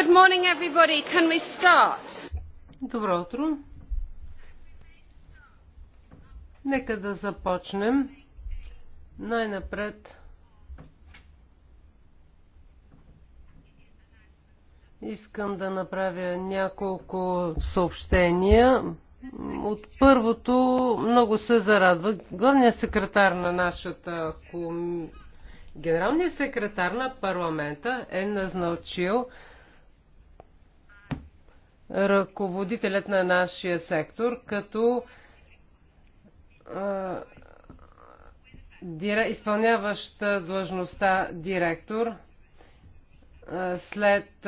Good morning, everybody. Can we start? Добро утро. Нека да започнем. Най-напред искам да направя няколко съобщения. От първото много се зарадва. Главният секретар на нашата комисия Генералният секретар на парламента е назначил ръководителят на нашия сектор, като изпълняващ длъжността директор след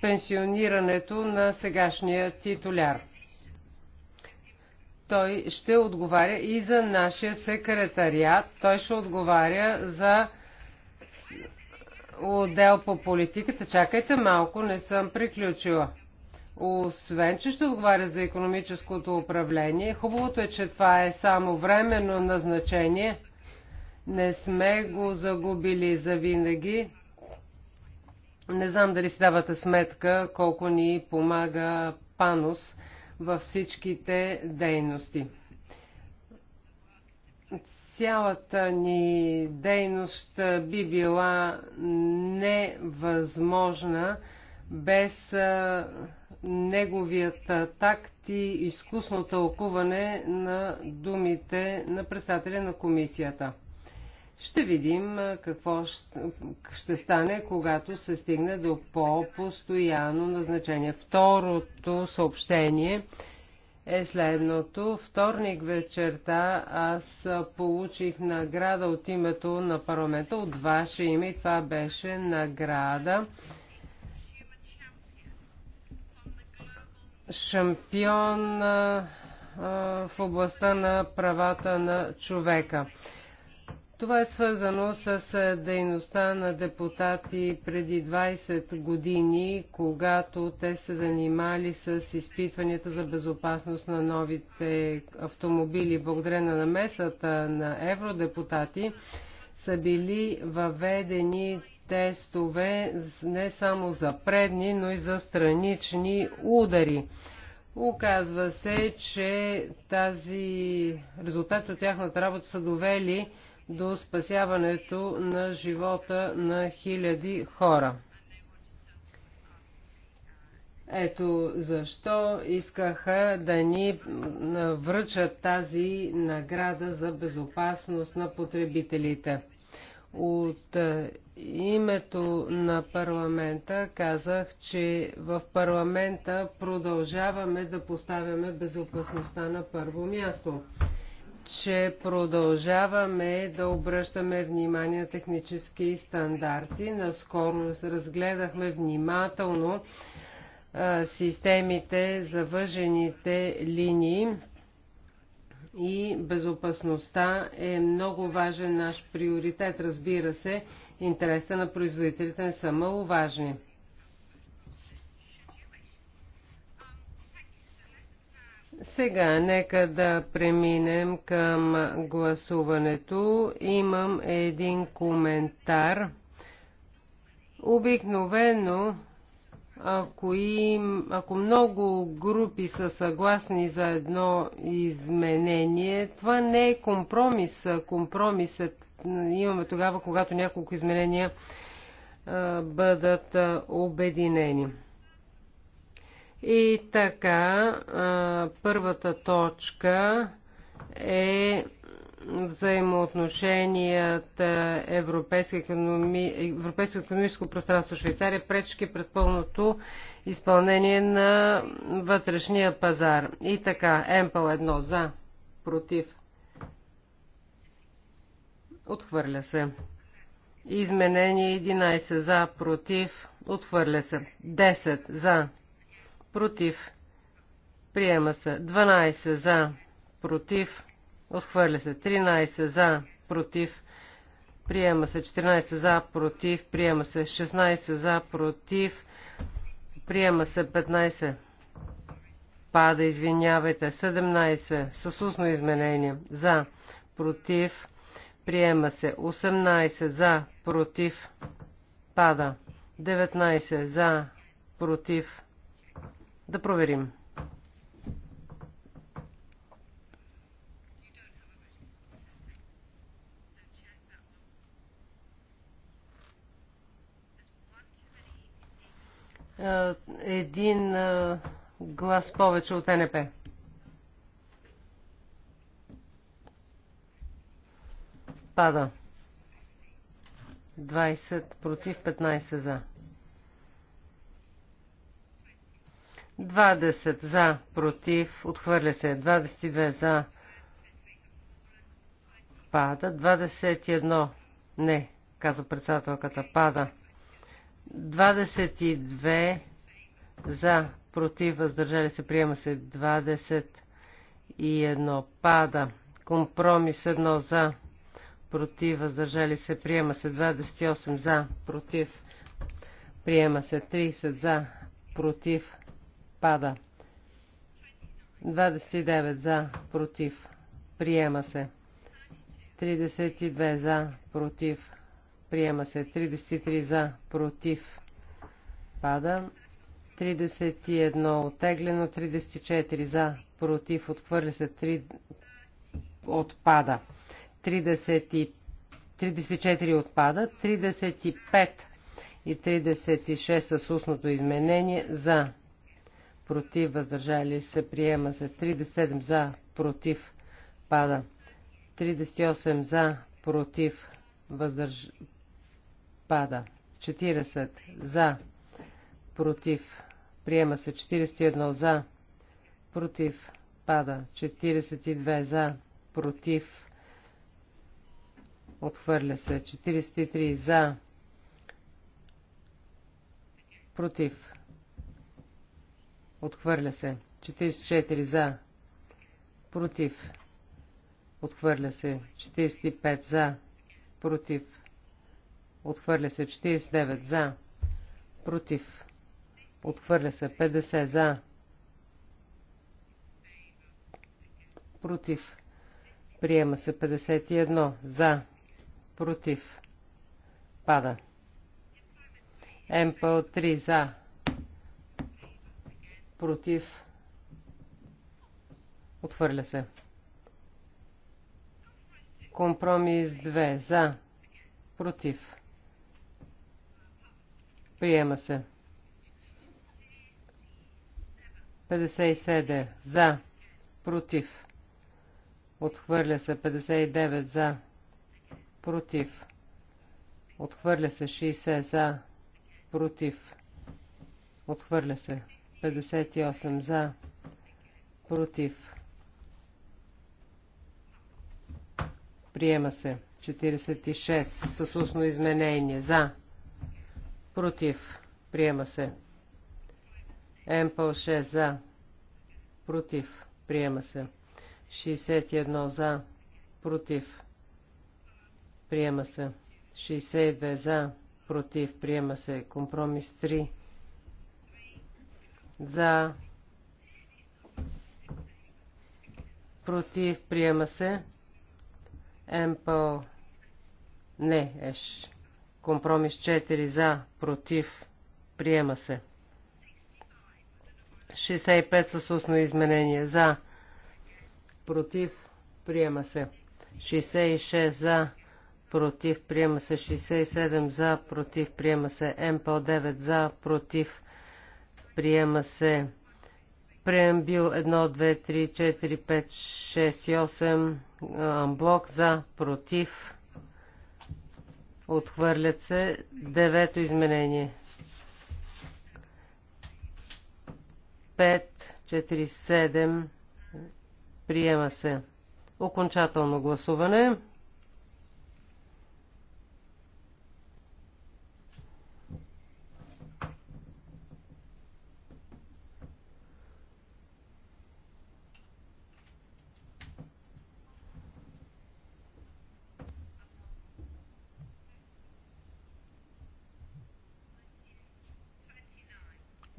пенсионирането на сегашния титуляр. Той ще отговаря и за нашия секретариат. Той ще отговаря за отдел по политиката. Чакайте малко, не съм приключила. Освен, че ще отговаря за економическото управление, хубавото е, че това е само временно назначение. Не сме го загубили за винаги. Не знам дали си давате сметка колко ни помага Панос във всичките дейности цялата ни дейност би била невъзможна без неговият такт и изкусно тълкуване на думите на председателя на комисията. Ще видим какво ще, ще стане, когато се стигне до по-постоянно назначение. Второто съобщение – е следното. Вторник вечерта аз получих награда от името на парламента, от ваше име и това беше награда. Шампион а, в областта на правата на човека. Това е свързано с дейността на депутати преди 20 години, когато те се занимали с изпитванията за безопасност на новите автомобили. Благодаря на намесата на евродепутати са били въведени тестове не само за предни, но и за странични удари. Оказва се, че тази резултат от тяхната работа са довели до спасяването на живота на хиляди хора. Ето защо искаха да ни връчат тази награда за безопасност на потребителите. От името на парламента казах, че в парламента продължаваме да поставяме безопасността на първо място че продължаваме да обръщаме внимание на технически стандарти. Наскоро разгледахме внимателно а, системите за въжените линии и безопасността е много важен наш приоритет. Разбира се, интересите на производителите не са маловажни. важни. Сега нека да преминем към гласуването. Имам един коментар. Обикновено, ако, им, ако много групи са съгласни за едно изменение, това не е компромис. Компромисът имаме тогава, когато няколко изменения бъдат обединени. И така, първата точка е взаимоотношенията Европейско, економическо пространство Швейцария пречки пред пълното изпълнение на вътрешния пазар. И така, МПЛ едно за, против. Отхвърля се. Изменение 11 за, против. Отхвърля се. 10 за, Против. Приема се. 12 за. Против. Отхвърля се. 13 за. Против. Приема се. 14 за. Против. Приема се. 16 за. Против. Приема се. 15. Пада, извинявайте. 17. С устно изменение. За. Против. Приема се. 18. За. Против. Пада. 19. За. Против. Да проверим. Е, един е, глас повече от НП. Пада. 20 против 15 за. 20 за, против, отхвърля се. 22 за, пада. 21, не, казва председателката, пада. 22 за, против, въздържали се, приема се. 21 пада. Компромис 1 за, против, въздържали се, приема се. 28 за, против, приема се. 30 за, против, Пада. 29 за, против, приема се. 32 за, против, приема се. 33 за, против, пада. 31 отеглено, 34 за, против, отхвърля се, 3 отпада. 30, 34 отпада, 35 и 36 с устното изменение за, против, въздържали се, приема се. 37 за, против, пада. 38 за, против, въздърж... пада. 40 за, против, приема се. 41 за, против, пада. 42 за, против, отхвърля се. 43 за, против, Отхвърля се. 44 за. Против. Отхвърля се. 45 за. Против. Отхвърля се. 49 за. Против. Отхвърля се. 50 за. Против. Приема се 51. За. Против. Пада. МПО 3. За против, отвърля се. Компромис 2 за, против, приема се. 57 за, против, отхвърля се. 59 за, против, отхвърля се. 60 за, против, отхвърля се. 58 за, против. Приема се. 46 със устно изменение. За. Против. Приема се. МПЛ 6 за. Против. Приема се. 61 за. Против. Приема се. 62 за. Против. Приема се. Компромис 3 за против приема се МПО не еш компромис 4 за против приема се 65 с устно изменение за против приема се 66 за против приема се 67 за против приема се МПО 9 за против Приема се преамбил 1, 2, 3, 4, 5, 6 и 8 амблок за против. Отхвърлят се. Девето изменение. 5, 4, 7. Приема се. Окончателно гласуване.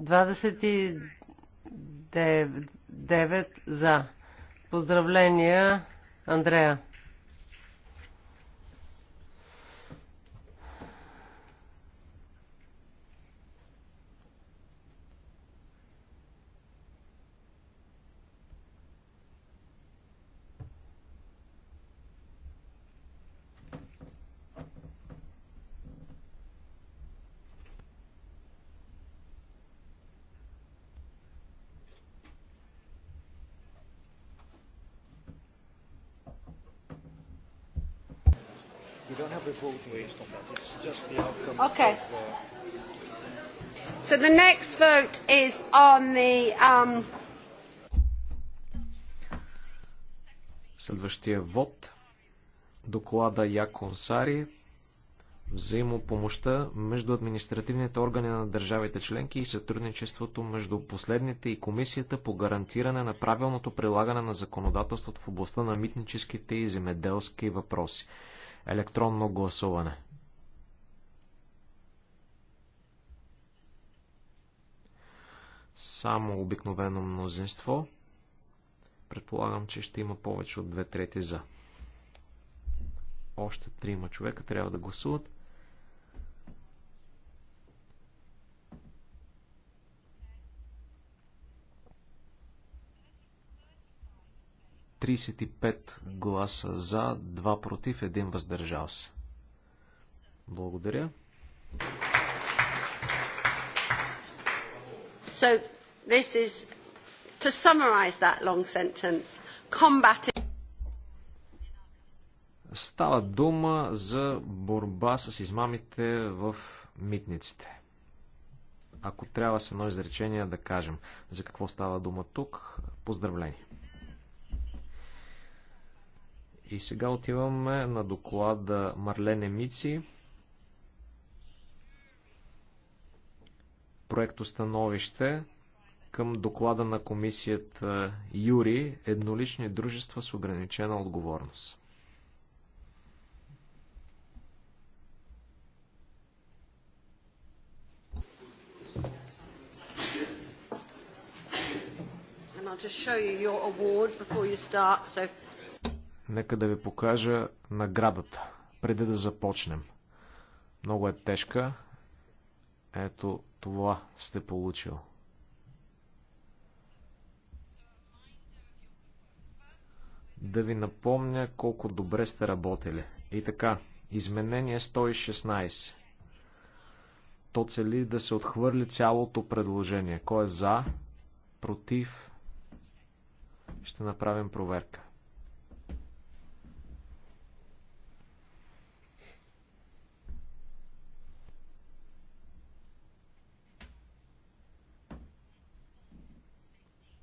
29 за. Поздравления, Андрея. don't have a vote list on that. It's just the outcome. Okay. Of, uh... So the next vote is on the. Um... Следващия вод. Доклада Якон Сари. Взаимопомощта между административните органи на държавите членки и сътрудничеството между последните и комисията по гарантиране на правилното прилагане на законодателството в областта на митническите и земеделски въпроси електронно гласуване. Само обикновено мнозинство. Предполагам, че ще има повече от две трети за. Още трима човека трябва да гласуват. 35 гласа за, 2 против, 1 въздържал се. Благодаря. So, this is, to summarize that long sentence, combating... Става дума за борба с измамите в митниците. Ако трябва с едно изречение да кажем за какво става дума тук, поздравление. И сега отиваме на доклада Марлене Мици. становище към доклада на комисията Юри еднолични дружества с ограничена отговорност. I'll just show you your award before you start. So Нека да ви покажа наградата, преди да започнем. Много е тежка. Ето това сте получил. Да ви напомня колко добре сте работили. И така, изменение 116. То цели да се отхвърли цялото предложение. Кой е за, против, ще направим проверка.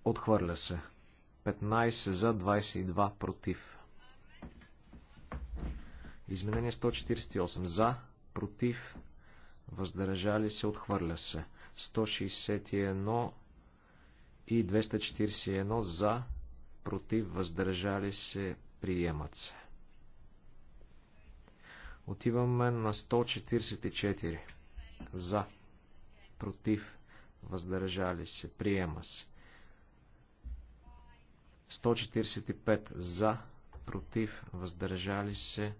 Отхвърля се. 15 за 22 против. Изменение 148 за, против, въздържали се, отхвърля се. 161 и 241 за, против, въздържали се, приемат се. Отиваме на 144 за, против, въздържали се, приема се. 145 за, против, въздържали се,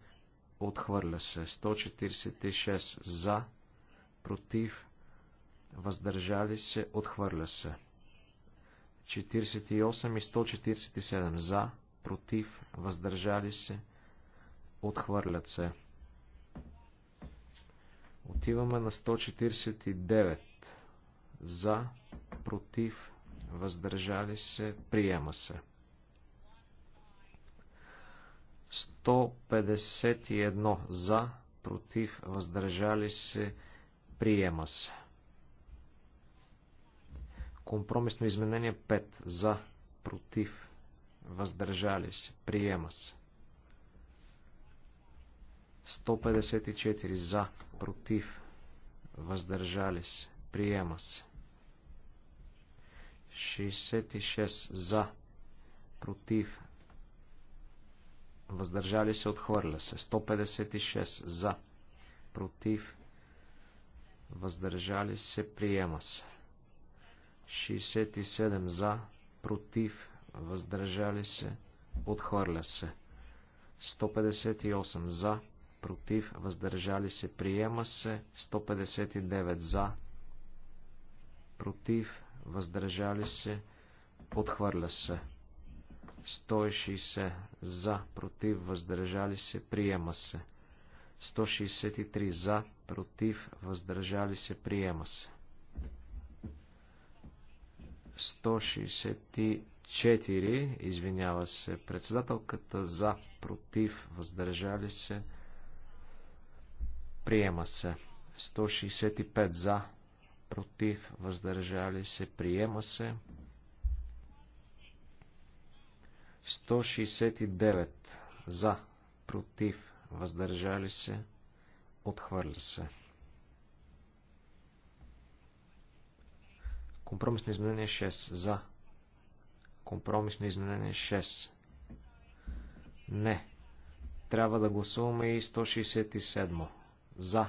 отхвърля се. 146 за, против, въздържали се, отхвърля се. 48 и 147 за, против, въздържали се, отхвърлят се. Отиваме на 149 за, против, въздържали се, приема се. 151 за, против, въздържали се, приема се. Компромисно изменение 5 за, против, въздържали се, приема се. 154 за, против, въздържали се, приема се. 66 за, против, въздържали се, отхвърля се. 156 за, против, въздържали се, приема се. 67 за, против, въздържали се, отхвърля се. 158 за, против, въздържали се, приема се. 159 за, против, въздържали се, отхвърля се. 160 за, против, въздържали се, приема се. 163 за, против, въздържали се, приема се. 164, извинява се, председателката за, против, въздържали се, приема се. 165 за, против, въздържали се, приема се. 169 за, против, въздържали се, отхвърля се. Компромисно изменение 6 за. Компромисно изменение 6. Не. Трябва да гласуваме и 167. За.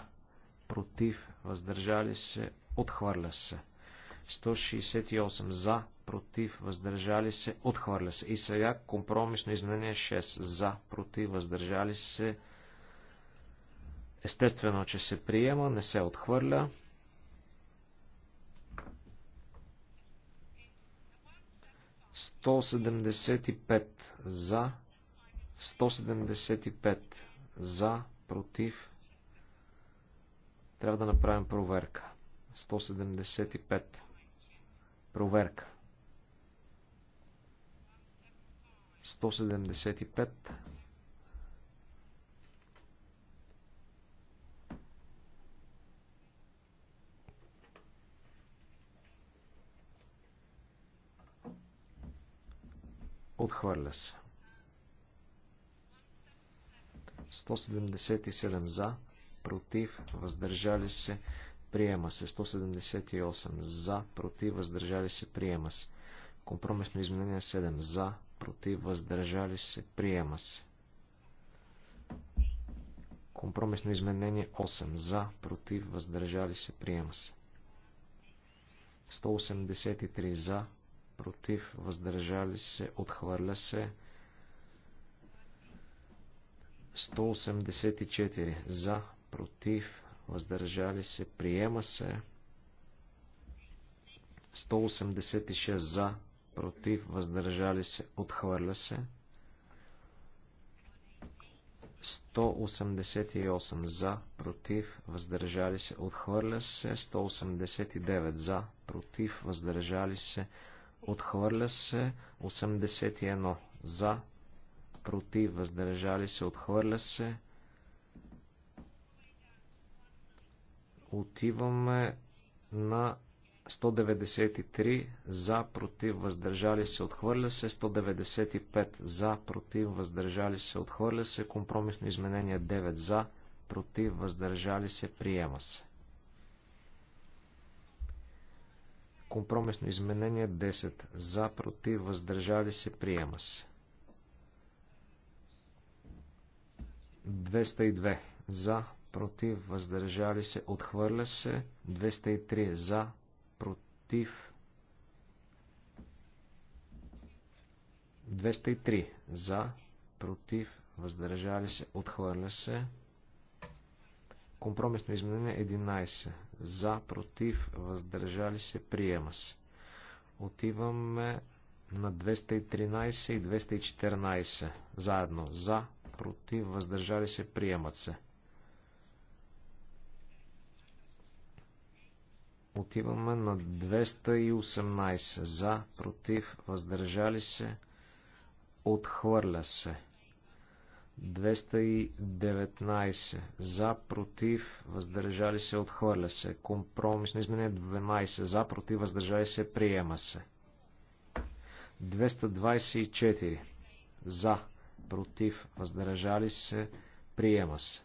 Против. Въздържали се. Отхвърля се. 168 за, против, въздържали се, отхвърля се. И сега компромисно изменение 6 за, против, въздържали се. Естествено, че се приема, не се отхвърля. 175 за, 175 за, против. Трябва да направим проверка. 175. Проверка. 175. Отхвърля се. 177 за, против, въздържали се, приема се. 178 за, против, въздържали се, приема се. Компромисно изменение 7 за, против, въздържали се, приема се. Компромисно изменение 8 за, против, въздържали се, приема се. 183 за, против, въздържали се, отхвърля се. 184 за, против, въздържали се, приема се. 186 за, против, въздържали се, отхвърля се. 188 за, против, въздържали се, отхвърля се. 189 за, против, въздържали се, отхвърля се. 81 за, против, въздържали се, отхвърля се. отиваме на 193 за, против, въздържали се, отхвърля се, 195 за, против, въздържали се, отхвърля се, компромисно изменение 9 за, против, въздържали се, приема се. Компромисно изменение 10 за, против, въздържали се, приема се. 202 за, против, въздържали се, отхвърля се, 203 за, против, 203 за, против, въздържали се, отхвърля се, компромисно изменение 11 за, против, въздържали се, приема се. Отиваме на 213 и 214 заедно за, против, въздържали се, приемат се. 213. Отиваме на 218. За, против, въздържали се, отхвърля се. 219. За, против, въздържали се, отхвърля се. Компромис на изменение 12. За, против, въздържали се, приема се. 224. За, против, въздържали се, приема се.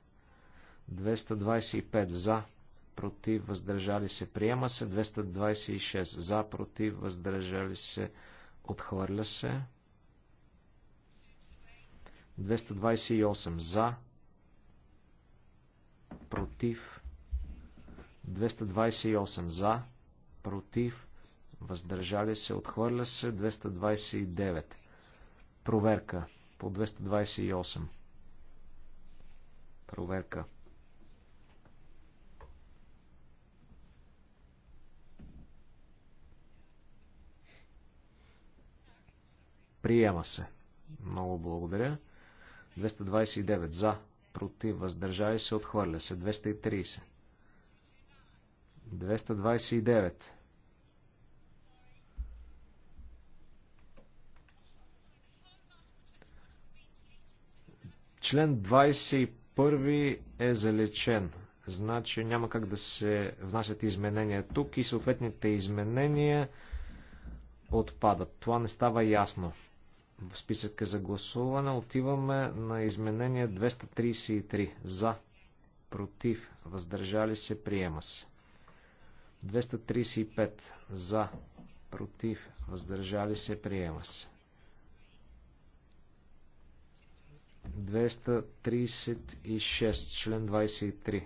225. За, против, въздържали се, приема се. 226 за, против, въздържали се, отхвърля се. 228 за, против, 228 за, против, въздържали се, отхвърля се, 229. Проверка по 228. Проверка. Приема се. Много благодаря. 229 за, против, въздържали се, отхвърля се. 230. 229. Член 21 е залечен. Значи няма как да се внасят изменения тук и съответните изменения отпадат. Това не става ясно в списъка за гласуване. Отиваме на изменение 233. За, против, въздържали се, приема се. 235. За, против, въздържали се, приема се. 236, член 23.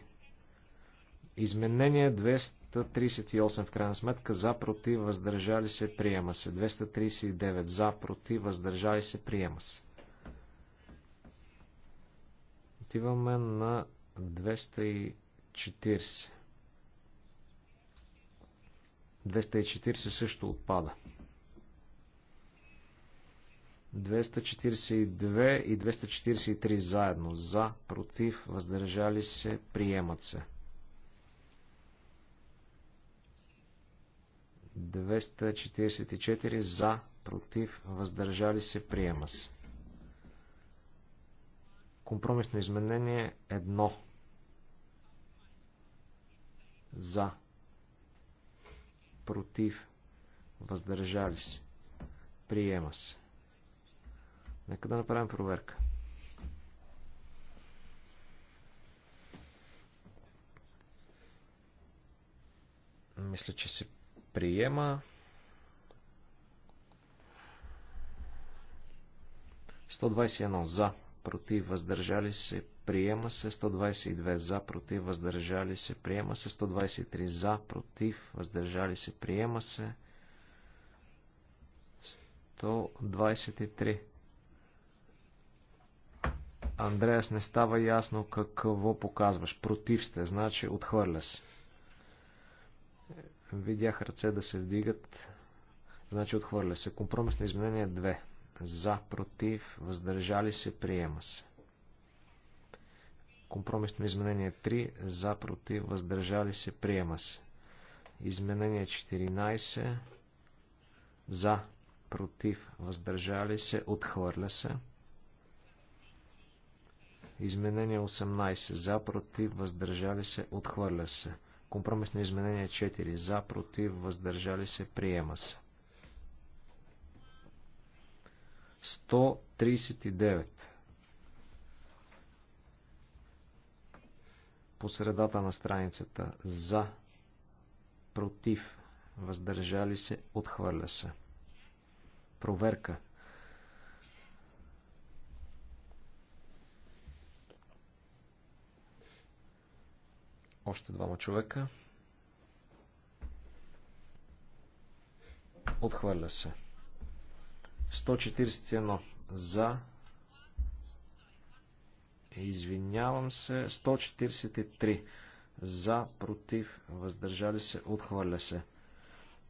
Изменение 238 в крайна сметка за против въздържали се приема се. 239 за против въздържали се приема се. Отиваме на 240. 240 също отпада. 242 и 243 заедно. За, против, въздържали се, приемат се. 243. 244 за, против, въздържали се, приема се. Компромисно изменение 1 за, против, въздържали се, приема се. Нека да направим проверка. Мисля, че се приема. 121 за, против, въздържали се, приема се 122 за, против, въздържали се, приема се 123 за, против, въздържали се, приема се 123. Андреас, не става ясно какво показваш. Против сте, значи отхвърля се. Видях ръце да се вдигат. Значи отхвърля се. Компромисно изменение 2. За, против, въздържали се, приема се. Компромисно изменение 3. За, против, въздържали се, приема се. Изменение 14. За, против, въздържали се, отхвърля се. Изменение 18. За, против, въздържали се, отхвърля се. Компромисно изменение 4. За, против, въздържали се, приема се. 139. По средата на страницата. За, против, въздържали се, отхвърля се. Проверка. Още двама човека. Отхвърля се. 141 за. Извинявам се. 143 за, против, въздържали се, отхвърля се.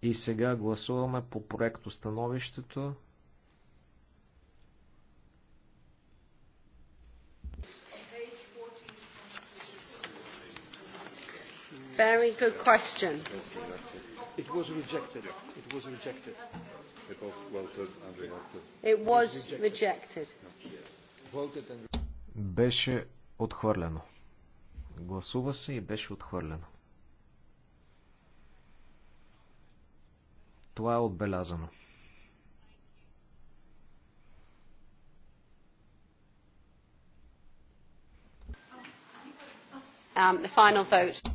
И сега гласуваме по проекто становището Very good question. It was rejected. It was rejected. It was voted and rejected. It was rejected. Voted and беше отхвърлено. Гласува се и беше отхвърлено. Това е отбелязано. Um, the final vote.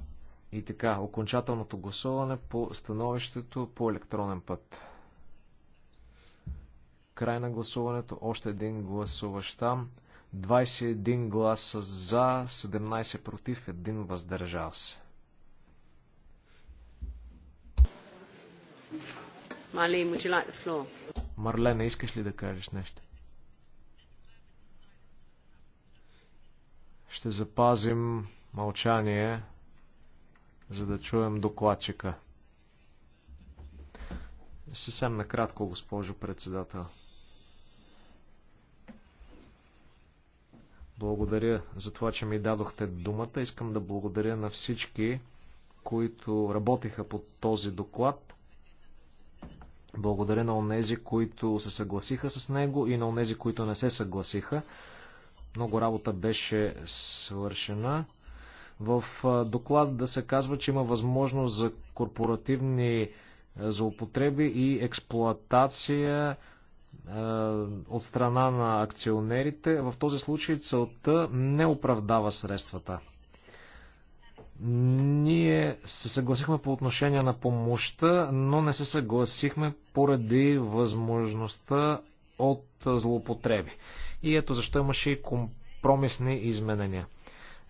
И така, окончателното гласуване по становището по електронен път. Край на гласуването, още един гласуващ там. 21 гласа за, 17 против, 1 въздържал се. like Марлена, искаш ли да кажеш нещо? Ще запазим мълчание за да чуем докладчика. Съвсем накратко, госпожо председател. Благодаря за това, че ми дадохте думата. Искам да благодаря на всички, които работиха по този доклад. Благодаря на онези, които се съгласиха с него и на онези, които не се съгласиха. Много работа беше свършена. В доклада да се казва, че има възможност за корпоративни злоупотреби и експлоатация от страна на акционерите. В този случай целта не оправдава средствата. Ние се съгласихме по отношение на помощта, но не се съгласихме поради възможността от злоупотреби. И ето защо имаше и компромисни изменения.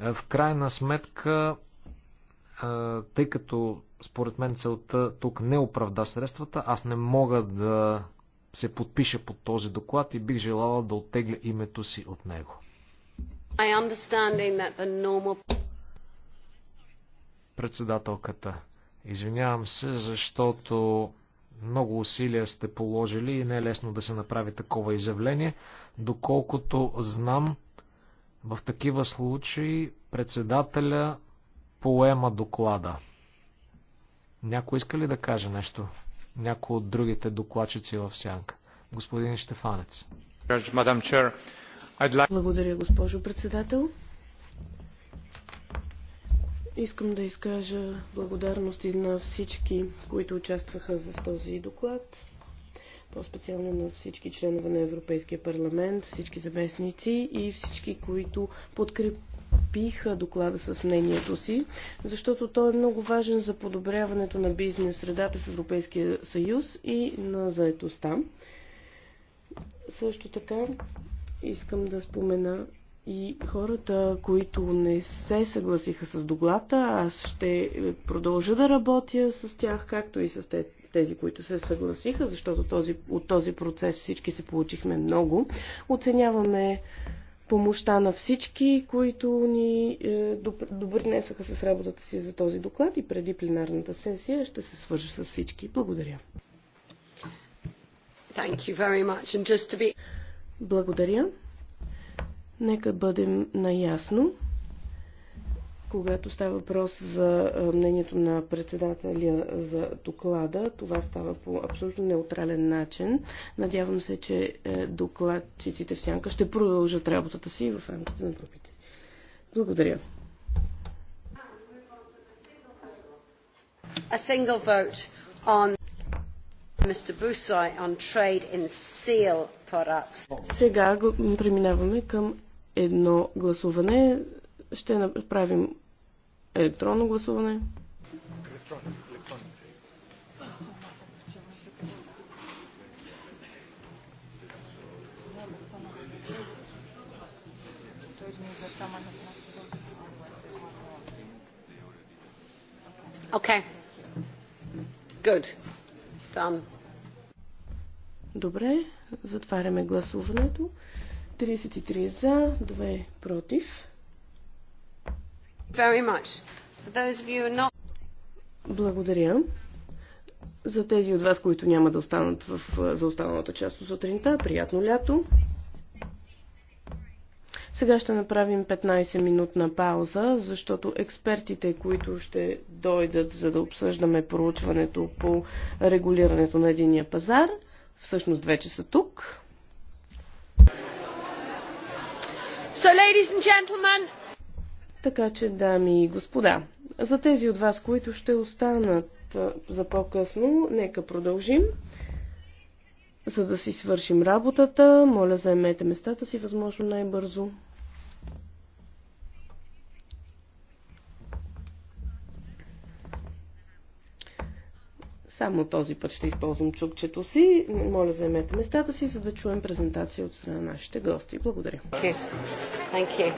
Е, в крайна сметка, е, тъй като според мен целта тук не оправда средствата, аз не мога да се подпиша под този доклад и бих желала да оттегля името си от него. Председателката. Извинявам се, защото много усилия сте положили и не е лесно да се направи такова изявление. Доколкото знам, в такива случаи председателя поема доклада. Някой иска ли да каже нещо? Някой от другите докладчици в сянка. Господин Штефанец. Благодаря, госпожо председател. Искам да изкажа благодарности на всички, които участваха в този доклад по-специално на всички членове на Европейския парламент, всички заместници и всички, които подкрепиха доклада с мнението си, защото той е много важен за подобряването на бизнес средата в Европейския съюз и на заетостта. Също така искам да спомена и хората, които не се съгласиха с доклада, аз ще продължа да работя с тях, както и с те, тези, които се съгласиха, защото този, от този процес всички се получихме много. Оценяваме помощта на всички, които ни е, добърнесаха с работата си за този доклад и преди пленарната сесия ще се свържа с всички. Благодаря. Thank you very much. And just to be... Благодаря. Нека бъдем наясно. Когато става въпрос за мнението на председателя за доклада, това става по абсолютно неутрален начин. Надявам се, че е, докладчиците в сянка ще продължат работата си в рамките на групите. Благодаря. A single vote on Mr. Busoy on trade in seal products. Сега преминаваме към едно гласуване ще направим Електронно гласуване. Okay. Good. Done. Добре, затваряме гласуването. 33 за, 2 против. Благодаря. За тези от вас, които няма да останат в, за останалата част от сутринта, приятно лято. Сега ще направим 15-минутна пауза, защото експертите, които ще дойдат за да обсъждаме проучването по регулирането на единия пазар, всъщност вече са тук. So, ladies and gentlemen, така че, дами и господа, за тези от вас, които ще останат за по-късно, нека продължим. За да си свършим работата, моля заемете местата си възможно най-бързо. Само този път ще използвам чукчето си. Моля, заемете местата си, за да чуем презентация от страна на нашите гости. Благодаря. Thank you. Thank you.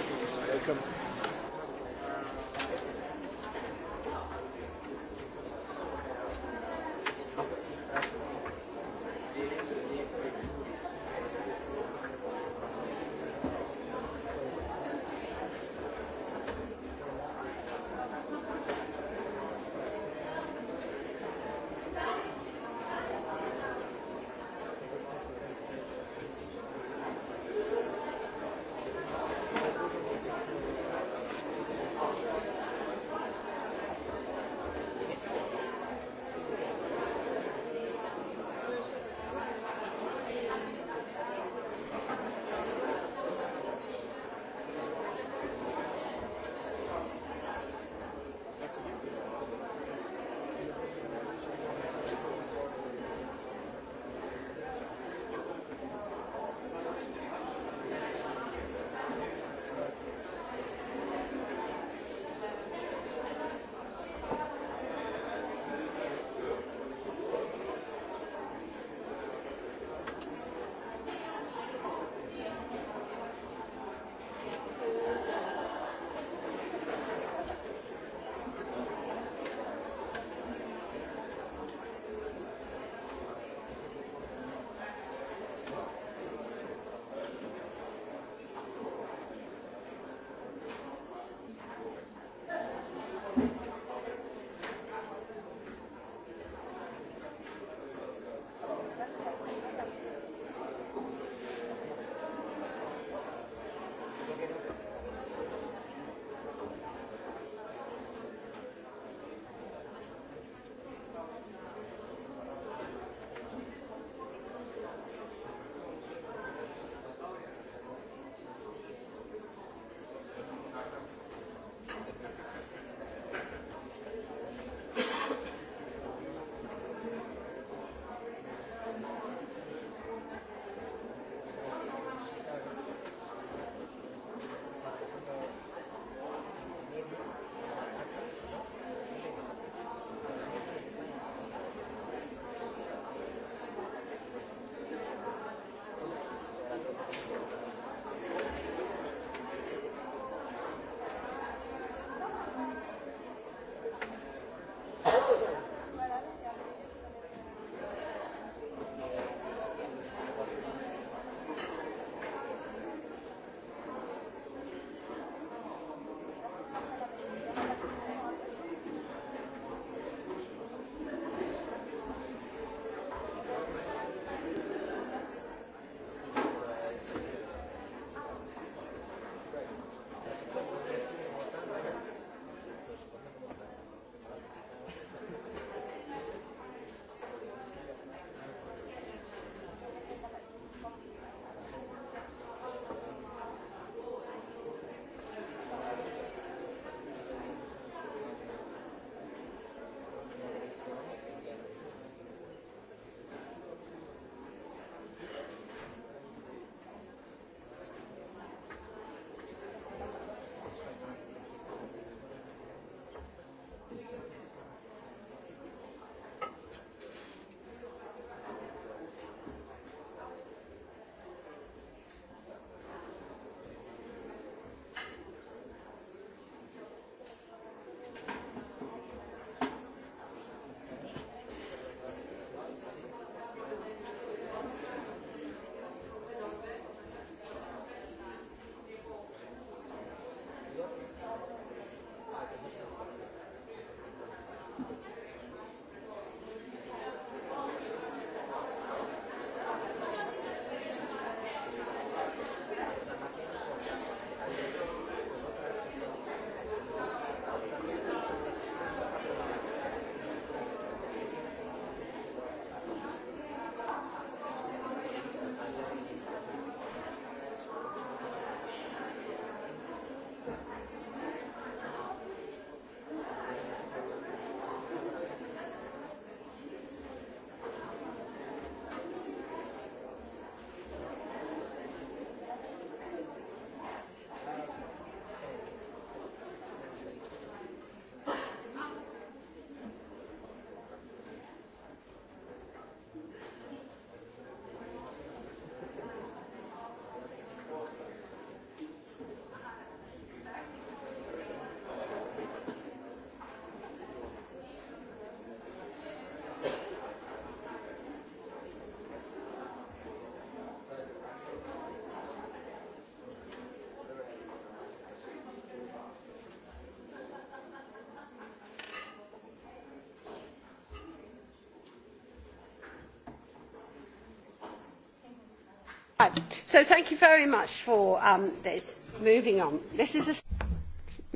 Um,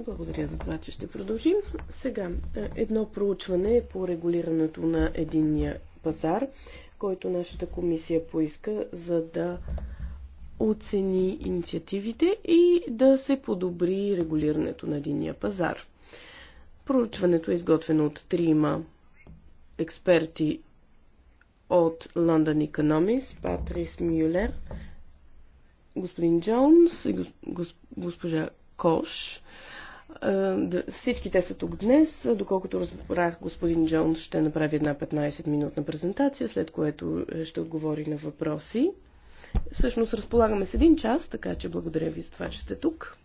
Благодаря за това, че ще продължим. Сега е, едно проучване по регулирането на единния пазар, който нашата комисия поиска, за да оцени инициативите и да се подобри регулирането на единния пазар. Проучването е изготвено от трима експерти от London Economics, Патрис Мюлер – господин Джонс и госпожа Кош. Всички те са тук днес. Доколкото разбрах, господин Джонс ще направи една 15-минутна презентация, след което е, ще отговори на въпроси. Всъщност разполагаме с един час, така че благодаря ви за това, че сте тук.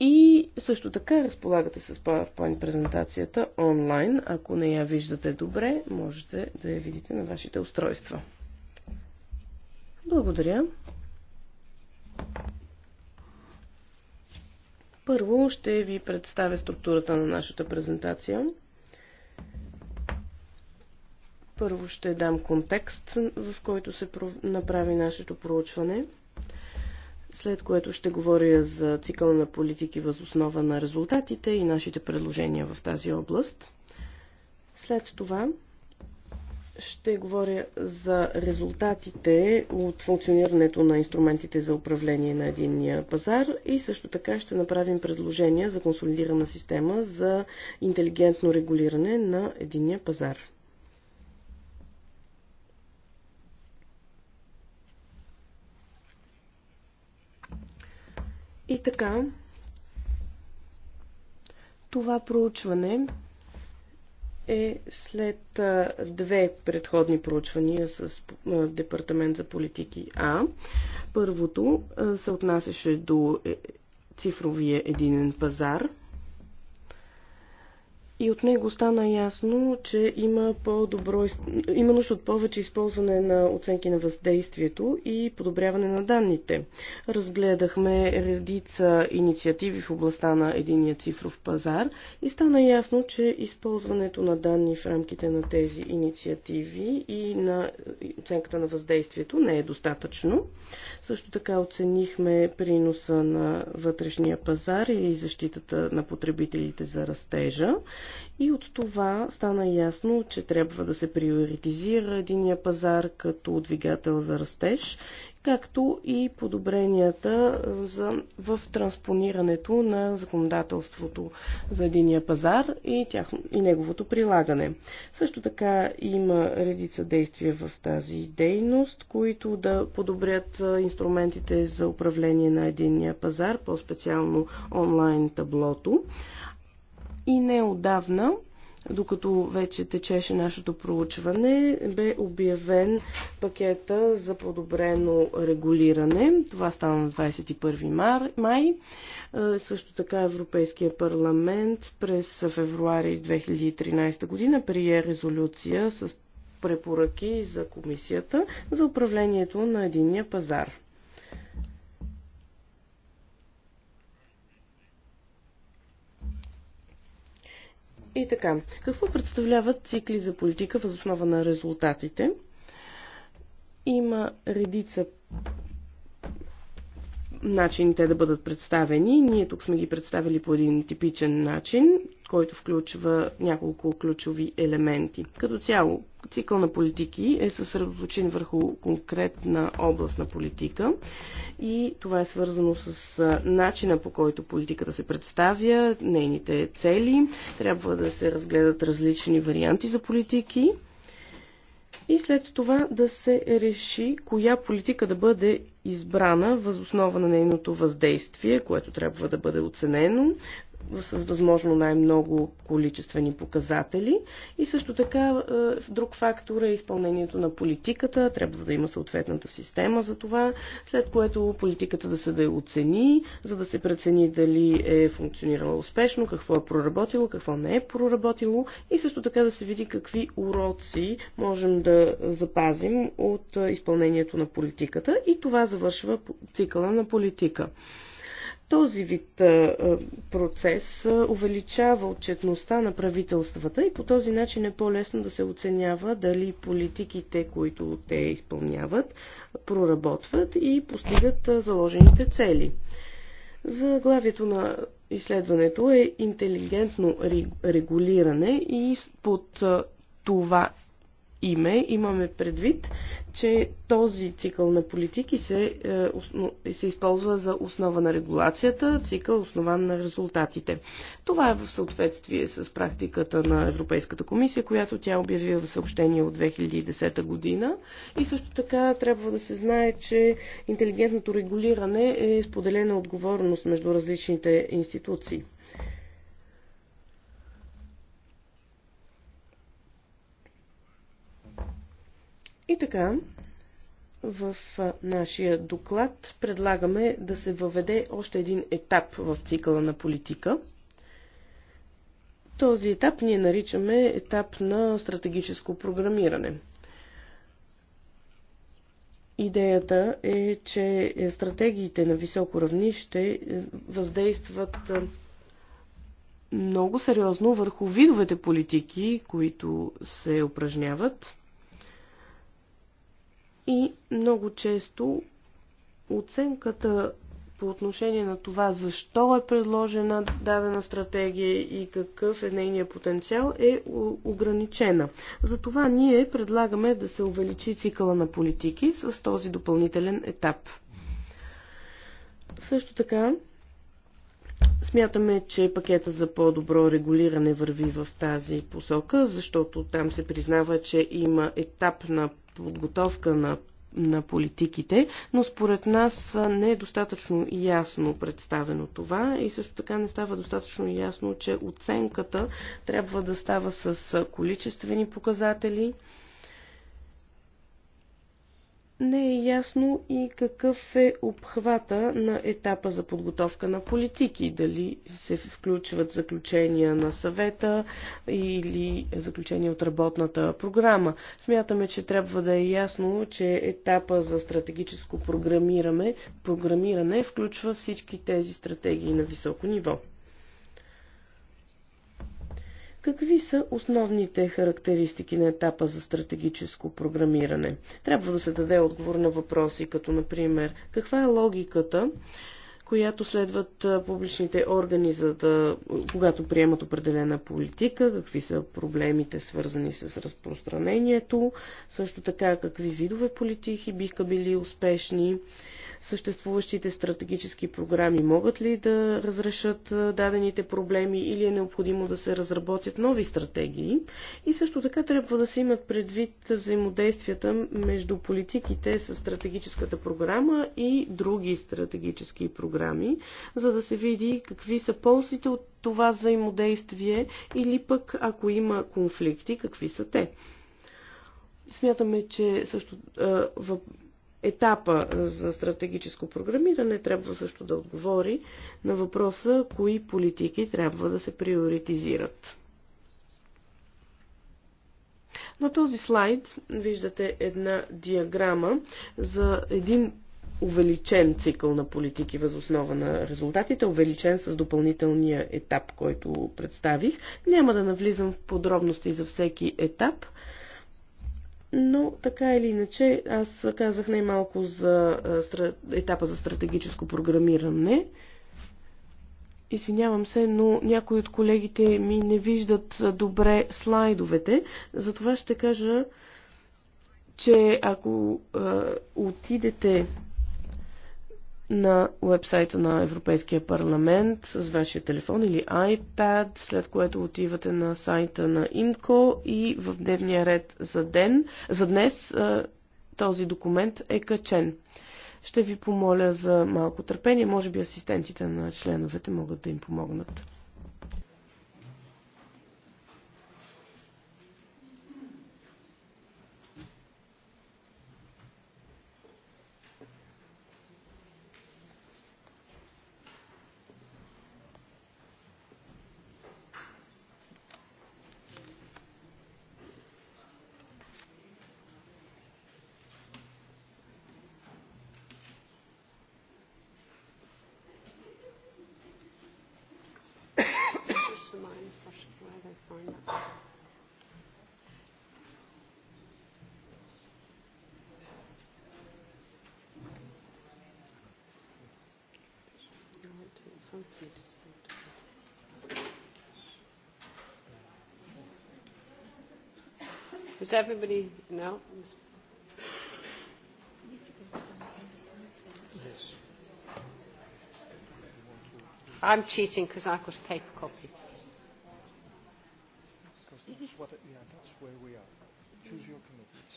И също така разполагате с PowerPoint презентацията онлайн. Ако не я виждате добре, можете да я видите на вашите устройства. Благодаря. Първо ще ви представя структурата на нашата презентация. Първо ще дам контекст, в който се направи нашето проучване, след което ще говоря за цикъл на политики възоснова на резултатите и нашите предложения в тази област. След това ще говоря за резултатите от функционирането на инструментите за управление на единния пазар и също така ще направим предложения за консолидирана система за интелигентно регулиране на единния пазар. И така, това проучване е след две предходни проучвания с Департамент за политики А. Първото се отнасяше до е, цифровия единен пазар – и от него стана ясно, че има, по-добро, има нужда от повече използване на оценки на въздействието и подобряване на данните. Разгледахме редица инициативи в областта на единия цифров пазар и стана ясно, че използването на данни в рамките на тези инициативи и на оценката на въздействието не е достатъчно. Също така оценихме приноса на вътрешния пазар и защитата на потребителите за растежа. И от това стана ясно, че трябва да се приоритизира единия пазар като двигател за растеж, както и подобренията за, в транспонирането на законодателството за единия пазар и, тях, и неговото прилагане. Също така има редица действия в тази дейност, които да подобрят инструментите за управление на единия пазар, по-специално онлайн таблото. И неодавна, докато вече течеше нашето проучване, бе обявен пакета за подобрено регулиране. Това стана на 21 май. Е, също така Европейския парламент през февруари 2013 година прие резолюция с препоръки за комисията за управлението на единния пазар. И така, какво представляват цикли за политика въз основа на резултатите? Има редица начин те да бъдат представени. Ние тук сме ги представили по един типичен начин, който включва няколко ключови елементи. Като цяло, цикъл на политики е съсредоточен върху конкретна област на политика и това е свързано с начина по който политиката се представя, нейните цели. Трябва да се разгледат различни варианти за политики и след това да се реши коя политика да бъде избрана възоснова на нейното въздействие, което трябва да бъде оценено с възможно най-много количествени показатели. И също така е, друг фактор е изпълнението на политиката. Трябва да има съответната система за това, след което политиката да се да оцени, за да се прецени дали е функционирала успешно, какво е проработило, какво не е проработило и също така да се види какви уроци можем да запазим от е, изпълнението на политиката. И това завършва цикъла на политика. Този вид процес увеличава отчетността на правителствата и по този начин е по-лесно да се оценява дали политиките, които те изпълняват, проработват и постигат заложените цели. Заглавието на изследването е интелигентно регулиране и под това име имаме предвид че този цикъл на политики се, е, се използва за основа на регулацията, цикъл основан на резултатите. Това е в съответствие с практиката на Европейската комисия, която тя обяви в съобщение от 2010 година. И също така трябва да се знае, че интелигентното регулиране е споделена отговорност между различните институции. И така, в нашия доклад предлагаме да се въведе още един етап в цикъла на политика. Този етап ние наричаме етап на стратегическо програмиране. Идеята е, че стратегиите на високо равнище е, въздействат е, много сериозно върху видовете политики, които се упражняват и много често оценката по отношение на това защо е предложена дадена стратегия и какъв е нейният потенциал е ограничена. Затова ние предлагаме да се увеличи цикъла на политики с този допълнителен етап. Също така, Смятаме, че пакета за по-добро регулиране върви в тази посока, защото там се признава, че има етап на подготовка на на политиките, но според нас не е достатъчно ясно представено това и също така не става достатъчно ясно, че оценката трябва да става с количествени показатели, не е ясно и какъв е обхвата на етапа за подготовка на политики. Дали се включват заключения на съвета или заключения от работната програма. Смятаме, че трябва да е ясно, че етапа за стратегическо програмиране включва всички тези стратегии на високо ниво. Какви са основните характеристики на етапа за стратегическо програмиране? Трябва да се даде отговор на въпроси, като например, каква е логиката, която следват публичните органи, за да, когато приемат определена политика, какви са проблемите свързани с разпространението, също така какви видове политики биха били успешни, съществуващите стратегически програми могат ли да разрешат дадените проблеми или е необходимо да се разработят нови стратегии. И също така трябва да се имат предвид взаимодействията между политиките с стратегическата програма и други стратегически програми, за да се види какви са ползите от това взаимодействие или пък ако има конфликти, какви са те. Смятаме, че също етапа за стратегическо програмиране трябва също да отговори на въпроса кои политики трябва да се приоритизират. На този слайд виждате една диаграма за един увеличен цикъл на политики възоснова на резултатите, увеличен с допълнителния етап, който представих. Няма да навлизам в подробности за всеки етап – но така или иначе, аз казах най-малко за етапа за стратегическо програмиране. Извинявам се, но някои от колегите ми не виждат добре слайдовете. Затова ще кажа, че ако а, отидете на вебсайта на Европейския парламент с вашия телефон или iPad, след което отивате на сайта на Инко и в дневния ред за, ден, за днес този документ е качен. Ще ви помоля за малко търпение, може би асистентите на членовете могат да им помогнат. Does everybody know no? I'm cheating because I've got a paper copy. Because this yeah, that's where we are. Choose your committee. It's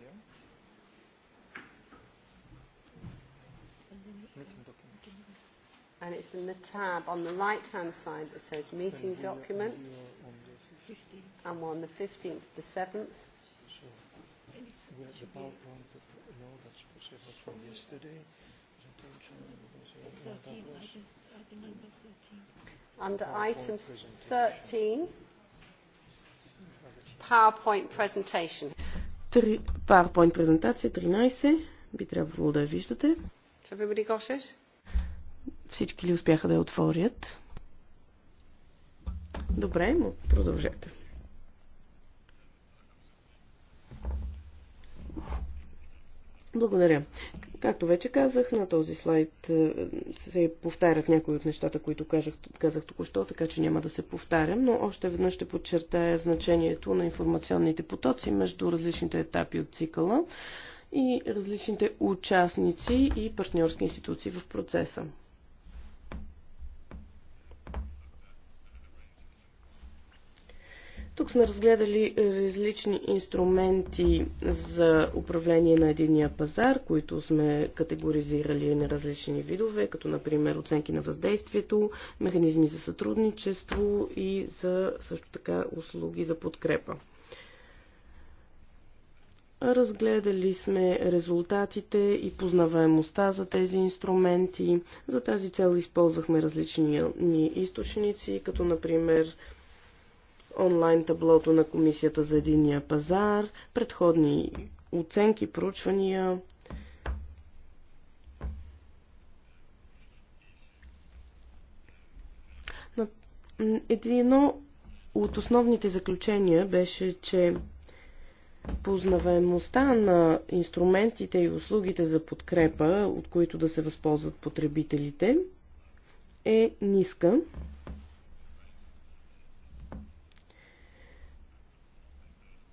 here. And it's in the tab on the right-hand side that says meeting documents. I'm on the 15th, the 7th. We have the PowerPoint, no, that's possible from yesterday. Under item 13, PowerPoint presentation. PowerPoint презентация 13 би трябвало да я виждате. Всички ли успяха да я отворят? Добре, но продължете. Благодаря. Както вече казах, на този слайд е, се повтарят някои от нещата, които казах, казах току-що, така че няма да се повтарям, но още веднъж ще подчертая значението на информационните потоци между различните етапи от цикъла и различните участници и партньорски институции в процеса. Тук сме разгледали е, различни инструменти за управление на единия пазар, които сме категоризирали на различни видове, като например оценки на въздействието, механизми за сътрудничество и за също така услуги за подкрепа. Разгледали сме резултатите и познаваемостта за тези инструменти. За тази цел използвахме различни източници, като например онлайн таблото на Комисията за единния пазар, предходни оценки, проучвания. Едно от основните заключения беше, че познаваемостта на инструментите и услугите за подкрепа, от които да се възползват потребителите, е ниска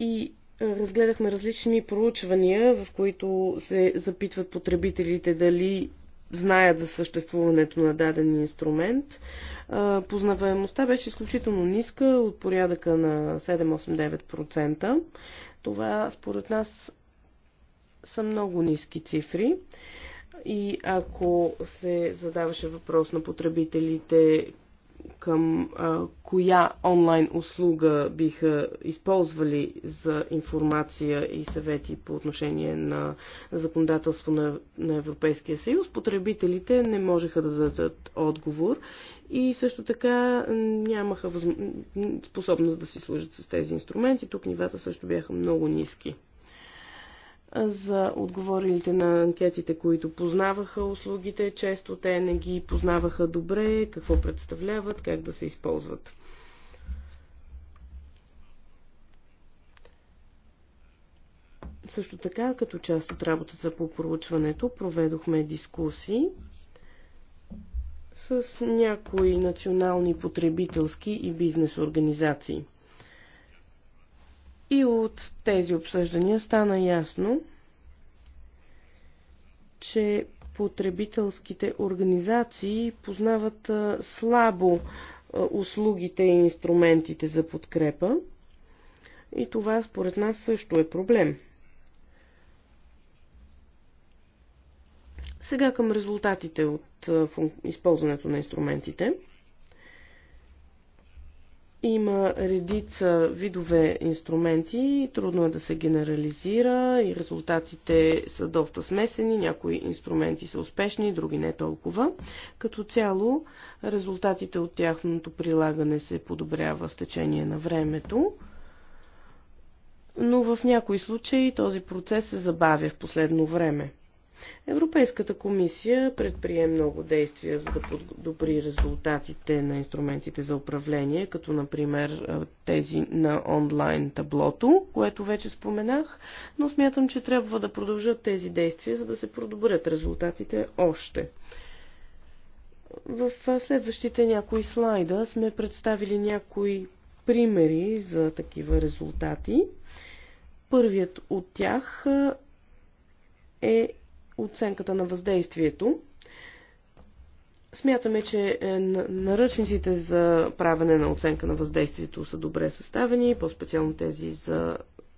и разгледахме различни проучвания, в които се запитват потребителите дали знаят за съществуването на даден инструмент. Познаваемостта беше изключително ниска, от порядъка на 7-8-9%. Това според нас са много ниски цифри. И ако се задаваше въпрос на потребителите към а, коя онлайн услуга биха използвали за информация и съвети по отношение на законодателство на, на Европейския съюз, потребителите не можеха да дадат отговор и също така нямаха възм... способност да си служат с тези инструменти. Тук нивата също бяха много ниски за отговорилите на анкетите, които познаваха услугите. Често те не ги познаваха добре, какво представляват, как да се използват. Също така, като част от работата по проучването, проведохме дискусии с някои национални потребителски и бизнес организации – и от тези обсъждания стана ясно, че потребителските организации познават слабо услугите и инструментите за подкрепа. И това според нас също е проблем. Сега към резултатите от използването на инструментите. Има редица видове инструменти, трудно е да се генерализира и резултатите са доста смесени. Някои инструменти са успешни, други не толкова. Като цяло, резултатите от тяхното прилагане се подобрява с течение на времето. Но в някои случаи този процес се забавя в последно време. Европейската комисия предприе много действия за да подобри резултатите на инструментите за управление, като например тези на онлайн таблото, което вече споменах, но смятам, че трябва да продължат тези действия, за да се подобрят резултатите още. В следващите някои слайда сме представили някои примери за такива резултати. Първият от тях е оценката на въздействието. Смятаме, че е, наръчниците за правене на оценка на въздействието са добре съставени, по-специално тези за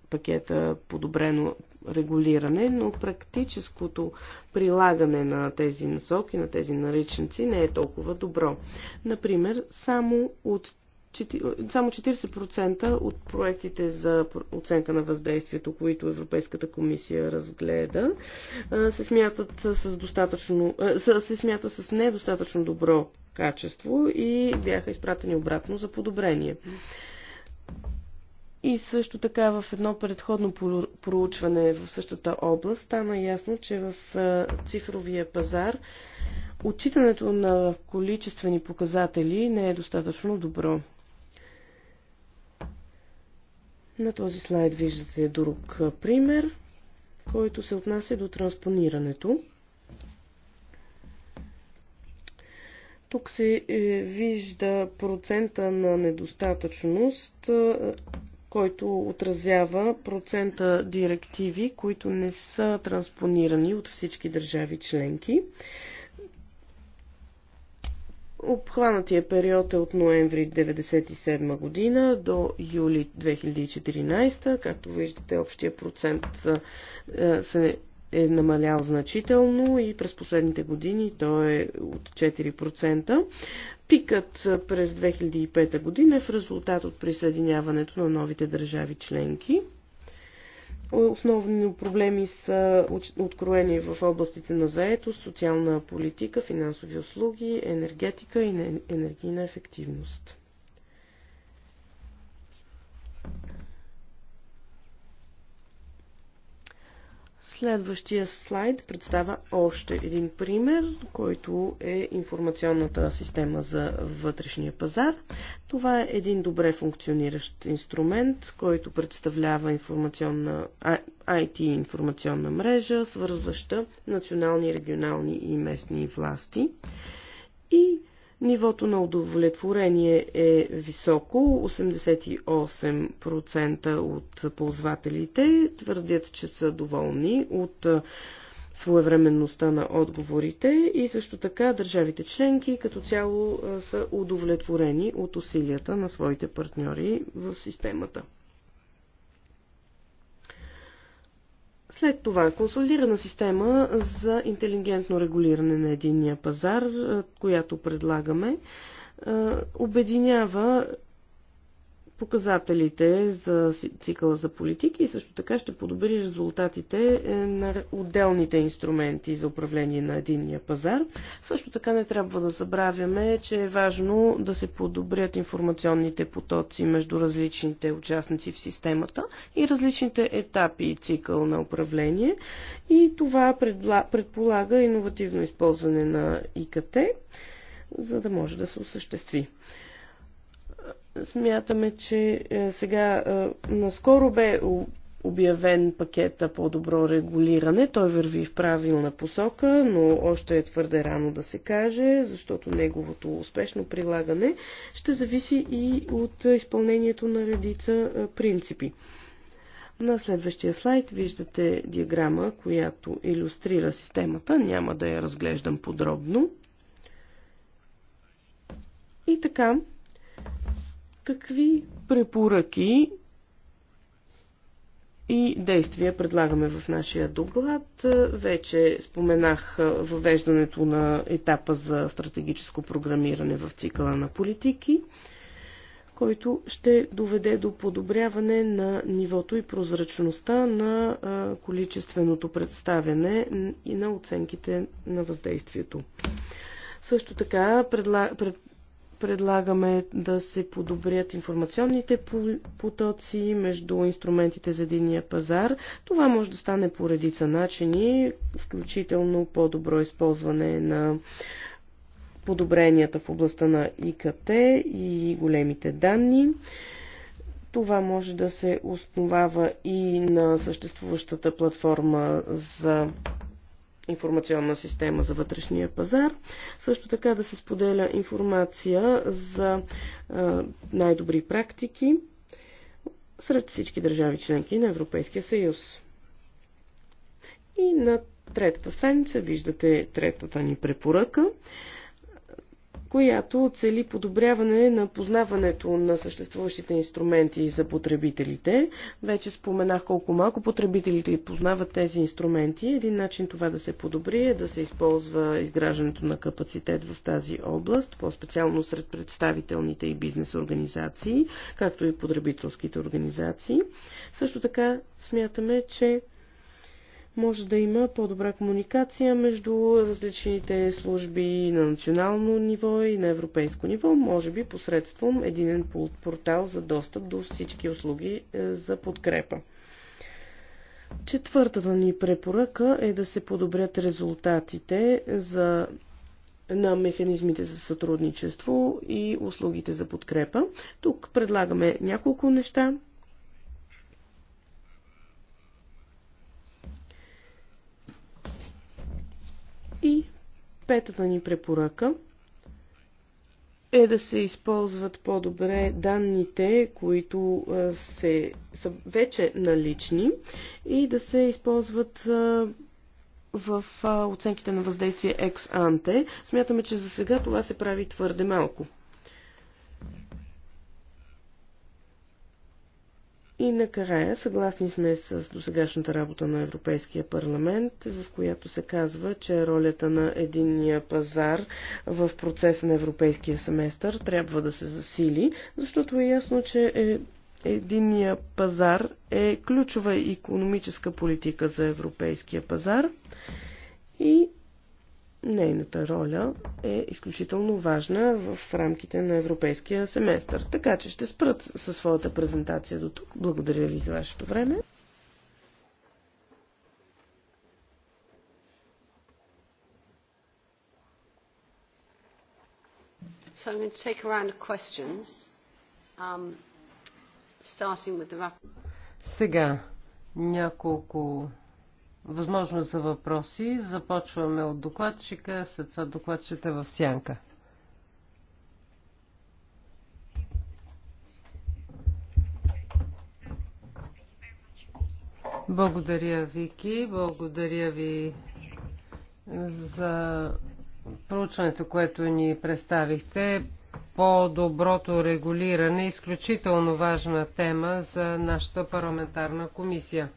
пакета подобрено регулиране, но практическото прилагане на тези насоки, на тези наръчници не е толкова добро. Например, само от само 40% от проектите за оценка на въздействието, които Европейската комисия разгледа, се смятат с достатъчно, се смята с недостатъчно добро качество и бяха изпратени обратно за подобрение. И също така в едно предходно проучване в същата област стана ясно, че в цифровия пазар отчитането на количествени показатели не е достатъчно добро. На този слайд виждате друг пример, който се отнася до транспонирането. Тук се е, вижда процента на недостатъчност, който отразява процента директиви, които не са транспонирани от всички държави членки. Обхванатия период е от ноември 1997 година до юли 2014. Както виждате, общия процент се е намалял значително и през последните години той е от 4%. Пикът през 2005 година е в резултат от присъединяването на новите държави членки – Основни проблеми са откроени в областите на заетост, социална политика, финансови услуги, енергетика и енергийна ефективност. Следващия слайд представя още един пример, който е информационната система за вътрешния пазар. Това е един добре функциониращ инструмент, който представлява информационна, IT информационна мрежа, свързваща национални, регионални и местни власти. И Нивото на удовлетворение е високо. 88% от ползвателите твърдят, че са доволни от своевременността на отговорите и също така държавите членки като цяло са удовлетворени от усилията на своите партньори в системата. След това консолидирана система за интелигентно регулиране на единния пазар, която предлагаме, обединява показателите за цикъла за политики и също така ще подобри резултатите е, на отделните инструменти за управление на единния пазар. Също така не трябва да забравяме, че е важно да се подобрят информационните потоци между различните участници в системата и различните етапи и цикъл на управление. И това предполага иновативно използване на ИКТ, за да може да се осъществи. Смятаме, че е, сега е, наскоро бе обявен пакета по-добро регулиране. Той върви в правилна посока, но още е твърде рано да се каже, защото неговото успешно прилагане ще зависи и от изпълнението на редица е, принципи. На следващия слайд виждате диаграма, която иллюстрира системата. Няма да я разглеждам подробно. И така, Какви препоръки и действия предлагаме в нашия доклад. Вече споменах въвеждането на етапа за стратегическо програмиране в цикъла на политики, който ще доведе до подобряване на нивото и прозрачността на количественото представяне и на оценките на въздействието. Също така Предлагаме да се подобрят информационните потоци между инструментите за единия пазар. Това може да стане по редица начини, включително по-добро използване на подобренията в областта на ИКТ и големите данни. Това може да се основава и на съществуващата платформа за информационна система за вътрешния пазар. Също така да се споделя информация за най-добри практики сред всички държави членки на Европейския съюз. И на третата страница виждате третата ни препоръка която цели подобряване на познаването на съществуващите инструменти за потребителите. Вече споменах колко малко потребителите познават тези инструменти. Един начин това да се подобри е да се използва изграждането на капацитет в тази област, по-специално сред представителните и бизнес организации, както и потребителските организации. Също така смятаме, че може да има по-добра комуникация между различните служби на национално ниво и на европейско ниво, може би посредством единен портал за достъп до всички услуги е, за подкрепа. Четвъртата ни препоръка е да се подобрят резултатите за на механизмите за сътрудничество и услугите за подкрепа. Тук предлагаме няколко неща. И петата ни препоръка е да се използват по-добре данните, които се, са вече налични и да се използват в оценките на въздействие ex ante. Смятаме, че за сега това се прави твърде малко. И накрая, съгласни сме с досегашната работа на Европейския парламент, в която се казва, че ролята на единния пазар в процеса на Европейския семестър трябва да се засили, защото е ясно, че е единния пазар е ключова економическа политика за Европейския пазар и нейната роля е изключително важна в рамките на европейския семестър. Така че ще спрат със своята презентация до тук. Благодаря ви за вашето време. So I'm going to take a round of questions, um, starting with the... Сега няколко възможност за въпроси. Започваме от докладчика, след това докладчите в сянка. Благодаря, Вики. Благодаря ви за проучването, което ни представихте. По-доброто регулиране е изключително важна тема за нашата парламентарна комисия.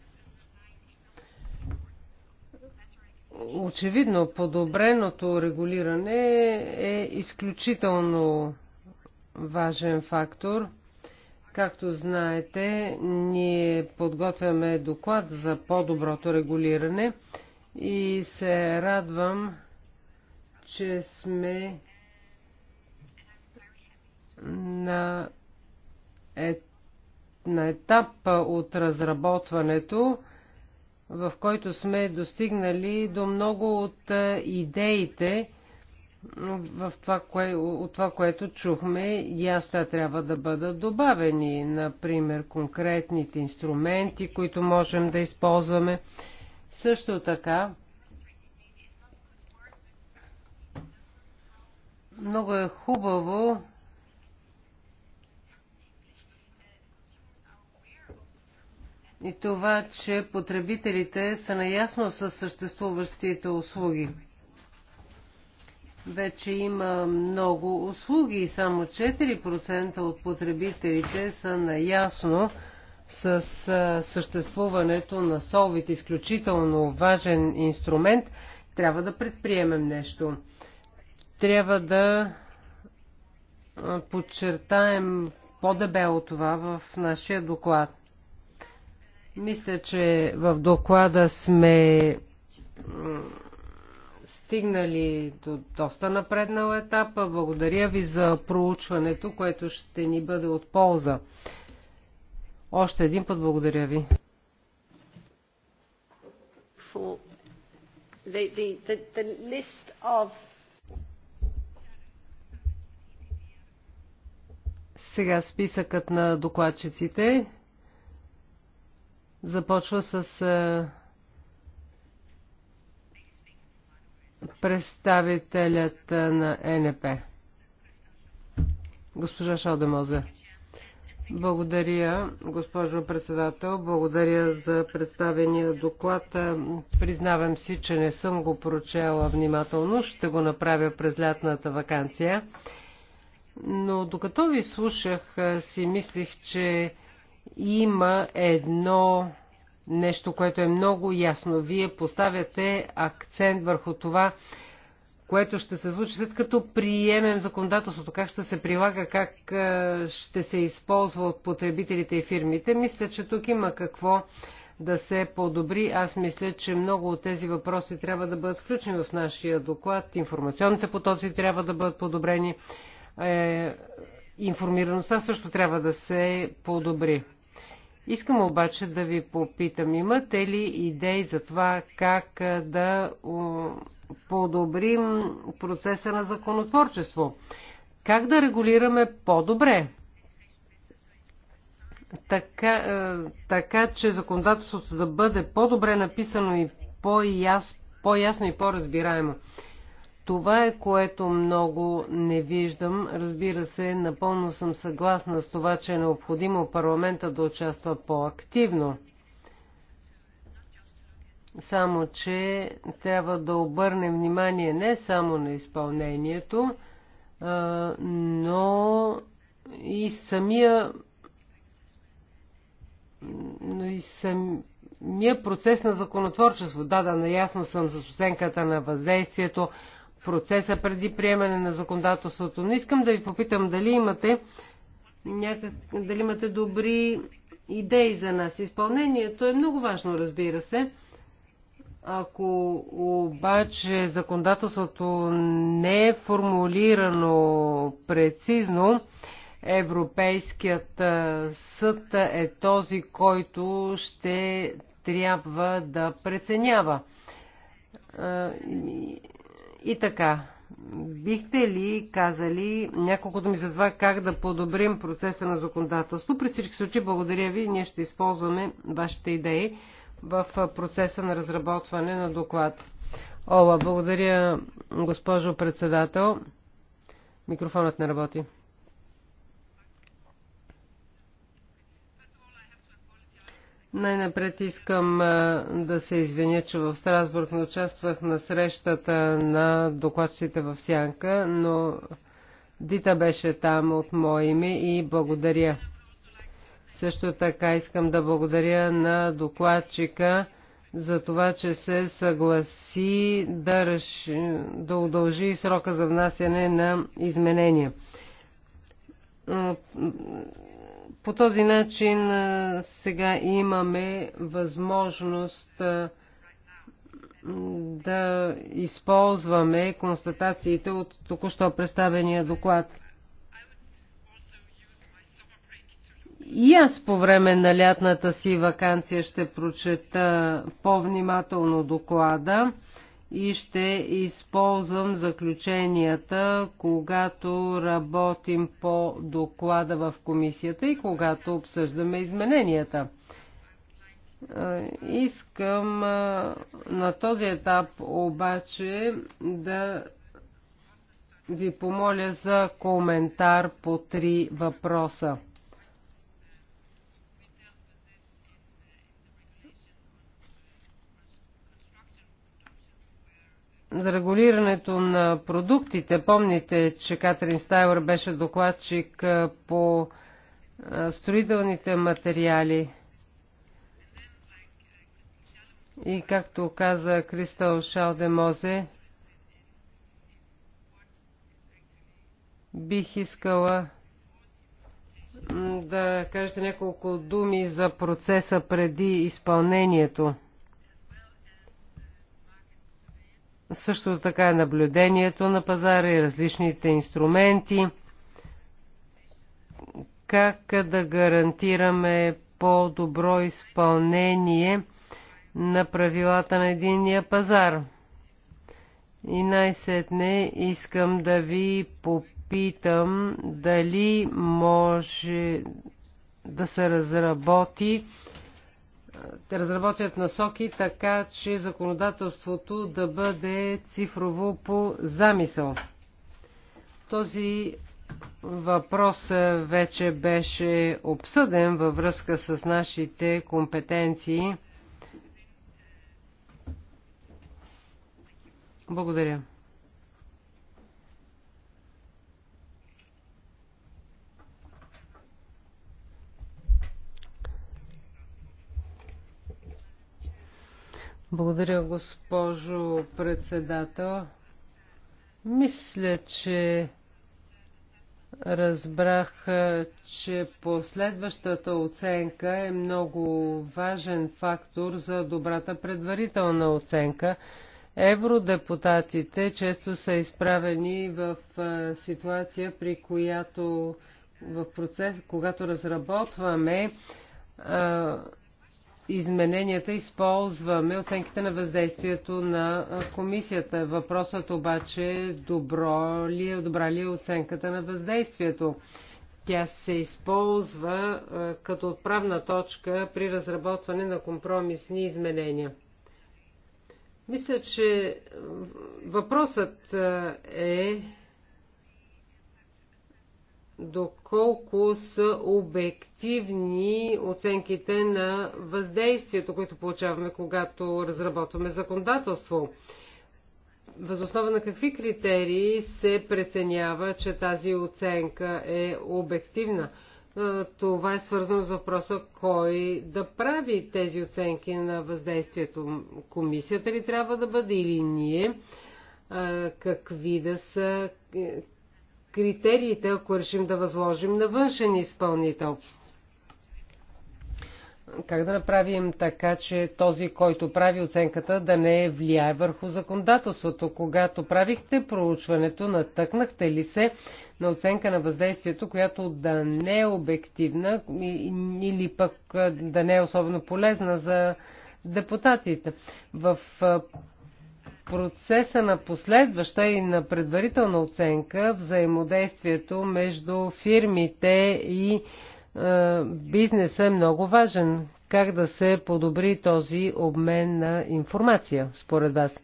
Очевидно, подобреното регулиране е изключително важен фактор. Както знаете, ние подготвяме доклад за по-доброто регулиране и се радвам, че сме на, е, на етап от разработването в който сме достигнали до много от идеите в това, кое, от това, което чухме, и аз това трябва да бъдат добавени, например, конкретните инструменти, които можем да използваме. Също така, много е хубаво и това, че потребителите са наясно с съществуващите услуги. Вече има много услуги и само 4% от потребителите са наясно с съществуването на солвит. Изключително важен инструмент. Трябва да предприемем нещо. Трябва да подчертаем по-дебело това в нашия доклад. Мисля, че в доклада сме стигнали до доста напреднал етап. Благодаря ви за проучването, което ще ни бъде от полза. Още един път благодаря ви. The, the, the, of... Сега списъкът на докладчиците започва с е, представителят е, на е НП. Госпожа Шалдемозе. Благодаря, госпожо председател. Благодаря за представения доклад. Признавам си, че не съм го прочела внимателно. Ще го направя през лятната вакансия. Но докато ви слушах, си мислих, че има едно нещо, което е много ясно. Вие поставяте акцент върху това, което ще се случи след като приемем законодателството, как ще се прилага, как е, ще се използва от потребителите и фирмите. Мисля, че тук има какво да се подобри. Аз мисля, че много от тези въпроси трябва да бъдат включени в нашия доклад. Информационните потоци трябва да бъдат подобрени. Е, информираността също трябва да се подобри. Искам обаче да ви попитам, имате ли идеи за това как да подобрим процеса на законотворчество? Как да регулираме по-добре? Така, така, че законодателството да бъде по-добре написано и по-ясно по и по-разбираемо. Това е което много не виждам. Разбира се, напълно съм съгласна с това, че е необходимо парламента да участва по-активно. Само, че трябва да обърнем внимание не само на изпълнението, но и самия но и самия процес на законотворчество. Да, да, наясно съм с оценката на въздействието, процеса преди приемане на законодателството. Но искам да ви попитам дали имате, някак, дали имате добри идеи за нас. Изпълнението е много важно, разбира се. Ако обаче законодателството не е формулирано прецизно, Европейският съд е този, който ще трябва да преценява. И така, бихте ли казали няколко думи за това как да подобрим процеса на законодателство? При всички случаи, благодаря ви, ние ще използваме вашите идеи в процеса на разработване на доклад. Ола, благодаря, госпожо председател. Микрофонът не работи. Най-напред искам да се извиня, че в Страсбург не участвах на срещата на докладчите в Сянка, но Дита беше там от мое име и благодаря. Също така искам да благодаря на докладчика за това, че се съгласи да, реш... да удължи срока за внасяне на изменения по този начин сега имаме възможност да използваме констатациите от току-що представения доклад. И аз по време на лятната си вакансия ще прочета по-внимателно доклада и ще използвам заключенията, когато работим по доклада в комисията и когато обсъждаме измененията. Е, искам е, на този етап обаче да ви помоля за коментар по три въпроса. за регулирането на продуктите. Помните, че Катрин Стайлер беше докладчик по строителните материали. И както каза Кристал Шалдемозе, бих искала да кажете няколко думи за процеса преди изпълнението. Също така е наблюдението на пазара и различните инструменти. Как да гарантираме по-добро изпълнение на правилата на единния пазар? И най-сетне искам да ви попитам дали може да се разработи те разработят насоки, така че законодателството да бъде цифрово по замисъл. Този въпрос вече беше обсъден във връзка с нашите компетенции. Благодаря. Благодаря, госпожо председател. Мисля, че разбрах, че последващата оценка е много важен фактор за добрата предварителна оценка. Евродепутатите често са изправени в ситуация, при която в процес, когато разработваме измененията използваме оценките на въздействието на комисията. Въпросът обаче е добро ли е, добра ли е оценката на въздействието. Тя се използва като отправна точка при разработване на компромисни изменения. Мисля, че въпросът е доколко са обективни оценките на въздействието, които получаваме, когато разработваме законодателство. Възоснова на какви критерии се преценява, че тази оценка е обективна? Е, това е свързано с въпроса кой да прави тези оценки на въздействието. Комисията ли трябва да бъде или ние? Е, какви да са критериите, ако решим да възложим на външен изпълнител? Как да направим така, че този, който прави оценката, да не влияе върху законодателството? Когато правихте проучването, натъкнахте ли се на оценка на въздействието, която да не е обективна или пък да не е особено полезна за депутатите? В процеса на последваща и на предварителна оценка взаимодействието между фирмите и е, бизнеса е много важен. Как да се подобри този обмен на информация, според вас?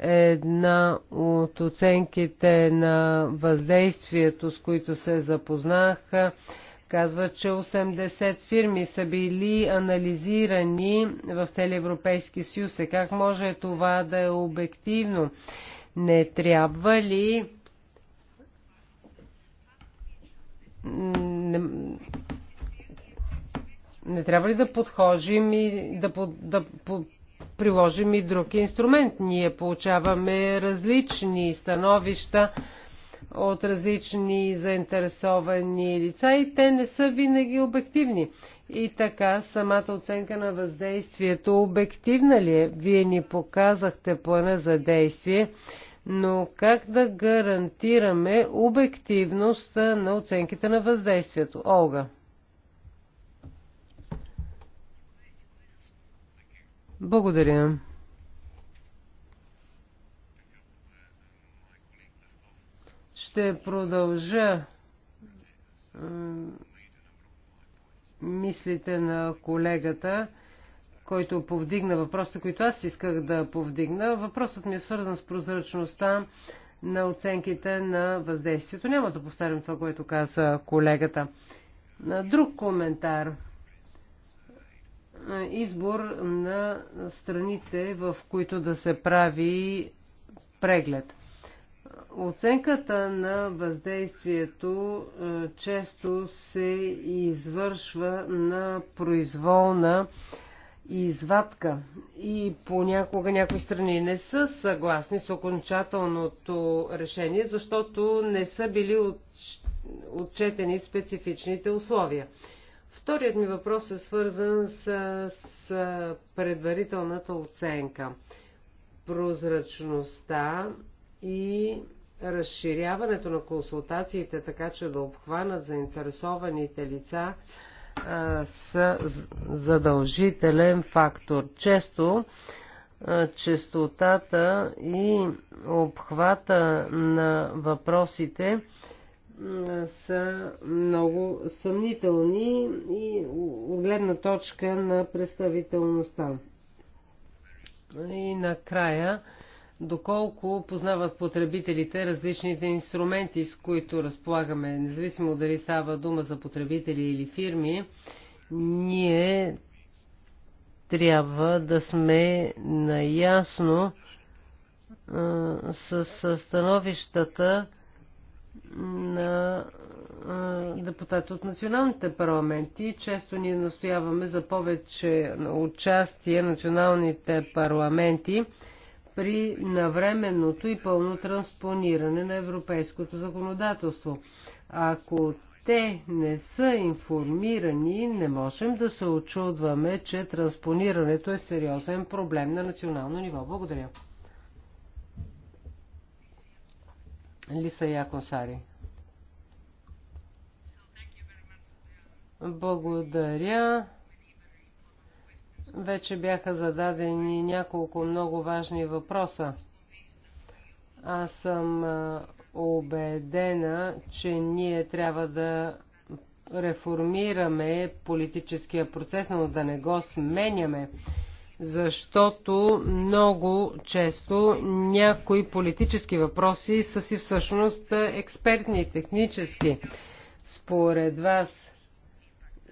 Една от оценките на въздействието, с които се запознаха, Казва, че 80 фирми са били анализирани в цели Европейски съюз. Е как може това да е обективно? Не трябва ли не, не трябва ли да подхожим и да, по, да по, приложим и друг инструмент? Ние получаваме различни становища от различни заинтересовани лица и те не са винаги обективни. И така, самата оценка на въздействието обективна ли е? Вие ни показахте плана за действие, но как да гарантираме обективност на оценките на въздействието? Олга. Благодаря. Ще продължа мислите на колегата, който повдигна въпроса, които аз исках да повдигна. Въпросът ми е свързан с прозрачността на оценките на въздействието. Няма да повтарям това, което каза колегата. Друг коментар. Избор на страните, в които да се прави преглед. Оценката на въздействието е, често се извършва на произволна извадка и понякога някои страни не са съгласни с окончателното решение, защото не са били отчетени специфичните условия. Вторият ми въпрос е свързан с, с предварителната оценка. Прозрачността и разширяването на консултациите, така че да обхванат заинтересованите лица, с задължителен фактор. Често честотата и обхвата на въпросите са много съмнителни и гледна точка на представителността. И накрая доколко познават потребителите различните инструменти, с които разполагаме, независимо дали става дума за потребители или фирми, ние трябва да сме наясно а, с, становищата на депутати от националните парламенти. Често ние настояваме за повече участие националните парламенти при навременното и пълно транспониране на европейското законодателство. Ако те не са информирани, не можем да се очудваме, че транспонирането е сериозен проблем на национално ниво. Благодаря. Лиса Яконсари. Благодаря. Вече бяха зададени няколко много важни въпроса. Аз съм убедена, че ние трябва да реформираме политическия процес, но да не го сменяме, защото много често някои политически въпроси са си всъщност експертни, технически. Според вас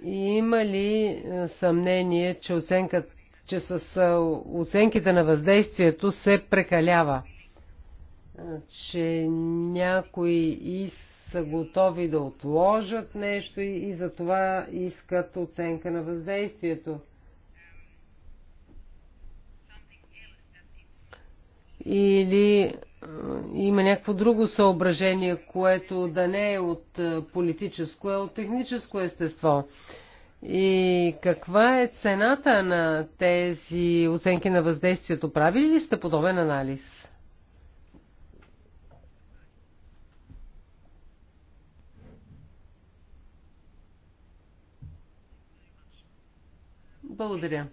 има ли е, съмнение, че, оценка, че с е, оценките на въздействието се прекалява? Е, че някои и са готови да отложат нещо и, и затова искат оценка на въздействието? Или има някакво друго съображение, което да не е от е, политическо, а е от техническо естество. И каква е цената на тези оценки на въздействието? Правили ли сте подобен анализ? Благодаря.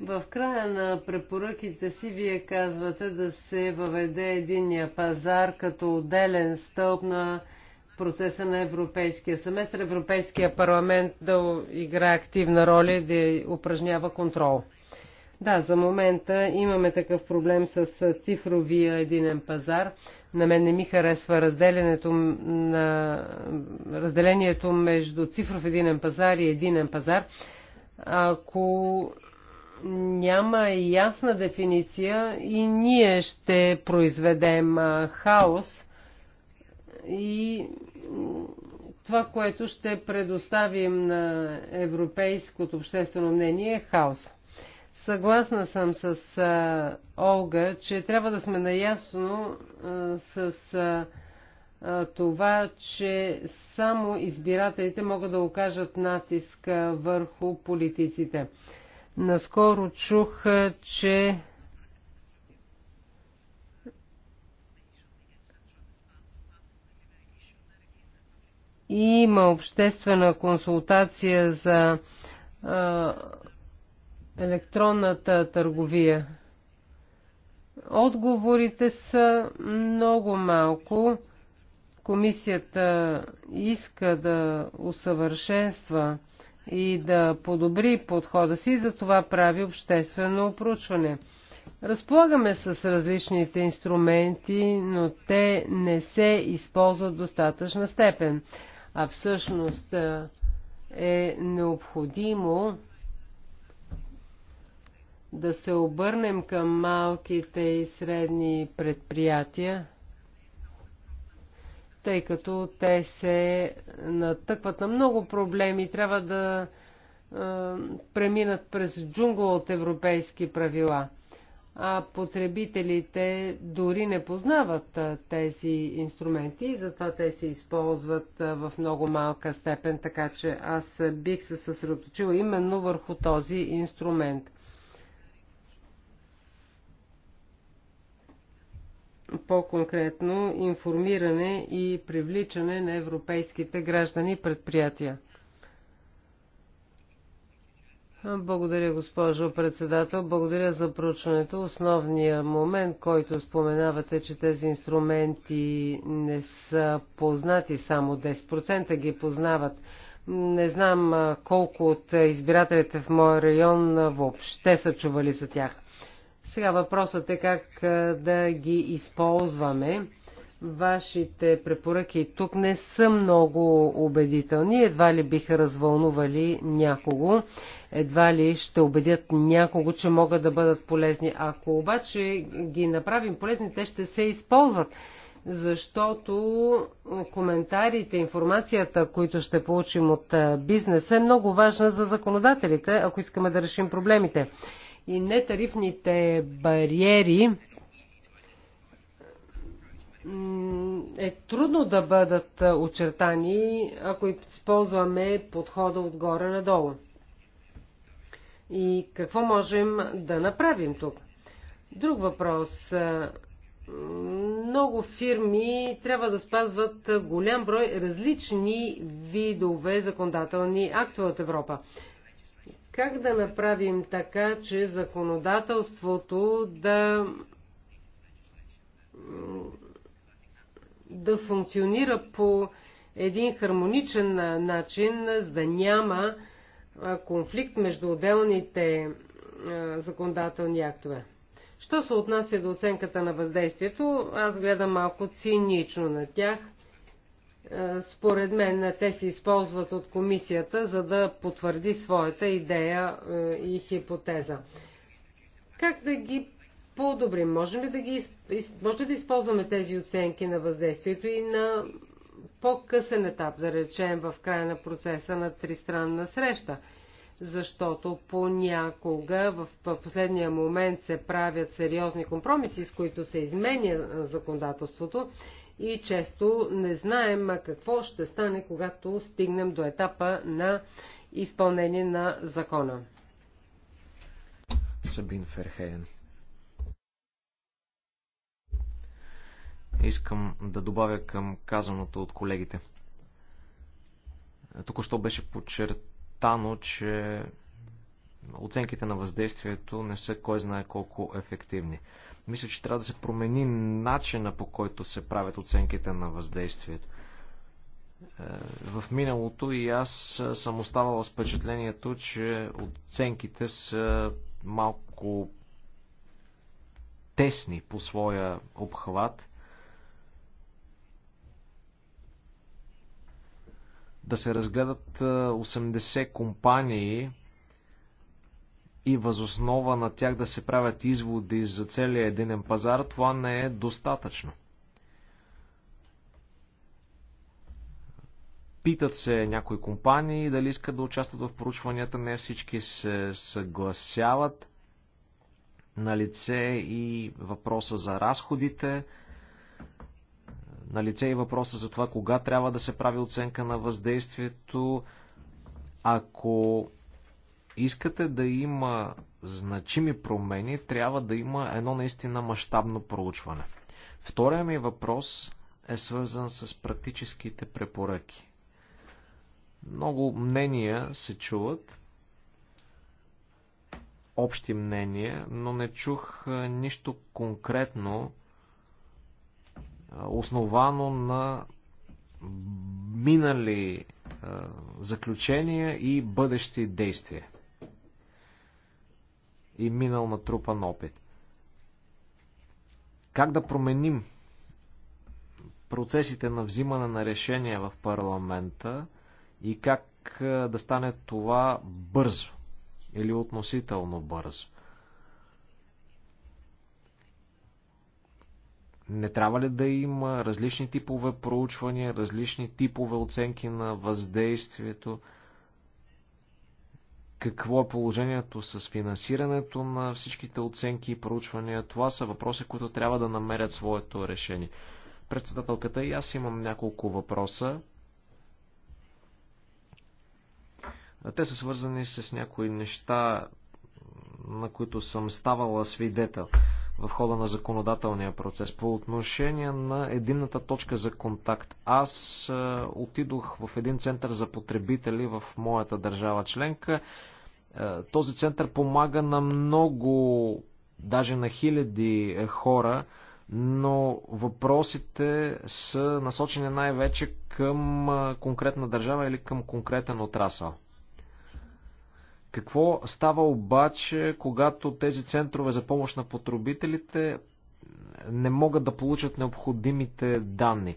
В края на препоръките си вие казвате да се въведе единния пазар като отделен стълб на процеса на европейския семестър, Европейския парламент да играе активна роля и да упражнява контрол. Да, за момента имаме такъв проблем с цифровия единен пазар. На мен не ми харесва разделението на разделението между цифров единен пазар и единен пазар. Ако няма ясна дефиниция и ние ще произведем хаос и това, което ще предоставим на европейското обществено мнение е хаос. Съгласна съм с а, Олга, че трябва да сме наясно а, с а, това, че само избирателите могат да окажат натиск върху политиците. Наскоро чух, че има обществена консултация за а, електронната търговия. Отговорите са много малко. Комисията иска да усъвършенства и да подобри подхода си, за това прави обществено опручване. Разполагаме с различните инструменти, но те не се използват достатъчна степен, а всъщност е необходимо да се обърнем към малките и средни предприятия, тъй като те се натъкват на много проблеми и трябва да преминат през джунгла от европейски правила. А потребителите дори не познават тези инструменти и затова те се използват в много малка степен, така че аз бих се съсредоточила именно върху този инструмент. по-конкретно информиране и привличане на европейските граждани и предприятия. Благодаря, госпожо председател. Благодаря за проучването. Основният момент, който споменавате, че тези инструменти не са познати, само 10% ги познават. Не знам колко от избирателите в моя район въобще са чували за тях. Сега въпросът е как да ги използваме. Вашите препоръки тук не са много убедителни, едва ли биха развълнували някого, едва ли ще убедят някого, че могат да бъдат полезни. Ако обаче ги направим полезни, те ще се използват, защото коментарите, информацията, които ще получим от бизнеса е много важна за законодателите, ако искаме да решим проблемите и нетарифните бариери е трудно да бъдат очертани, ако използваме подхода отгоре надолу. И какво можем да направим тук? Друг въпрос. Много фирми трябва да спазват голям брой различни видове законодателни актове от Европа. Как да направим така, че законодателството да да функционира по един хармоничен начин, за да няма конфликт между отделните законодателни актове. Що се отнася до оценката на въздействието, аз гледам малко цинично на тях – е, според мен те се използват от комисията, за да потвърди своята идея е, и хипотеза. Как да ги по добрим Можем ли да, ги, може ли да използваме тези оценки на въздействието и на по-късен етап, да речем, в края на процеса на тристранна среща? защото понякога в последния момент се правят сериозни компромиси, с които се изменя законодателството и често не знаем какво ще стане, когато стигнем до етапа на изпълнение на закона. Сабин Ферхейен. Искам да добавя към казаното от колегите. Току-що беше подчертано, че оценките на въздействието не са кой знае колко ефективни. Мисля, че трябва да се промени начина по който се правят оценките на въздействието. Е, в миналото и аз е, съм оставала с впечатлението, че оценките са малко тесни по своя обхват. Да се разгледат 80 е, компании, и възоснова на тях да се правят изводи за целия единен пазар, това не е достатъчно. Питат се някои компании дали искат да участват в поручванията, не всички се съгласяват. На лице и въпроса за разходите, на лице и въпроса за това кога трябва да се прави оценка на въздействието. Ако искате да има значими промени, трябва да има едно наистина мащабно проучване. Втория ми въпрос е свързан с практическите препоръки. Много мнения се чуват, общи мнения, но не чух нищо конкретно, основано на минали заключения и бъдещи действия и минал на опит. Как да променим процесите на взимане на решения в парламента и как е, да стане това бързо или относително бързо? не трябва ли да има различни типове проучвания, различни типове оценки на въздействието? какво е положението с финансирането на всичките оценки и проучвания. Това са въпроси, които трябва да намерят своето решение. Председателката и аз имам няколко въпроса. Те са свързани с някои неща, на които съм ставала свидетел в хода на законодателния процес. По отношение на единната точка за контакт, аз е, отидох в един център за потребители в моята държава членка. Е, този център помага на много, даже на хиляди е, хора, но въпросите са насочени най-вече към е, конкретна държава или към конкретен отрасъл. Какво става обаче, когато тези центрове за помощ на потребителите не могат да получат необходимите данни?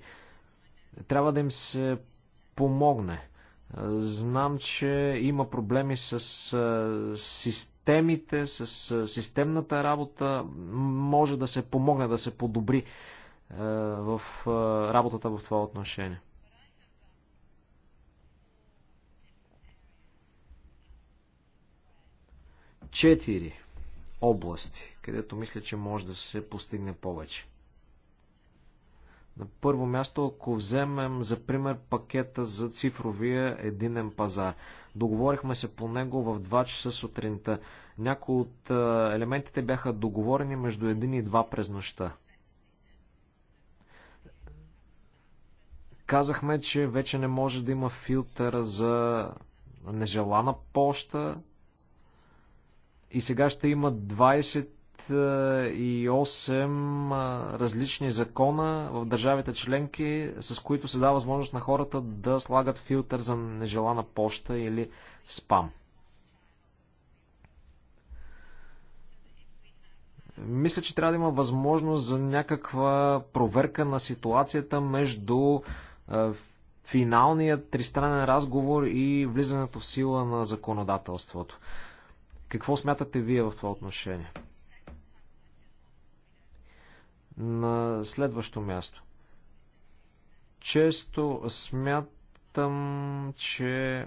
Трябва да им се помогне. Знам, че има проблеми с системите, с системната работа. Може да се помогне да се подобри в работата в това отношение. Четири области, където мисля, че може да се постигне повече. На първо място, ако вземем за пример пакета за цифровия единен пазар. Договорихме се по него в 2 часа сутринта. Някои от е, елементите бяха договорени между 1 и 2 през нощта. Казахме, че вече не може да има филтър за нежелана поща и сега ще има 20 28 различни закона в държавите членки, с които се дава възможност на хората да слагат филтър за нежелана поща или спам. Мисля, че трябва да има възможност за някаква проверка на ситуацията между финалният тристранен разговор и влизането в сила на законодателството. Какво смятате вие в това отношение? На следващо място. Често смятам, че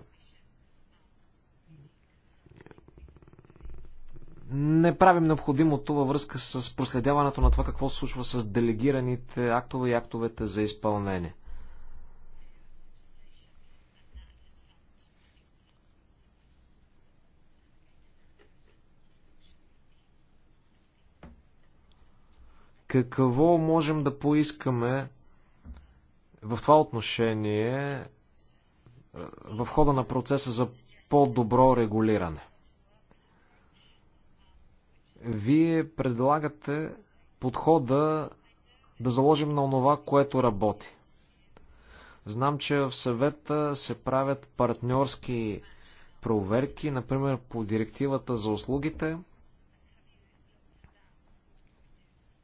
не правим необходимото във връзка с проследяването на това какво се случва с делегираните актове и актовете за изпълнение. Какво можем да поискаме в това отношение е, в хода на процеса за по-добро регулиране? Вие предлагате подхода да заложим на онова, което работи. Знам, че в съвета се правят партньорски проверки, например по директивата за услугите –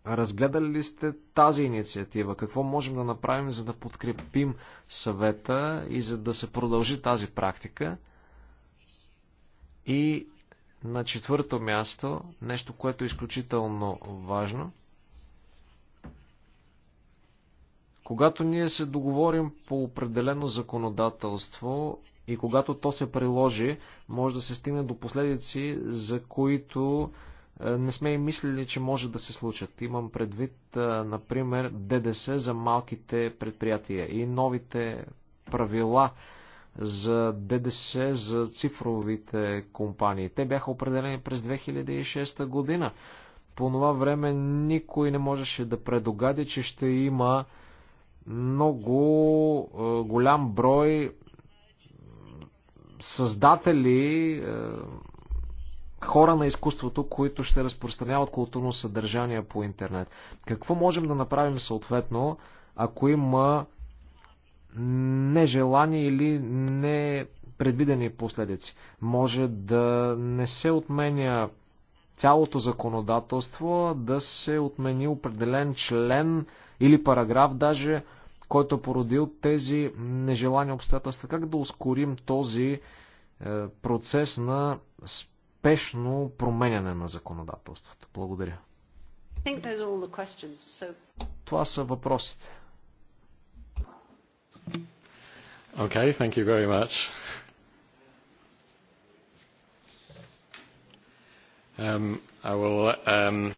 Разгледали ли сте тази инициатива? Какво можем да направим, за да подкрепим съвета и за да се продължи тази практика? И на четвърто място, нещо, което е изключително важно. Когато ние се договорим по определено законодателство и когато то се приложи, може да се стигне до последици, за които е, не сме и мислили, че може да се случат. Имам предвид, е, например, ДДС за малките предприятия и новите правила за ДДС за цифровите компании. Те бяха определени през 2006 година. По това време никой не можеше да предогади, че ще има много е, голям брой създатели хора на изкуството, които ще разпространяват културно съдържание по интернет. Какво можем да направим съответно, ако има нежелани или непредвидени последици? Може да не се отменя цялото законодателство, да се отмени определен член или параграф даже, който е породил тези нежелани обстоятелства. Как да ускорим този е, процес на спешно променяне на законодателството. Благодаря. So... Това са въпросите. Okay, thank you very much. Um, I will, um...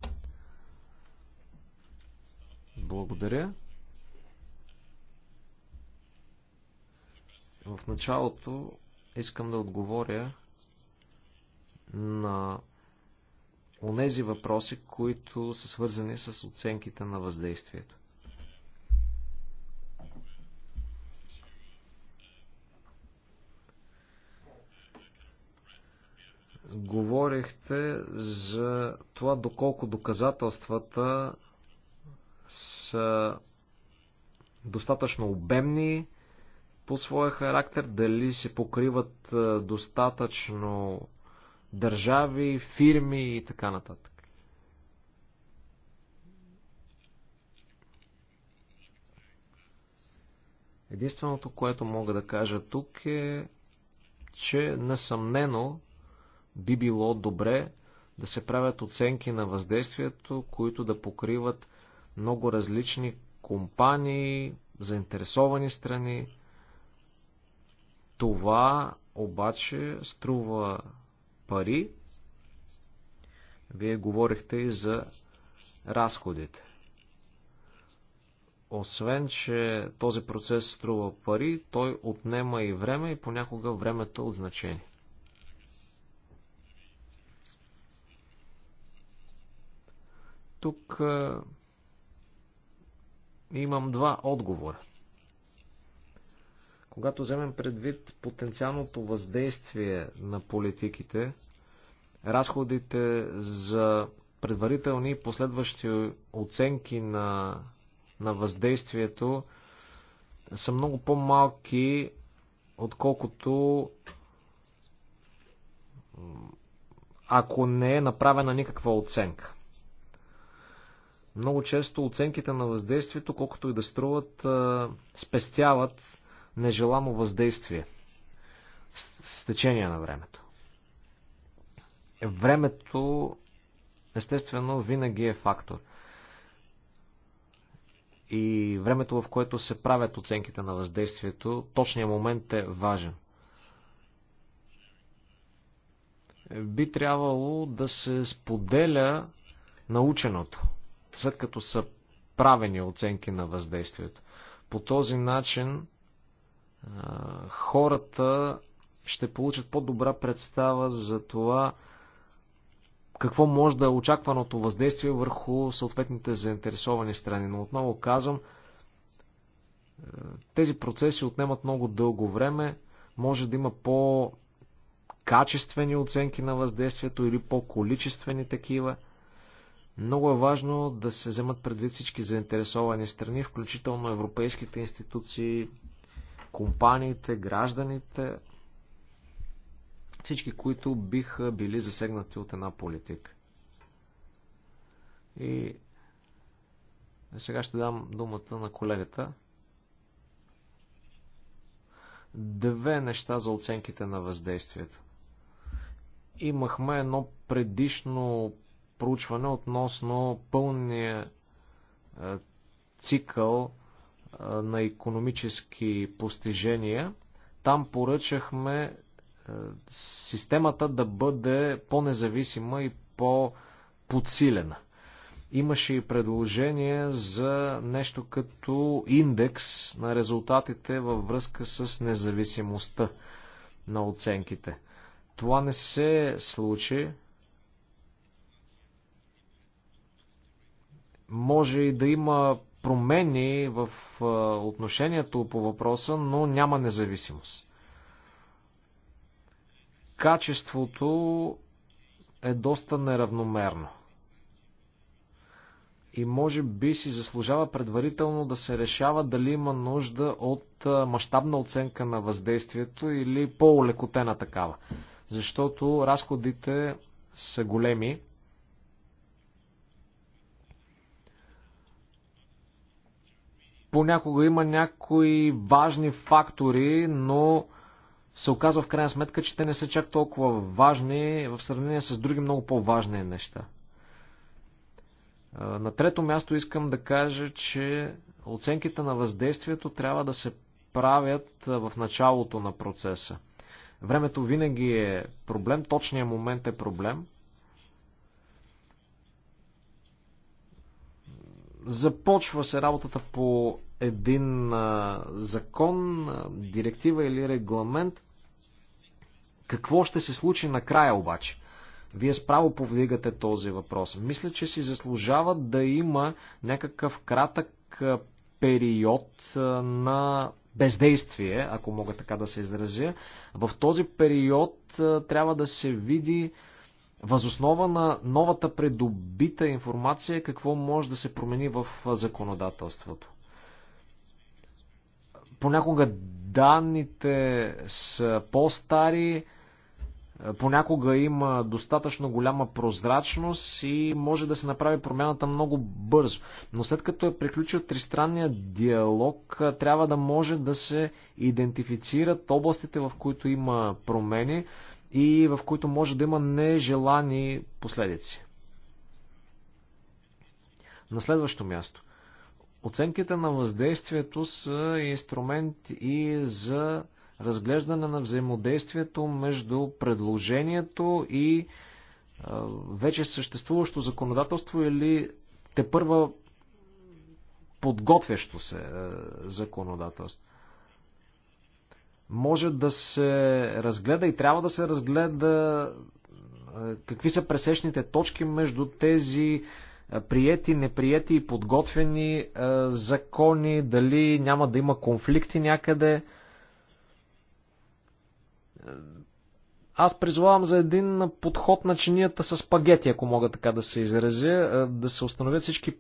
Благодаря. В началото искам да отговоря на онези въпроси, които са свързани с оценките на въздействието. Говорихте за това доколко доказателствата са достатъчно обемни по своя характер, дали се покриват достатъчно държави, фирми и така нататък. Единственото, което мога да кажа тук е, че несъмнено би било добре да се правят оценки на въздействието, които да покриват много различни компании, заинтересовани страни. Това обаче струва пари. Вие говорихте и за разходите. Освен, че този процес струва пари, той отнема и време и понякога времето е от значение. Тук имам два отговора. Когато вземем предвид потенциалното въздействие на политиките, разходите за предварителни и последващи оценки на, на въздействието са много по-малки, отколкото ако не е направена никаква оценка. Много често оценките на въздействието, колкото и да струват, спестяват нежеламо въздействие с течение на времето. Времето, естествено, винаги е фактор. И времето, в което се правят оценките на въздействието, точният момент е важен. Би трябвало да се споделя наученото, след като са правени оценки на въздействието. По този начин хората ще получат по-добра представа за това какво може да е очакваното въздействие върху съответните заинтересовани страни. Но отново казвам, тези процеси отнемат много дълго време, може да има по качествени оценки на въздействието или по-количествени такива. Много е важно да се вземат предвид всички заинтересовани страни, включително европейските институции, компаниите, гражданите, всички, които биха били засегнати от една политика. И сега ще дам думата на колегата. Две неща за оценките на въздействието. Имахме едно предишно проучване относно пълния е, цикъл на економически постижения, там поръчахме е, системата да бъде по-независима и по-подсилена. Имаше и предложение за нещо като индекс на резултатите във връзка с независимостта на оценките. Това не се случи. Може и да има промени в отношението по въпроса, но няма независимост. Качеството е доста неравномерно. И може би си заслужава предварително да се решава дали има нужда от мащабна оценка на въздействието или по-олекотена такава. Защото разходите са големи Понякога има някои важни фактори, но се оказва в крайна сметка, че те не са чак толкова важни в сравнение с други много по-важни неща. На трето място искам да кажа, че оценките на въздействието трябва да се правят в началото на процеса. Времето винаги е проблем, точният момент е проблем. Започва се работата по един закон, директива или регламент. Какво ще се случи накрая обаче? Вие справо повдигате този въпрос. Мисля, че си заслужава да има някакъв кратък период на бездействие, ако мога така да се изразя. В този период трябва да се види възоснова на новата придобита информация какво може да се промени в законодателството. Понякога данните са по-стари, понякога има достатъчно голяма прозрачност и може да се направи промяната много бързо. Но след като е приключил тристранния диалог, трябва да може да се идентифицират областите, в които има промени и в които може да има нежелани последици. На следващо място. Оценките на въздействието са инструмент и за разглеждане на взаимодействието между предложението и вече съществуващо законодателство или те първа подготвящо се законодателство. Може да се разгледа и трябва да се разгледа какви са пресечните точки между тези приети, неприети и подготвени е, закони, дали няма да има конфликти някъде. Е, аз призовавам за един подход на чинията с пагети, ако мога така да се изразя, е, да се установят всички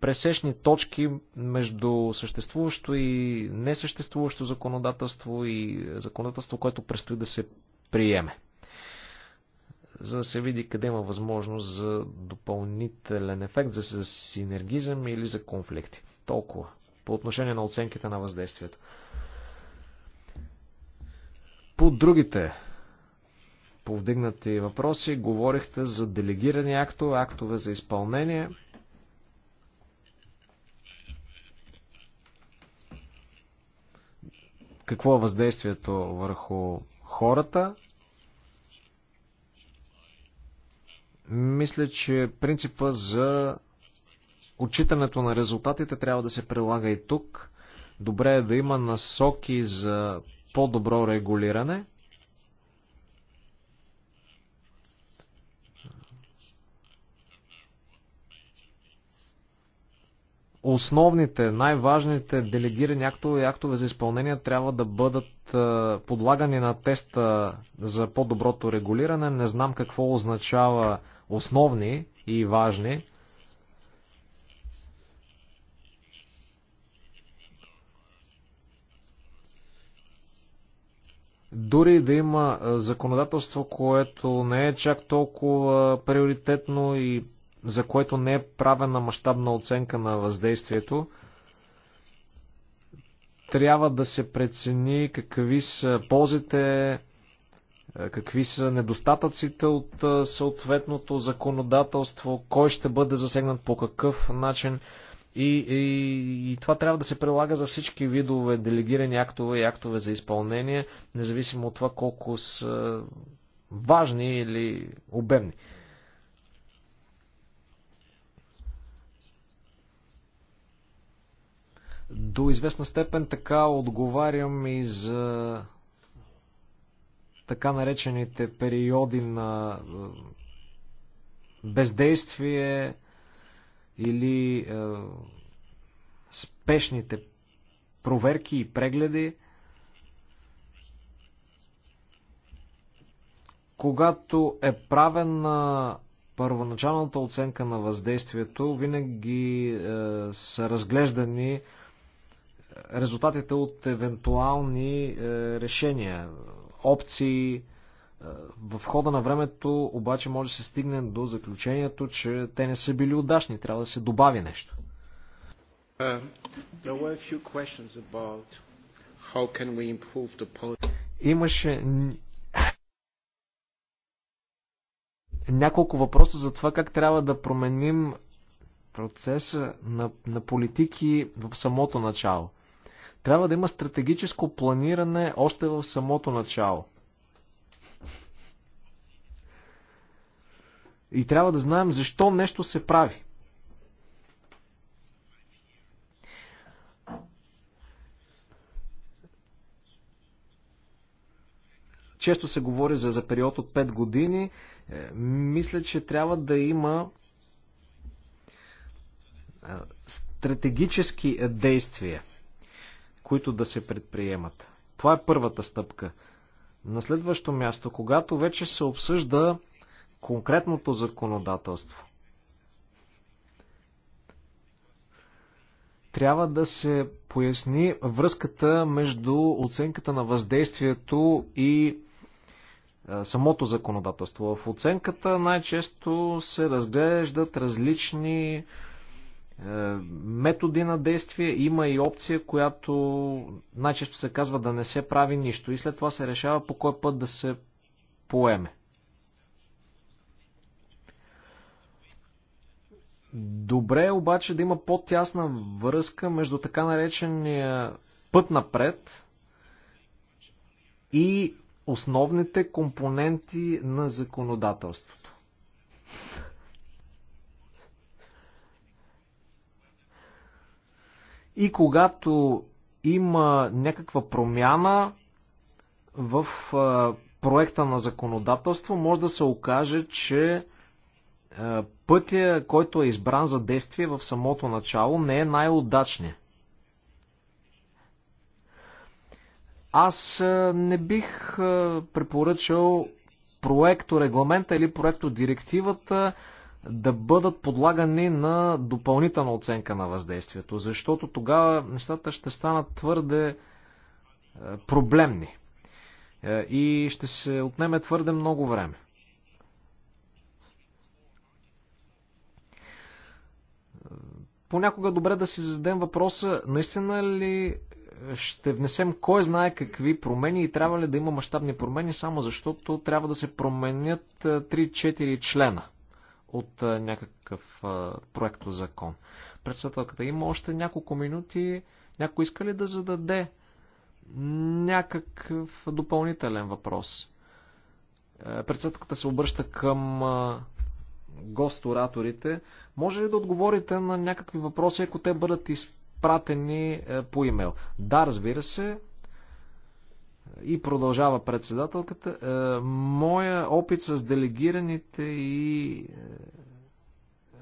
пресечни точки между съществуващо и несъществуващо законодателство и законодателство, което предстои да се приеме за да се види къде има възможност за допълнителен ефект, за синергизъм или за конфликти. Толкова. По отношение на оценките на въздействието. По другите повдигнати въпроси говорихте за делегирани актове, актове за изпълнение. Какво е въздействието върху хората? Мисля, че принципа за отчитането на резултатите трябва да се прилага и тук. Добре е да има насоки за по-добро регулиране. Основните, най-важните делегирани актове и актове за изпълнение трябва да бъдат е, подлагани на теста за по-доброто регулиране. Не знам какво означава основни и важни. Дори да има законодателство, което не е чак толкова приоритетно и за което не е правена мащабна оценка на въздействието, трябва да се прецени какви са ползите, е, какви са недостатъците от е, съответното законодателство, кой ще бъде засегнат по какъв начин. И, и, и това трябва да се прилага за всички видове делегирани актове и актове за изпълнение, независимо от това колко са важни или обемни. До известна степен така отговарям и за така наречените периоди на бездействие или е, спешните проверки и прегледи, когато е правена първоначалната оценка на въздействието, винаги е, са разглеждани резултатите от евентуални е, решения опции. Е, в хода на времето обаче може да се стигне до заключението, че те не са били удачни. Трябва да се добави нещо. Имаше няколко въпроса за това как трябва да променим процеса на, на политики в самото начало. Трябва да има стратегическо планиране още в самото начало. И трябва да знаем защо нещо се прави. често се говори за, за период от 5 години, е, мисля, че трябва да има е, стратегически действия които да се предприемат. Това е първата стъпка. На следващо място, когато вече се обсъжда конкретното законодателство, трябва да се поясни връзката между оценката на въздействието и самото законодателство. В оценката най-често се разглеждат различни методи на действие, има и опция, която най-често се казва да не се прави нищо и след това се решава по кой път да се поеме. Добре е обаче да има по-тясна връзка между така наречения път напред и основните компоненти на законодателството. И когато има някаква промяна в проекта на законодателство, може да се окаже, че пътя, който е избран за действие в самото начало, не е най-удачният. Аз не бих препоръчал проекто регламента или проекто директивата да бъдат подлагани на допълнителна оценка на въздействието, защото тогава нещата ще станат твърде е, проблемни е, и ще се отнеме твърде много време. Понякога добре да си зададем въпроса, наистина ли ще внесем кой знае какви промени и трябва ли да има мащабни промени, само защото трябва да се променят 3-4 е, члена от някакъв проект закон. Председателката има още няколко минути. Някой иска ли да зададе някакъв допълнителен въпрос? Е, председателката се обръща към гост-ораторите. Може ли да отговорите на някакви въпроси, ако те бъдат изпратени е, по имейл? Да, разбира се. И продължава председателката. Е, моя опит с делегираните и е,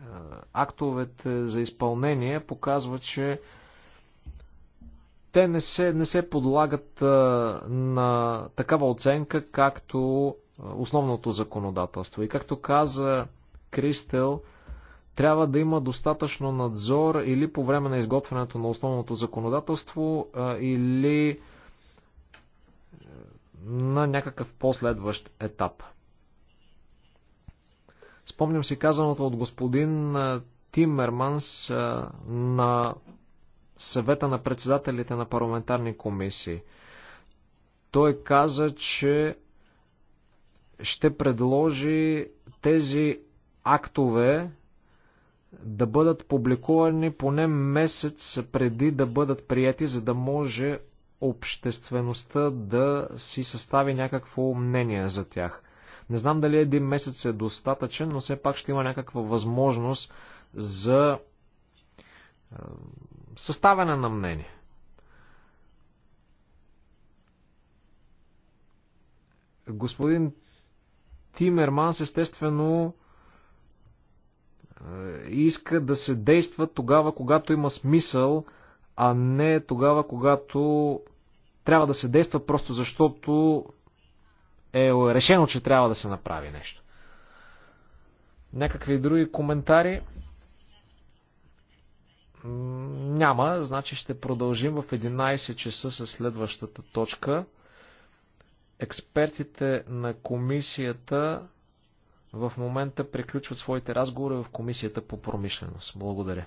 е, актовете за изпълнение показва, че те не се, не се подлагат на такава оценка, както основното законодателство. И както каза Кристел, трябва да има достатъчно надзор или по време на изготвянето на основното законодателство, или на някакъв последващ етап. Спомням си казаното от господин Тимерманс на съвета на председателите на парламентарни комисии. Той каза, че ще предложи тези актове да бъдат публикувани поне месец преди да бъдат прияти, за да може обществеността да си състави някакво мнение за тях. Не знам дали един месец е достатъчен, но все пак ще има някаква възможност за е, съставяне на мнение. Господин Тимерманс естествено е, иска да се действа тогава, когато има смисъл, а не тогава, когато трябва да се действа просто защото е решено, че трябва да се направи нещо. Някакви други коментари? Няма, значи ще продължим в 11 часа с следващата точка. Експертите на комисията в момента приключват своите разговори в комисията по промишленост. Благодаря.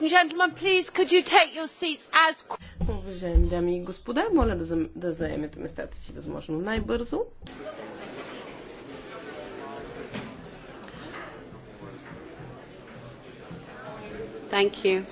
As... Уважаеми дами и господа, моля да, да заемете местата си възможно най-бързо. Thank you.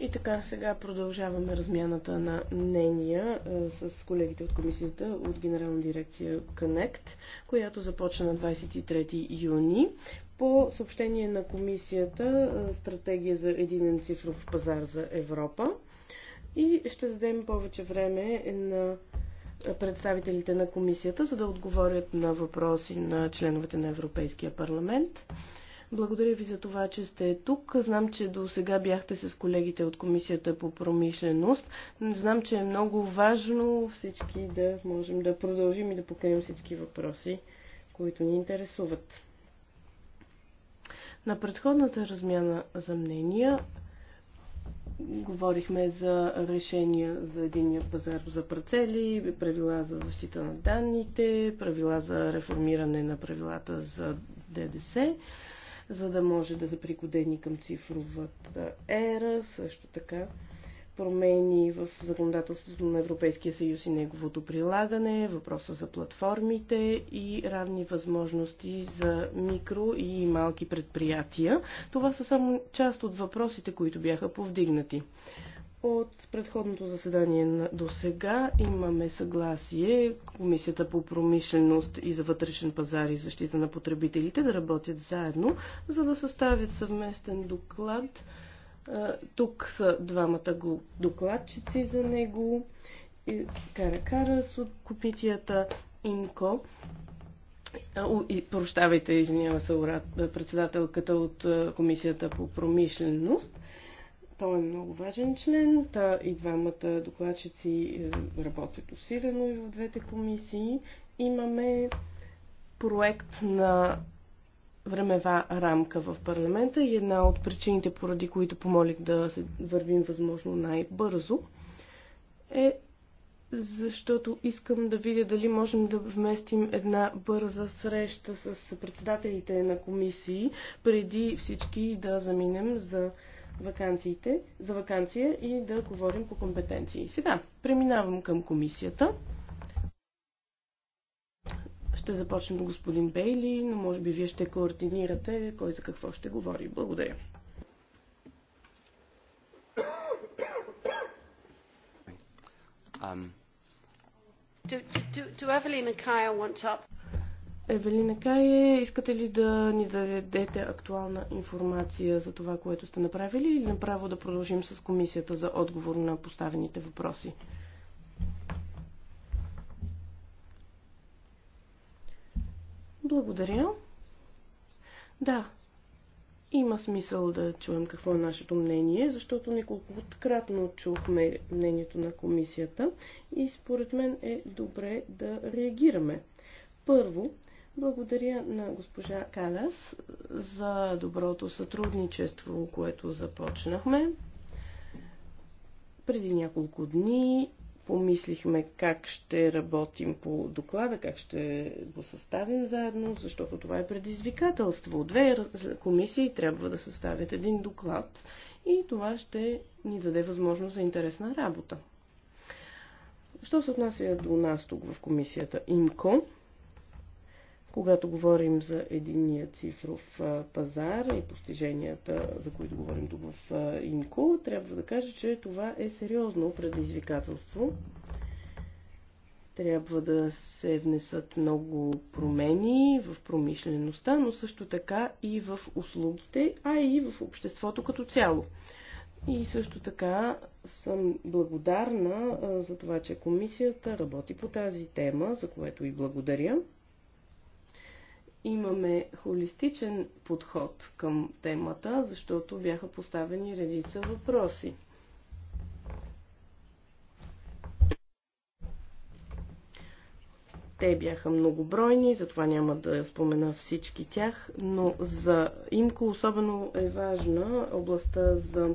И така, сега продължаваме размяната на мнения с колегите от комисията от Генерална дирекция Connect, която започна на 23 юни по съобщение на комисията Стратегия за единен цифров пазар за Европа. И ще дадем повече време на представителите на комисията, за да отговорят на въпроси на членовете на Европейския парламент. Благодаря ви за това, че сте тук. Знам, че до сега бяхте с колегите от Комисията по промишленост. Знам, че е много важно всички да можем да продължим и да покрием всички въпроси, които ни интересуват. На предходната размяна за мнения говорихме за решения за единния пазар за працели, правила за защита на данните, правила за реформиране на правилата за ДДС за да може да са пригодени към цифровата ера, също така промени в законодателството на Европейския съюз и неговото прилагане, въпроса за платформите и равни възможности за микро и малки предприятия. Това са само част от въпросите, които бяха повдигнати. От предходното заседание до сега имаме съгласие Комисията по промишленост и за вътрешен пазар и защита на потребителите да работят заедно, за да съставят съвместен доклад. Тук са двамата докладчици за него. Кара-кара с от копитията Инко. прощавайте, извинява се председателката от Комисията по промишленост – той е много важен член. Та и двамата докладчици е, работят усилено и в двете комисии. Имаме проект на времева рамка в парламента и една от причините, поради които помолих да се вървим възможно най-бързо, е защото искам да видя дали можем да вместим една бърза среща с председателите на комисии, преди всички да заминем за вакансиите, за вакансия и да говорим по компетенции. Сега преминавам към комисията. Ще започнем господин Бейли, но може би вие ще координирате кой за какво ще говори. Благодаря. Um. Do, do, do Evelyn and Kaya want to... Евелина Кае, искате ли да ни дадете актуална информация за това, което сте направили или направо да продължим с комисията за отговор на поставените въпроси? Благодаря. Да, има смисъл да чуем какво е нашето мнение, защото неколкократно чухме мнението на комисията и според мен е добре да реагираме. Първо, благодаря на госпожа Калас за доброто сътрудничество, което започнахме. Преди няколко дни помислихме как ще работим по доклада, как ще го съставим заедно, защото това е предизвикателство. Две комисии трябва да съставят един доклад и това ще ни даде възможност за интересна работа. Що се отнася до нас тук в комисията ИМКО, когато говорим за единния цифров пазар и постиженията, за които говорим тук в ИНКО, трябва да кажа, че това е сериозно предизвикателство. Трябва да се внесат много промени в промишлеността, но също така и в услугите, а и в обществото като цяло. И също така съм благодарна за това, че комисията работи по тази тема, за което и благодаря имаме холистичен подход към темата, защото бяха поставени редица въпроси. Те бяха многобройни, затова няма да спомена всички тях, но за Имко особено е важна областта за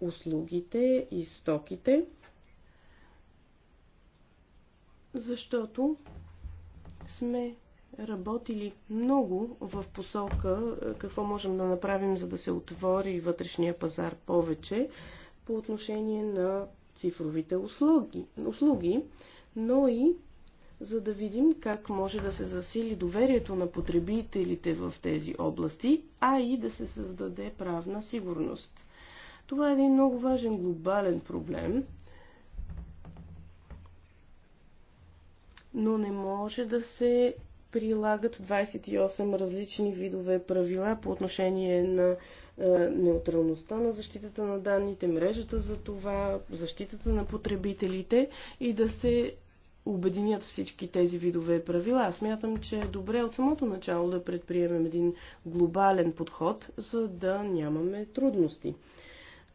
услугите и стоките, защото сме работили много в посока е, какво можем да направим, за да се отвори вътрешния пазар повече по отношение на цифровите услуги, услуги но и за да видим как може да се засили доверието на потребителите в тези области, а и да се създаде правна сигурност. Това е един много важен глобален проблем, но не може да се прилагат 28 различни видове правила по отношение на е, неутралността на защитата на данните, мрежата за това, защитата на потребителите и да се обединят всички тези видове правила. Смятам, че е добре от самото начало да предприемем един глобален подход, за да нямаме трудности.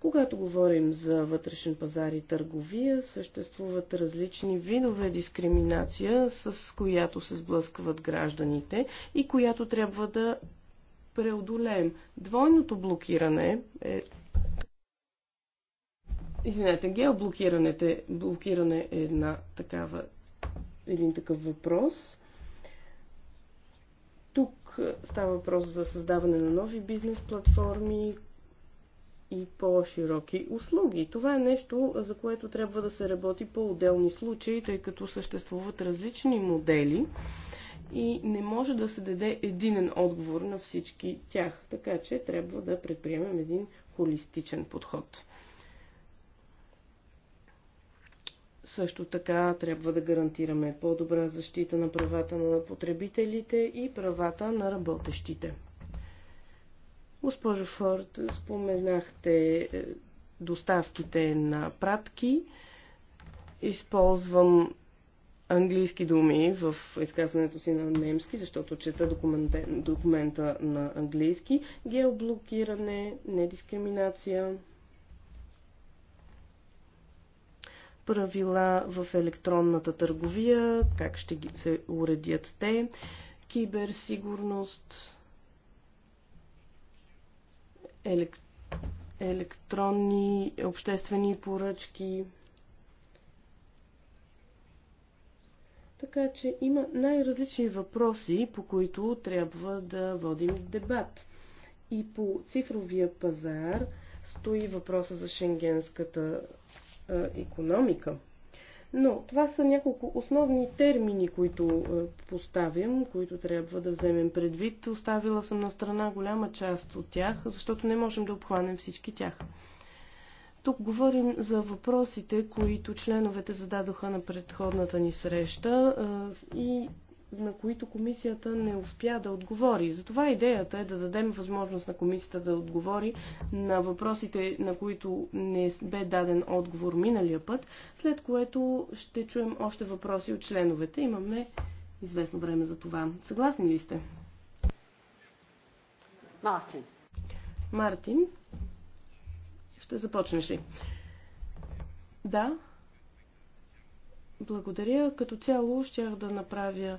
Когато говорим за вътрешен пазар и търговия, съществуват различни видове дискриминация, с която се сблъскват гражданите и която трябва да преодолеем. Двойното блокиране е Извинете, геоблокирането е- блокиране е една такава, един такъв въпрос. Тук става въпрос за създаване на нови бизнес платформи, и по-широки услуги. Това е нещо, за което трябва да се работи по отделни случаи, тъй като съществуват различни модели и не може да се даде единен отговор на всички тях. Така че трябва да предприемем един холистичен подход. Също така трябва да гарантираме по-добра защита на правата на потребителите и правата на работещите. Госпожо Форд, споменахте е, доставките на пратки. Използвам английски думи в изказването си на немски, защото чета документа, на английски. Геоблокиране, недискриминация, правила в електронната търговия, как ще ги се уредят те, киберсигурност, елек... електронни обществени поръчки. Така че има най-различни въпроси, по които трябва да водим дебат. И по цифровия пазар стои въпроса за шенгенската економика. Но това са няколко основни термини, които е, поставям, които трябва да вземем предвид. Оставила съм на страна голяма част от тях, защото не можем да обхванем всички тях. Тук говорим за въпросите, които членовете зададоха на предходната ни среща е, и на които комисията не успя да отговори. Затова идеята е да дадем възможност на комисията да отговори на въпросите, на които не бе даден отговор миналия път, след което ще чуем още въпроси от членовете. Имаме известно време за това. Съгласни ли сте? Мартин. Мартин, ще започнеш ли? Да. Благодаря. Като цяло щях да направя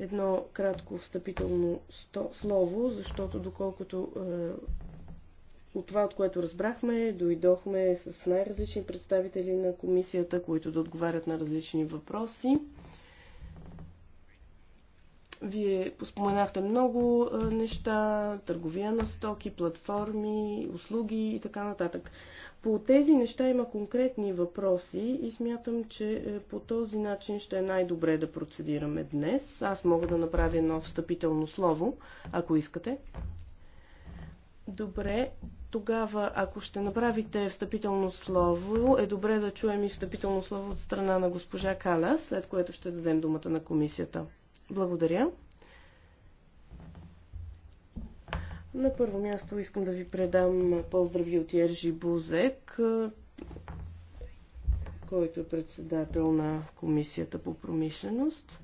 едно кратко встъпително слово, защото доколкото е, от това, от което разбрахме, дойдохме с най-различни представители на комисията, които да отговарят на различни въпроси. Вие споменахте много е, неща, търговия на стоки, платформи, услуги и така нататък. По тези неща има конкретни въпроси и смятам, че е, по този начин ще е най-добре да процедираме днес. Аз мога да направя едно встъпително слово, ако искате. Добре, тогава, ако ще направите встъпително слово, е добре да чуем и встъпително слово от страна на госпожа Калас, след което ще дадем думата на комисията. Благодаря. На първо място искам да ви предам поздрави от Ержи Бузек, който е председател на Комисията по промишленост.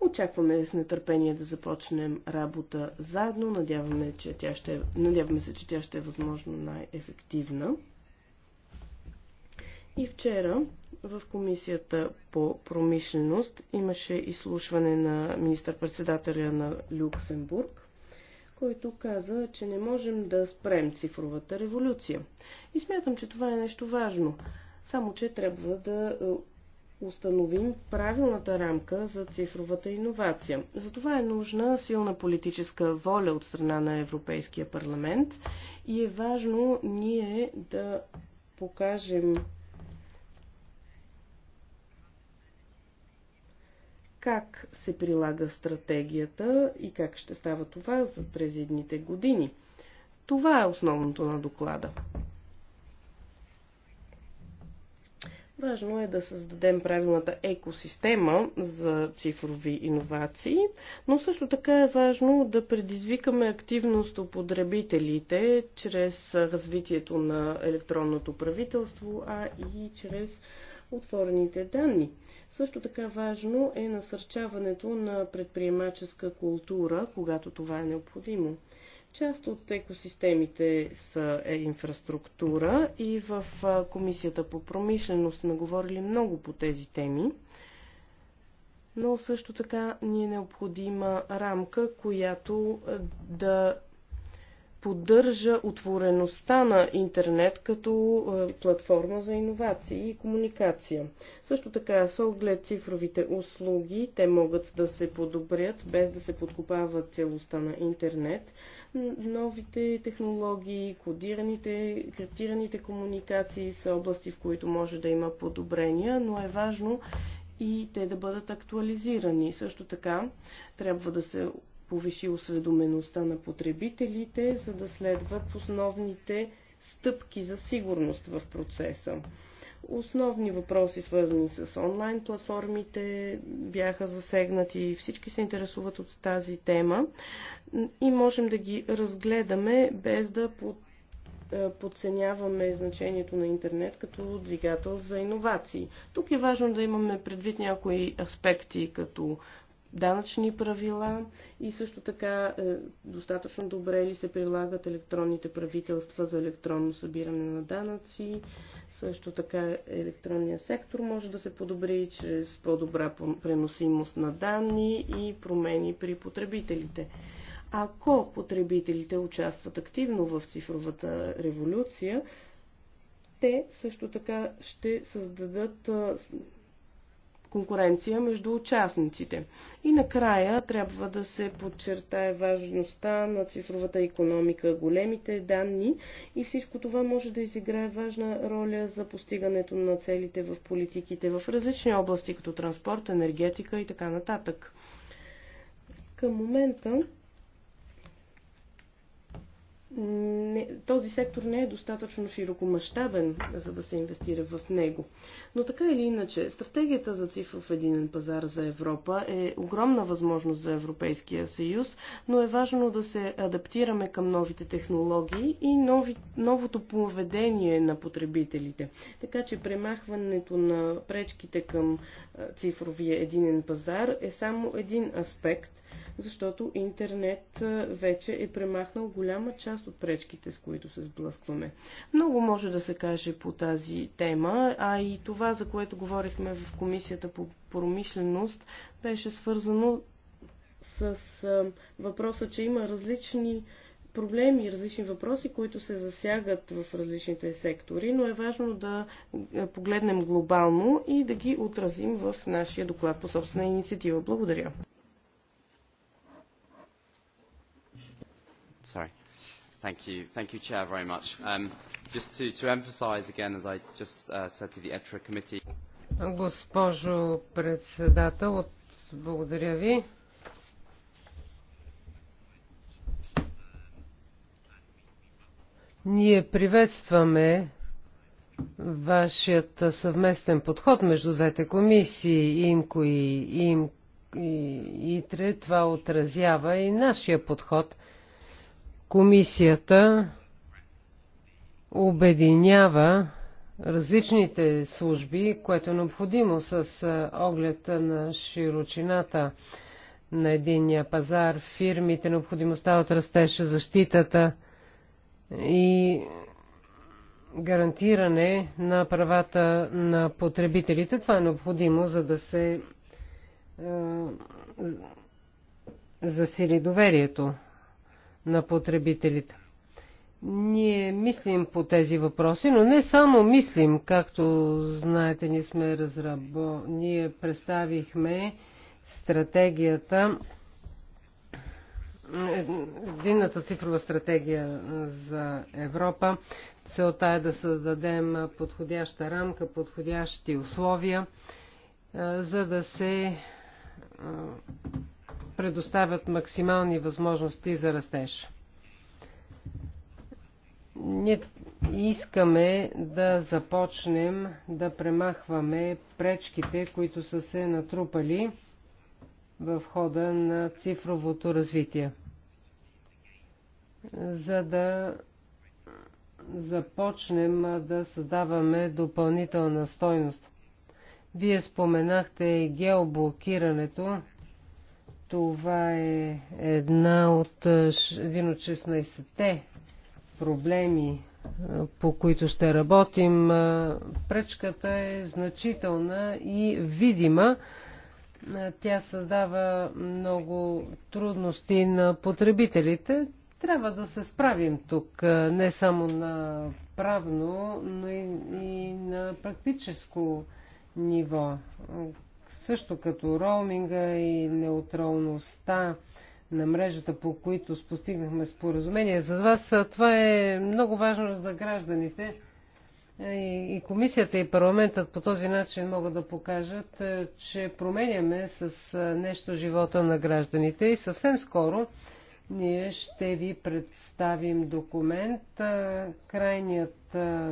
Очакваме с нетърпение да започнем работа заедно. Надяваме, че тя ще, надяваме се, че тя ще е възможно най-ефективна. И вчера в комисията по промишленост имаше изслушване на министър-председателя на Люксембург, който каза, че не можем да спрем цифровата революция. И смятам, че това е нещо важно. Само, че трябва да е, установим правилната рамка за цифровата иновация. Затова е нужна силна политическа воля от страна на Европейския парламент и е важно ние да покажем как се прилага стратегията и как ще става това за през едните години. Това е основното на доклада. Важно е да създадем правилната екосистема за цифрови иновации, но също така е важно да предизвикаме активност у потребителите чрез развитието на електронното правителство, а и чрез отворените данни. Също така важно е насърчаването на предприемаческа култура, когато това е необходимо. Част от екосистемите са е инфраструктура и в Комисията по промишленост сме говорили много по тези теми, но също така ни е необходима рамка, която е, да поддържа отвореността на интернет като е, платформа за иновации и комуникация. Също така, с оглед цифровите услуги, те могат да се подобрят без да се подкопава целостта на интернет. Новите технологии, кодираните, криптираните комуникации са области, в които може да има подобрения, но е важно и те да бъдат актуализирани. Също така трябва да се повиши осведомеността на потребителите, за да следват основните стъпки за сигурност в процеса. Основни въпроси, свързани с онлайн платформите, бяха засегнати. и Всички се интересуват от тази тема и можем да ги разгледаме без да е, подценяваме значението на интернет като двигател за иновации. Тук е важно да имаме предвид някои аспекти, като данъчни правила и също така е, достатъчно добре ли се прилагат електронните правителства за електронно събиране на данъци. Също така електронния сектор може да се подобри чрез по-добра преносимост на данни и промени при потребителите. Ако потребителите участват активно в цифровата революция, те също така ще създадат е, конкуренция между участниците. И накрая трябва да се подчертае важността на цифровата економика, големите данни и всичко това може да изиграе важна роля за постигането на целите в политиките в различни области, като транспорт, енергетика и така нататък. Към момента не, този сектор не е достатъчно широко мащабен, за да се инвестира в него. Но така или иначе, стратегията за цифров единен пазар за Европа е огромна възможност за Европейския съюз, но е важно да се адаптираме към новите технологии и нови, новото поведение на потребителите. Така че премахването на пречките към цифровия единен пазар е само един аспект – защото интернет вече е премахнал голяма част от пречките, с които се сблъскваме. Много може да се каже по тази тема, а и това, за което говорихме в Комисията по промишленост, беше свързано с въпроса, че има различни проблеми, различни въпроси, които се засягат в различните сектори, но е важно да погледнем глобално и да ги отразим в нашия доклад по собствена инициатива. Благодаря. Sorry. Thank you. Thank you, Chair, very much. Um, just to, to emphasize again, as I just uh, said to the ETRA committee. Госпожо председател, от... благодаря ви. Ние приветстваме вашият съвместен подход между двете комисии, ИМКО и, ИМ, и ИТРЕ. Това отразява и нашия подход – Комисията обединява различните служби, което е необходимо с оглед на широчината на единния пазар, фирмите, необходимостта от растеж, защитата и гарантиране на правата на потребителите. Това е необходимо, за да се засили доверието на потребителите. Ние мислим по тези въпроси, но не само мислим, както знаете, ние сме разрабо... Ние представихме стратегията, единната цифрова стратегия за Европа. Целта е да създадем подходяща рамка, подходящи условия, за да се предоставят максимални възможности за растеж. Ние искаме да започнем да премахваме пречките, които са се натрупали в хода на цифровото развитие. За да започнем да създаваме допълнителна стойност. Вие споменахте геоблокирането. Това е една от, е, един от 16-те проблеми, е, по които ще работим. Е, пречката е значителна и видима. Тя създава много трудности на потребителите. Трябва да се справим тук не само на правно, но и, и на практическо ниво също като роуминга и неутралността на мрежата, по които постигнахме споразумение. За вас това е много важно за гражданите. И комисията и парламентът по този начин могат да покажат, че променяме с нещо живота на гражданите и съвсем скоро ние ще ви представим документ. Крайният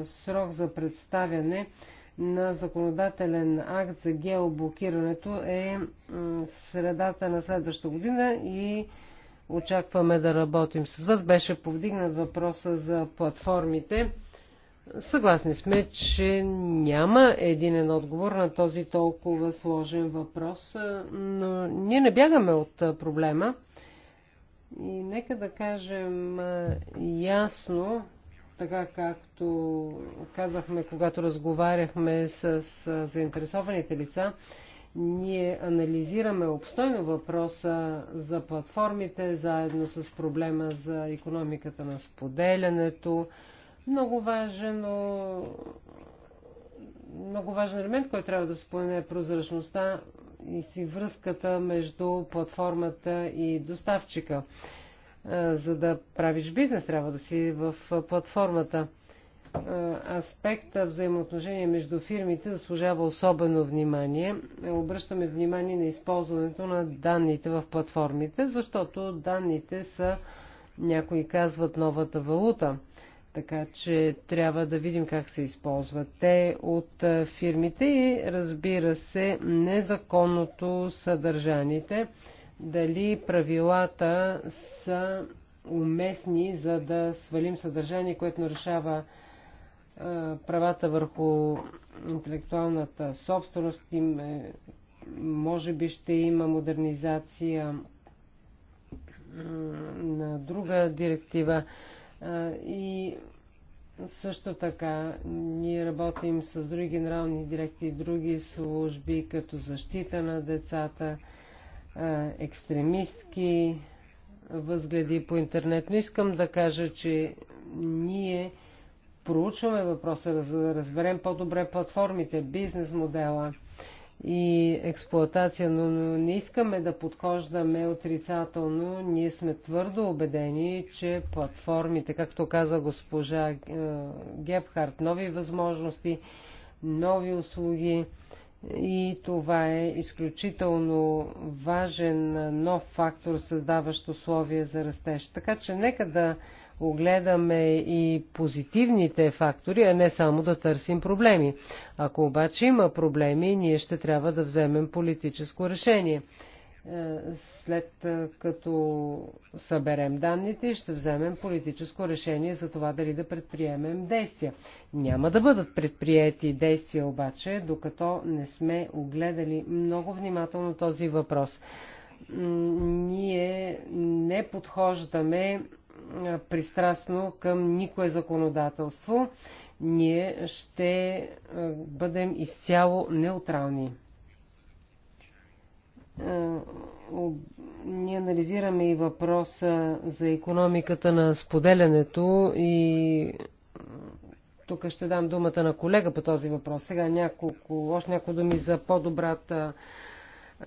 срок за представяне на законодателен акт за геоблокирането е средата на следващата година и очакваме да работим с вас. Беше повдигнат въпроса за платформите. Съгласни сме, че няма единен отговор на този толкова сложен въпрос, но ние не бягаме от проблема. И нека да кажем ясно, така както казахме, когато разговаряхме с заинтересованите лица, ние анализираме обстойно въпроса за платформите, заедно с проблема за економиката на споделянето. Много важен, много важен елемент, който трябва да спомене е прозрачността и си връзката между платформата и доставчика за да правиш бизнес, трябва да си в платформата. Аспекта взаимоотношение между фирмите заслужава особено внимание. Обръщаме внимание на използването на данните в платформите, защото данните са, някои казват, новата валута. Така че трябва да видим как се използват те от фирмите и разбира се незаконното съдържаните дали правилата са уместни, за да свалим съдържание, което нарушава правата върху интелектуалната собственост. и е, може би ще има модернизация на друга директива. И също така ние работим с други генерални директи, други служби, като защита на децата – екстремистки възгледи по интернет. Но искам да кажа, че ние проучваме въпроса, за да разберем по-добре платформите, бизнес модела и експлоатация, но не искаме да подхождаме отрицателно. Ние сме твърдо убедени, че платформите, както каза госпожа Гебхарт, нови възможности, нови услуги, и това е изключително важен нов фактор, създаващ условия за растеж. Така че нека да огледаме и позитивните фактори, а не само да търсим проблеми. Ако обаче има проблеми, ние ще трябва да вземем политическо решение след като съберем данните, ще вземем политическо решение за това дали да предприемем действия. Няма да бъдат предприяти действия обаче, докато не сме огледали много внимателно този въпрос. Ние не подхождаме пристрастно към никое законодателство. Ние ще бъдем изцяло неутрални. Е, ние анализираме и въпроса за економиката на споделянето и тук ще дам думата на колега по този въпрос. Сега няколко, още няколко думи за по-добрата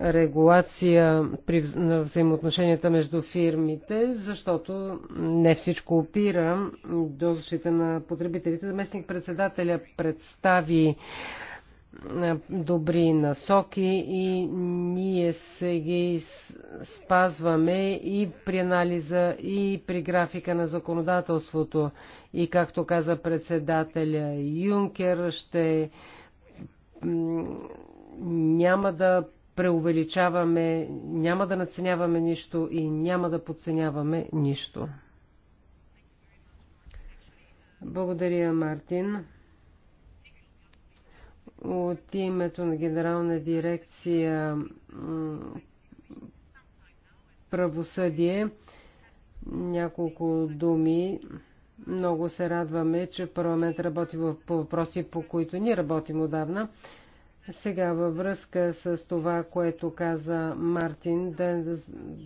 регулация при взаимоотношенията между фирмите, защото не всичко опира до защита на потребителите. Заместник председателя представи е, добри насоки и ние се ги спазваме и при анализа, и при графика на законодателството. И както каза председателя Юнкер, ще няма да преувеличаваме, няма да наценяваме нищо и няма да подценяваме нищо. Благодаря, Мартин от името на Генерална дирекция правосъдие няколко думи. Много се радваме, че парламент работи по въпроси, по които ние работим отдавна. Сега във връзка с това, което каза Мартин, да,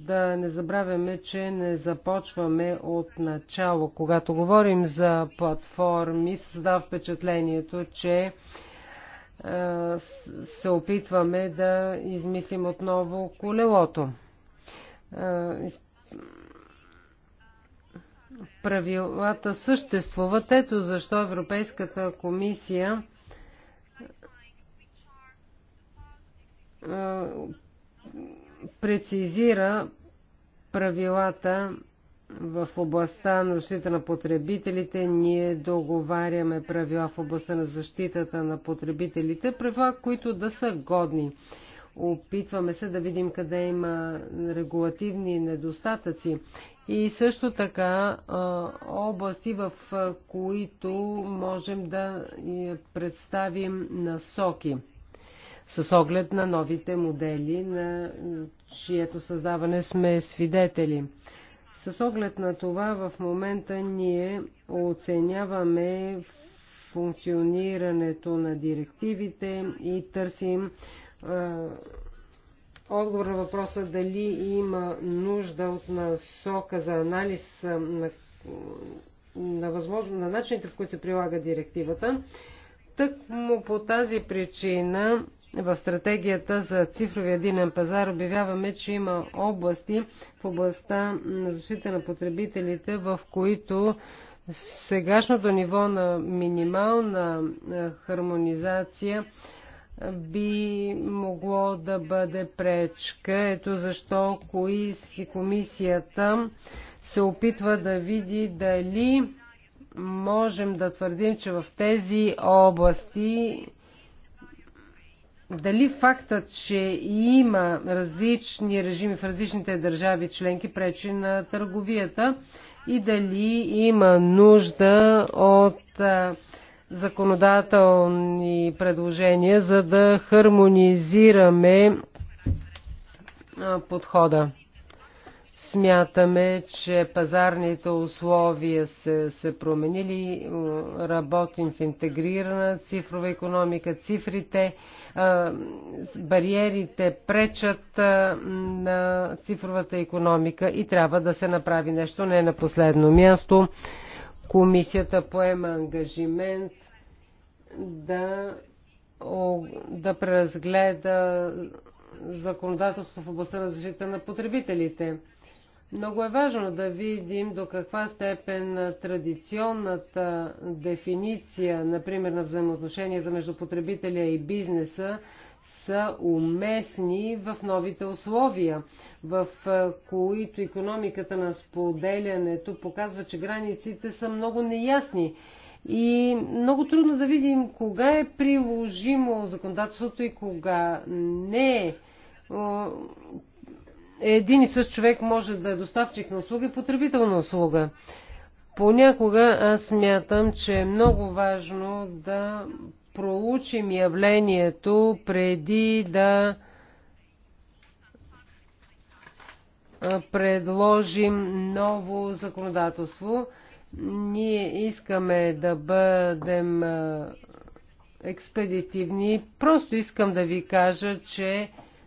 да не забравяме, че не започваме от начало. Когато говорим за платформи, създава впечатлението, че се опитваме да измислим отново колелото. Правилата съществуват. Ето защо Европейската комисия прецизира правилата в областта на защита на потребителите. Ние договаряме правила в областта на защитата на потребителите, правила, които да са годни. Опитваме се да видим къде има регулативни недостатъци и също така области, в които можем да представим насоки с оглед на новите модели, на чието създаване сме свидетели. С оглед на това в момента ние оценяваме функционирането на директивите и търсим а, отговор на въпроса дали има нужда от насока за анализ на, на, възможно, на начините, по които се прилага директивата. Тък му по тази причина в стратегията за цифрови единен пазар обявяваме, че има области в областта на защита на потребителите, в които сегашното ниво на минимална хармонизация би могло да бъде пречка. Ето защо кои си комисията се опитва да види дали можем да твърдим, че в тези области дали фактът, че има различни режими в различните държави членки пречи на търговията и дали има нужда от законодателни предложения, за да хармонизираме подхода. Смятаме, че пазарните условия се, се променили. Работим в интегрирана цифрова економика. Цифрите, бариерите пречат на цифровата економика и трябва да се направи нещо. Не на последно място. Комисията поема ангажимент да, да преразгледа законодателство в областта на защита на потребителите много е важно да видим до каква степен традиционната дефиниция, например на взаимоотношенията между потребителя и бизнеса, са уместни в новите условия, в които економиката на споделянето показва, че границите са много неясни. И много трудно да видим кога е приложимо законодателството и кога не е един и същ човек може да е доставчик на услуга и потребител на услуга. Понякога аз мятам, че е много важно да проучим явлението преди да предложим ново законодателство. Ние искаме да бъдем експедитивни. Просто искам да ви кажа, че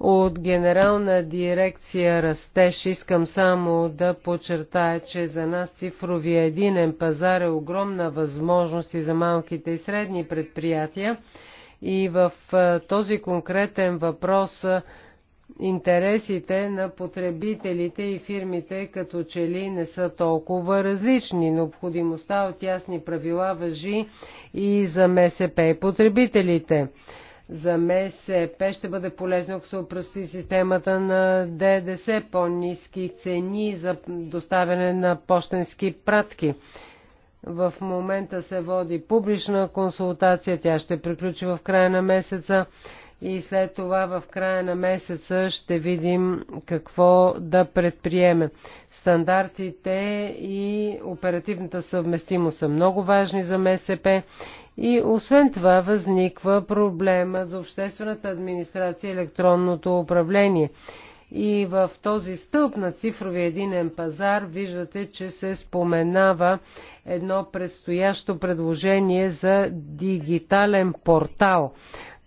От Генерална дирекция Растеж искам само да подчертая, че за нас цифровия единен пазар е огромна възможност и за малките и средни предприятия. И в този конкретен въпрос интересите на потребителите и фирмите като че ли не са толкова различни. Необходимостта от ясни правила въжи и за МСП и потребителите. За МСП ще бъде полезно, ако се опрости системата на ДДС, по-низки цени за доставяне на почтенски пратки. В момента се води публична консултация, тя ще приключи в края на месеца и след това в края на месеца ще видим какво да предприеме. Стандартите и оперативната съвместимост са много важни за МСП и освен това възниква проблема за обществената администрация и електронното управление. И в този стълб на цифрови единен пазар виждате, че се споменава едно предстоящо предложение за дигитален портал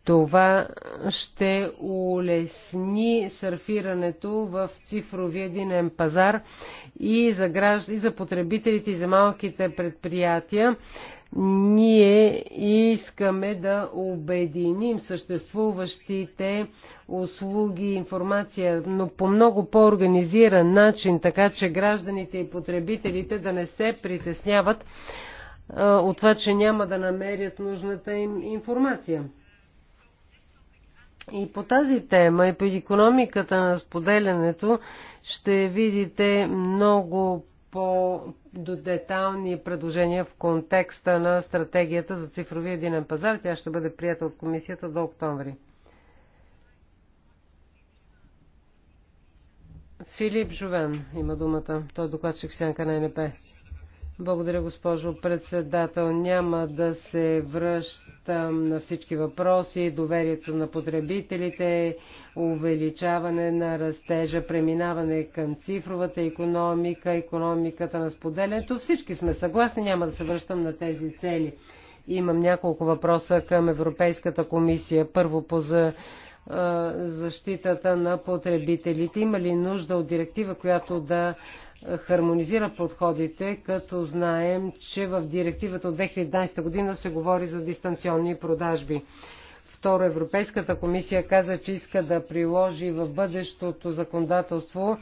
това ще улесни сърфирането в цифрови единен пазар и за, гражд... и за потребителите и за малките предприятия. Ние искаме да обединим съществуващите услуги и информация, но по много по-организиран начин, така че гражданите и потребителите да не се притесняват от това, че няма да намерят нужната им информация. И по тази тема и по економиката на споделянето ще видите много по-детални предложения в контекста на стратегията за цифрови единен пазар. Тя ще бъде прията от комисията до октомври. Филип Жовен има думата. Той е докладчик в сянка на НП. Благодаря, госпожо председател. Няма да се връщам на всички въпроси. Доверието на потребителите, увеличаване на растежа, преминаване към цифровата економика, економиката на споделянето. Всички сме съгласни, няма да се връщам на тези цели. Имам няколко въпроса към Европейската комисия. Първо по за защитата на потребителите. Има ли нужда от директива, която да хармонизира подходите, като знаем, че в директивата от 2011 година се говори за дистанционни продажби. Второ, Европейската комисия каза, че иска да приложи в бъдещото законодателство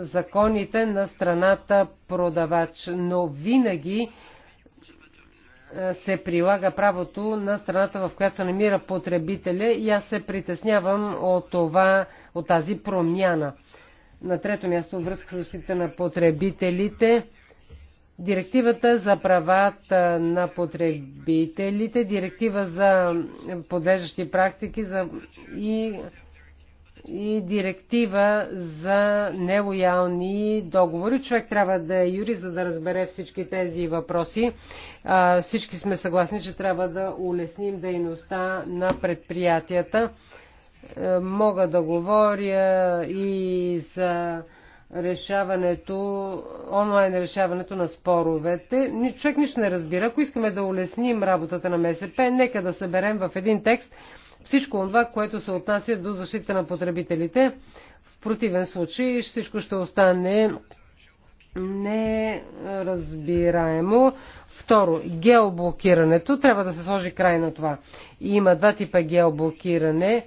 законите на страната продавач, но винаги се прилага правото на страната, в която се намира потребителя и аз се притеснявам от, това, от тази промяна. На трето място, връзка с защита на потребителите. Директивата за правата на потребителите, директива за подвеждащи практики за и, и директива за нелоялни договори. Човек трябва да е юрист, за да разбере всички тези въпроси. А, всички сме съгласни, че трябва да улесним дейността на предприятията. Е, мога да говоря и за решаването, онлайн решаването на споровете. Човек нищо не разбира. Ако искаме да улесним работата на МСП, нека да съберем в един текст всичко това, което се отнася до защита на потребителите. В противен случай всичко ще остане неразбираемо. Второ, геоблокирането. Трябва да се сложи край на това. Има два типа геоблокиране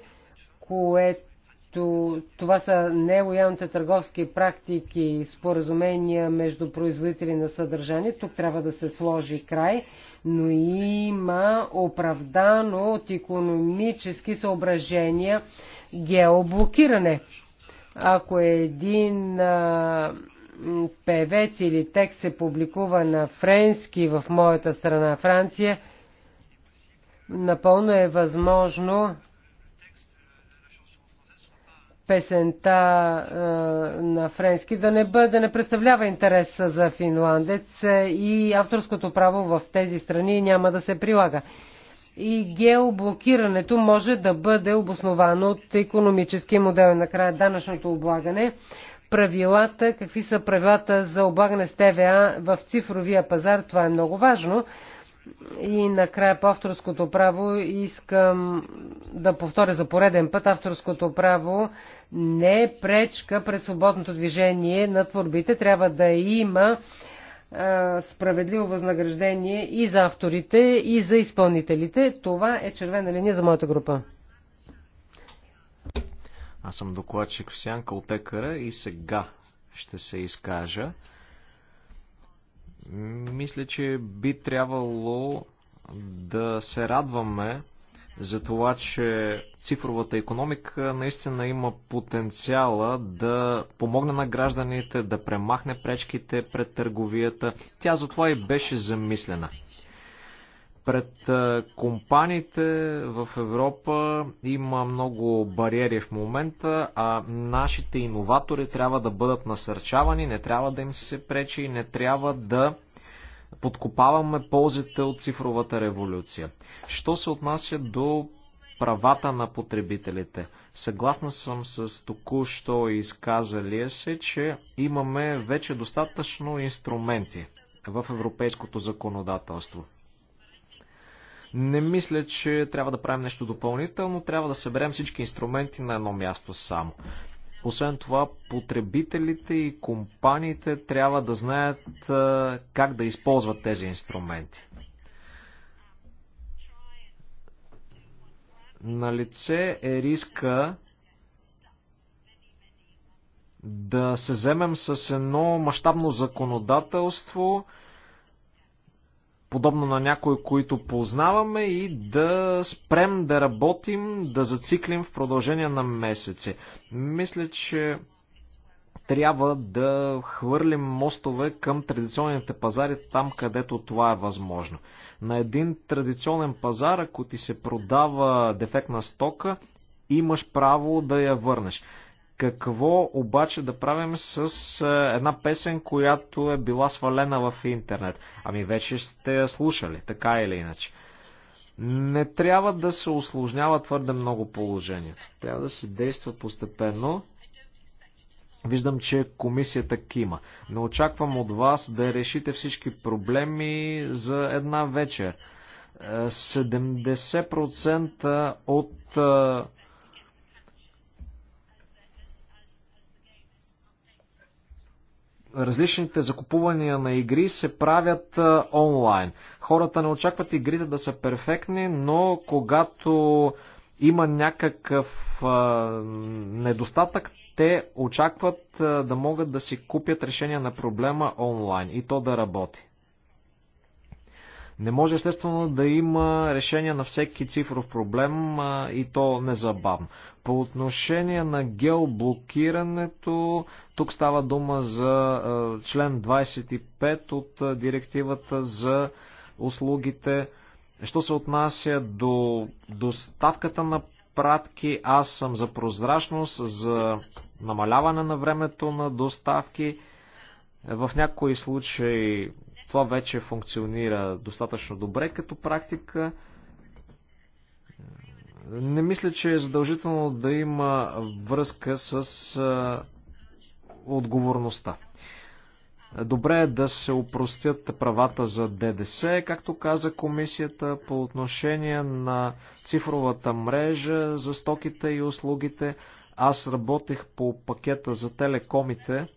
което това са нелоялните търговски практики, и споразумения между производители на съдържание. Тук трябва да се сложи край, но има оправдано от економически съображения геоблокиране. Ако един а, певец или текст се публикува на френски в моята страна Франция, напълно е възможно песента а, е, на френски да не, бъде, да не представлява интерес за финландец е, и авторското право в тези страни няма да се прилага. И геоблокирането може да бъде обосновано от економически модел. Накрая данъчното облагане. Правилата, какви са правилата за облагане с ТВА в цифровия пазар, това е много важно. И накрая по авторското право искам да повторя за пореден път. Авторското право не е пречка пред свободното движение на творбите. Трябва да има е, справедливо възнаграждение и за авторите, и за изпълнителите. Това е червена линия за моята група. Аз съм докладчик в Сянка и сега ще се изкажа. Мисля, че би трябвало да се радваме за това, че цифровата економика наистина има потенциала да помогне на гражданите, да премахне пречките пред търговията. Тя затова и беше замислена. Пред компаниите в Европа има много бариери в момента, а нашите иноватори трябва да бъдат насърчавани, не трябва да им се пречи и не трябва да подкопаваме ползите от цифровата революция. Що се отнася до правата на потребителите? Съгласна съм с току-що изказалия се, че имаме вече достатъчно инструменти в европейското законодателство. Не мисля, че трябва да правим нещо допълнително, трябва да съберем всички инструменти на едно място само. Освен това, потребителите и компаниите трябва да знаят как да използват тези инструменти. На лице е риска да се вземем с едно мащабно законодателство, подобно на някои, които познаваме и да спрем да работим, да зациклим в продължение на месеци. Мисля, че трябва да хвърлим мостове към традиционните пазари там, където това е възможно. На един традиционен пазар, ако ти се продава дефектна стока, имаш право да я върнеш. Какво обаче да правим с е, една песен, която е била свалена в интернет? Ами вече сте я слушали, така или иначе. Не трябва да се осложнява твърде много положението. Трябва да се действа постепенно. Виждам, че комисията кима. Не очаквам от вас да решите всички проблеми за една вечер. 70% е, от е, различните закупувания на игри се правят онлайн. Хората не очакват игрите да са перфектни, но когато има някакъв недостатък, те очакват да могат да си купят решение на проблема онлайн и то да работи. Не може естествено да има решение на всеки цифров проблем а, и то незабавно. По отношение на геоблокирането, тук става дума за а, член 25 от а, директивата за услугите. Що се отнася до доставката на пратки, аз съм за прозрачност, за намаляване на времето на доставки. В някои случаи това вече функционира достатъчно добре като практика. Не мисля, че е задължително да има връзка с отговорността. Добре е да се упростят правата за ДДС, както каза комисията по отношение на цифровата мрежа за стоките и услугите. Аз работех по пакета за телекомите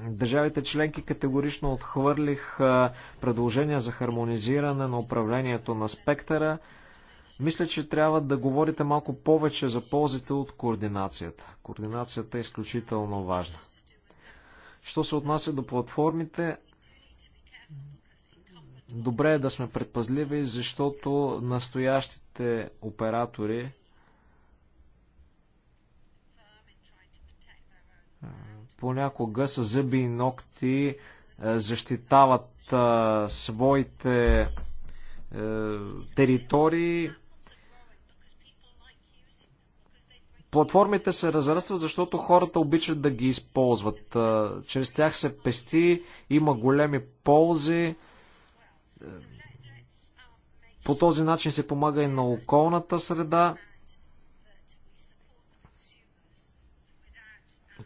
Държавите членки категорично отхвърлиха предложения за хармонизиране на управлението на спектъра. Мисля, че трябва да говорите малко повече за ползите от координацията. Координацията е изключително важна. Що се отнася до платформите, добре е да сме предпазливи, защото настоящите оператори понякога с зъби и ногти е, защитават е, своите е, територии. Платформите се разрастват, защото хората обичат да ги използват. Чрез тях се пести, има големи ползи. По този начин се помага и на околната среда.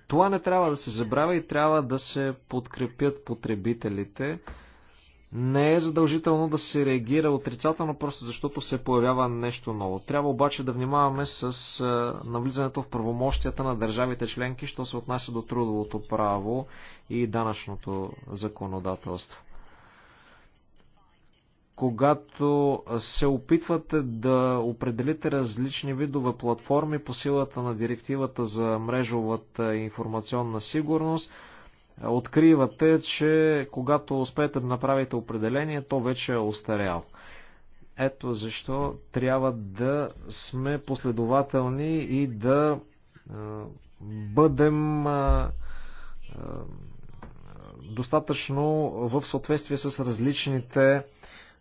Това не трябва да се забравя и трябва да се подкрепят потребителите. Не е задължително да се реагира отрицателно, просто защото се появява нещо ново. Трябва обаче да внимаваме с навлизането в правомощията на държавите членки, що се отнася до трудовото право и данъчното законодателство когато се опитвате да определите различни видове платформи по силата на директивата за мрежовата информационна сигурност, откривате, че когато успеете да направите определение, то вече е устарял. Ето защо трябва да сме последователни и да е, бъдем е, достатъчно в съответствие с различните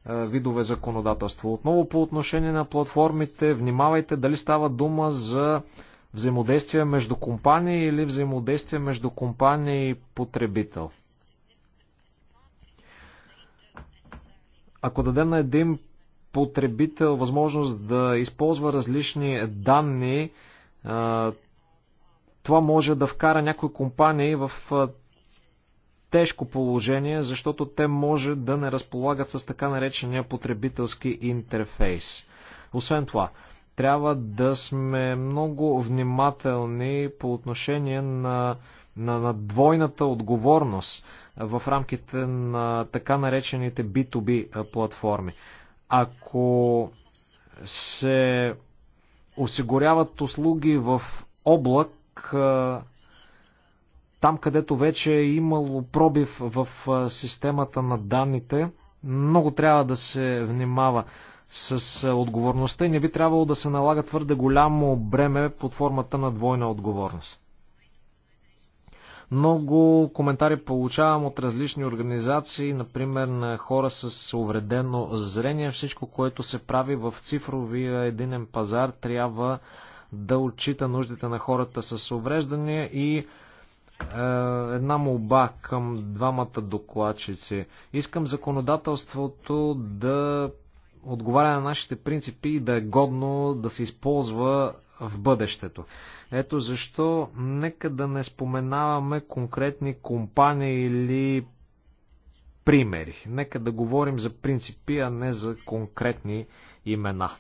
е, видове законодателство. Отново по отношение на платформите, внимавайте дали става дума за взаимодействие между компании или взаимодействие между компания и потребител. Ако дадем на един потребител възможност да използва различни данни, е, това може да вкара някои компании в е, тежко положение, защото те може да не разполагат с така наречения потребителски интерфейс. Освен това, трябва да сме много внимателни по отношение на, на, на двойната отговорност в рамките на така наречените B2B платформи. Ако се осигуряват услуги в облак, там, където вече е имало пробив в системата на данните, много трябва да се внимава с отговорността и не би трябвало да се налага твърде голямо бреме под формата на двойна отговорност. Много коментари получавам от различни организации, например на хора с увредено зрение. Всичко, което се прави в цифровия единен пазар, трябва да отчита нуждите на хората с увреждания и е, една молба към двамата докладчици. Искам законодателството да отговаря на нашите принципи и да е годно да се използва в бъдещето. Ето защо нека да не споменаваме конкретни компании или примери. Нека да говорим за принципи, а не за конкретни имена.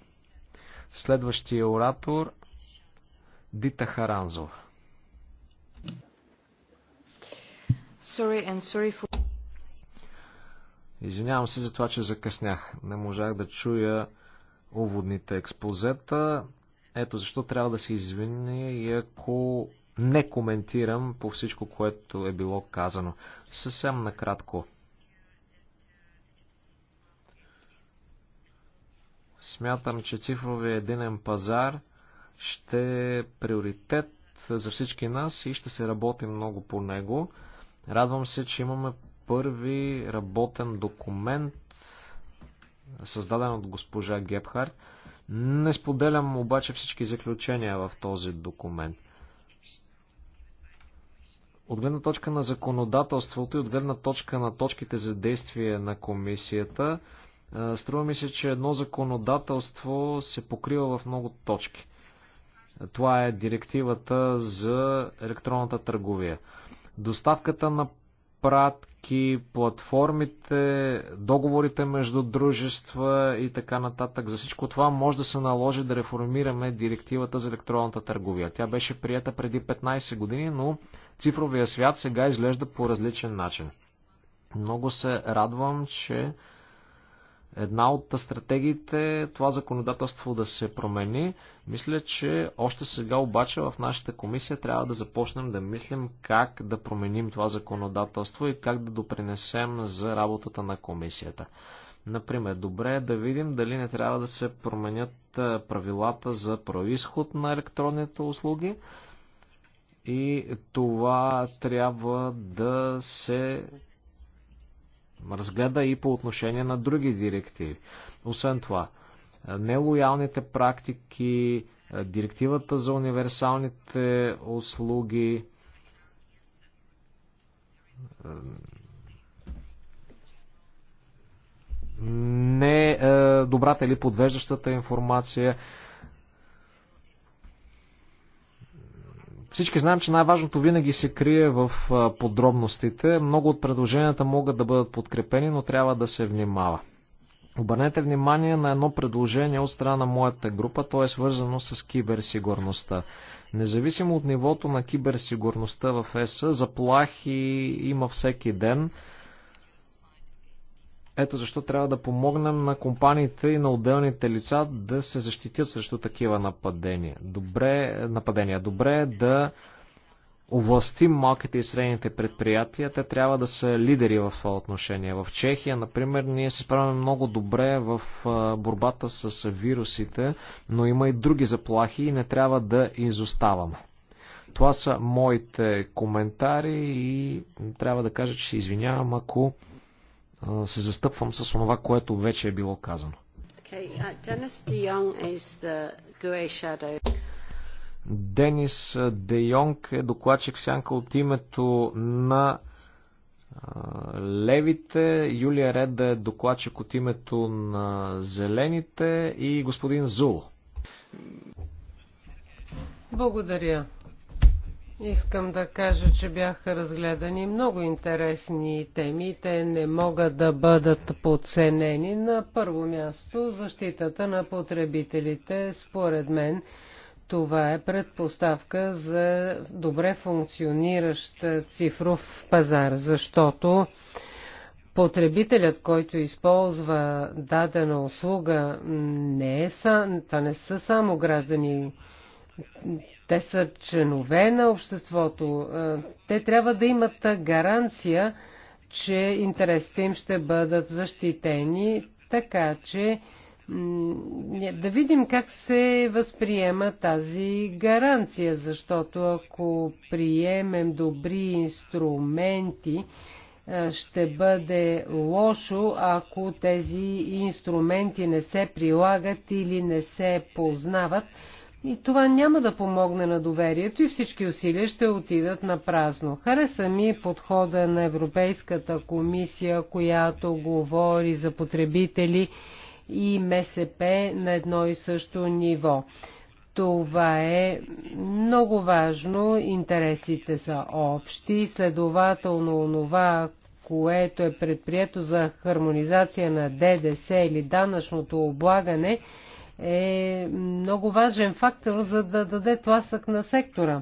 Следващия оратор Дита Харанзова. Sorry and sorry for... Извинявам се за това, че закъснях. Не можах да чуя уводните експозета. Ето защо трябва да се извиня и ако не коментирам по всичко, което е било казано. Съвсем накратко. Смятам, че цифровия единен пазар ще е приоритет за всички нас и ще се работи много по него. Радвам се, че имаме първи работен документ, създаден от госпожа Гепхард. Не споделям обаче всички заключения в този документ. От гледна точка на законодателството и от гледна точка на точките за действие на комисията, струва ми се, че едно законодателство се покрива в много точки. Това е директивата за електронната търговия доставката на пратки, платформите, договорите между дружества и така нататък. За всичко това може да се наложи да реформираме директивата за електронната търговия. Тя беше прията преди 15 години, но цифровия свят сега изглежда по различен начин. Много се радвам, че една от стратегиите е това законодателство да се промени. Мисля, че още сега обаче в нашата комисия трябва да започнем да мислим как да променим това законодателство и как да допринесем за работата на комисията. Например, добре е да видим дали не трябва да се променят е, правилата за происход на електронните услуги и това трябва да се разгледа и по отношение на други директиви. Освен това, нелоялните практики, е, директивата за универсалните услуги, е, не е, добрата или подвеждащата информация. Всички знаем, че най-важното винаги се крие в подробностите. Много от предложенията могат да бъдат подкрепени, но трябва да се внимава. Обърнете внимание на едно предложение от страна на моята група, то е свързано с киберсигурността. Независимо от нивото на киберсигурността в ЕС, заплахи има всеки ден. Ето защо трябва да помогнем на компаниите и на отделните лица да се защитят срещу такива нападения. Добре, нападения. Добре е да овластим малките и средните предприятия. Те трябва да са лидери в това отношение. В Чехия, например, ние се справяме много добре в борбата с вирусите, но има и други заплахи и не трябва да изоставаме. Това са моите коментари и трябва да кажа, че се извинявам, ако се застъпвам с това, което вече е било казано. Uh, Денис Де Йонг е докладчик сянка от името на левите, Юлия Ред е докладчик от името на зелените и господин Зул. Благодаря, Искам да кажа, че бяха разгледани много интересни теми. Те не могат да бъдат подценени. На първо място защитата на потребителите. Според мен това е предпоставка за добре функциониращ цифров пазар, защото потребителят, който използва дадена услуга, не е са, та не са само граждани те са членове на обществото. Те трябва да имат гаранция, че интересите им ще бъдат защитени, така че да видим как се възприема тази гаранция, защото ако приемем добри инструменти, ще бъде лошо, ако тези инструменти не се прилагат или не се познават и това няма да помогне на доверието и всички усилия ще отидат на празно. Хареса ми подхода на Европейската комисия, която говори за потребители и МСП на едно и също ниво. Това е много важно. Интересите са общи. Следователно, онова, което е предприето за хармонизация на ДДС или данъчното облагане – е много важен фактор, за да даде тласък на сектора.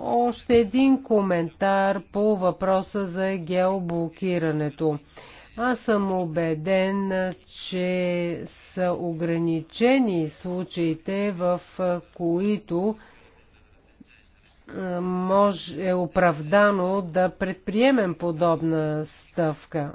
Още един коментар по въпроса за геоблокирането. Аз съм убеден, че са ограничени случаите, в които може, е оправдано да предприемем подобна стъпка.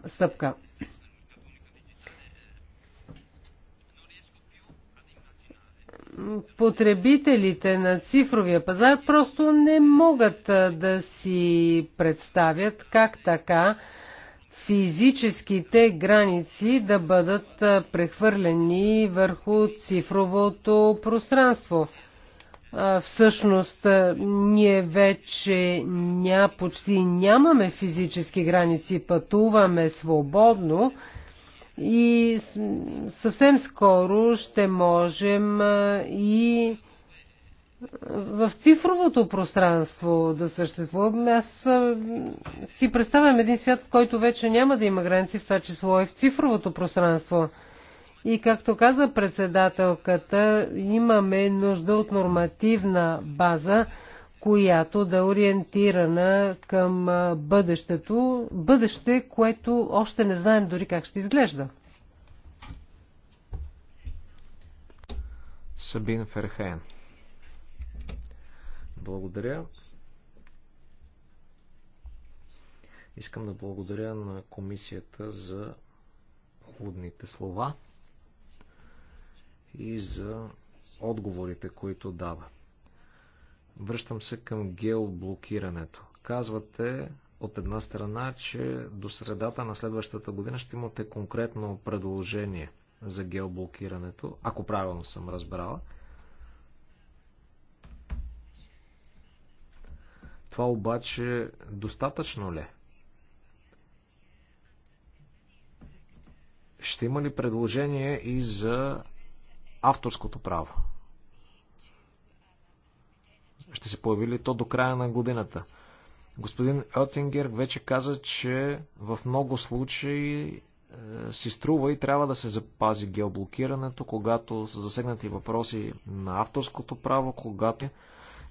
потребителите на цифровия пазар просто не могат да си представят как така физическите граници да бъдат прехвърлени върху цифровото пространство. Всъщност, ние вече ня, почти нямаме физически граници, пътуваме свободно и съвсем скоро ще можем и в цифровото пространство да съществуваме. Аз си представям един свят, в който вече няма да има граници, в това число и в цифровото пространство. И както каза председателката, имаме нужда от нормативна база, която да е ориентирана към бъдещето, бъдеще, което още не знаем дори как ще изглежда. Сабин Ферхен. Благодаря. Искам да благодаря на комисията за худните слова и за отговорите, които дава. Връщам се към геоблокирането. Казвате от една страна, че до средата на следващата година ще имате конкретно предложение за геоблокирането, ако правилно съм разбрала. Това обаче достатъчно ли? Ще има ли предложение и за авторското право? Ще се появи ли то до края на годината? Господин Отингер вече каза, че в много случаи е, си струва и трябва да се запази геоблокирането, когато са засегнати въпроси на авторското право, когато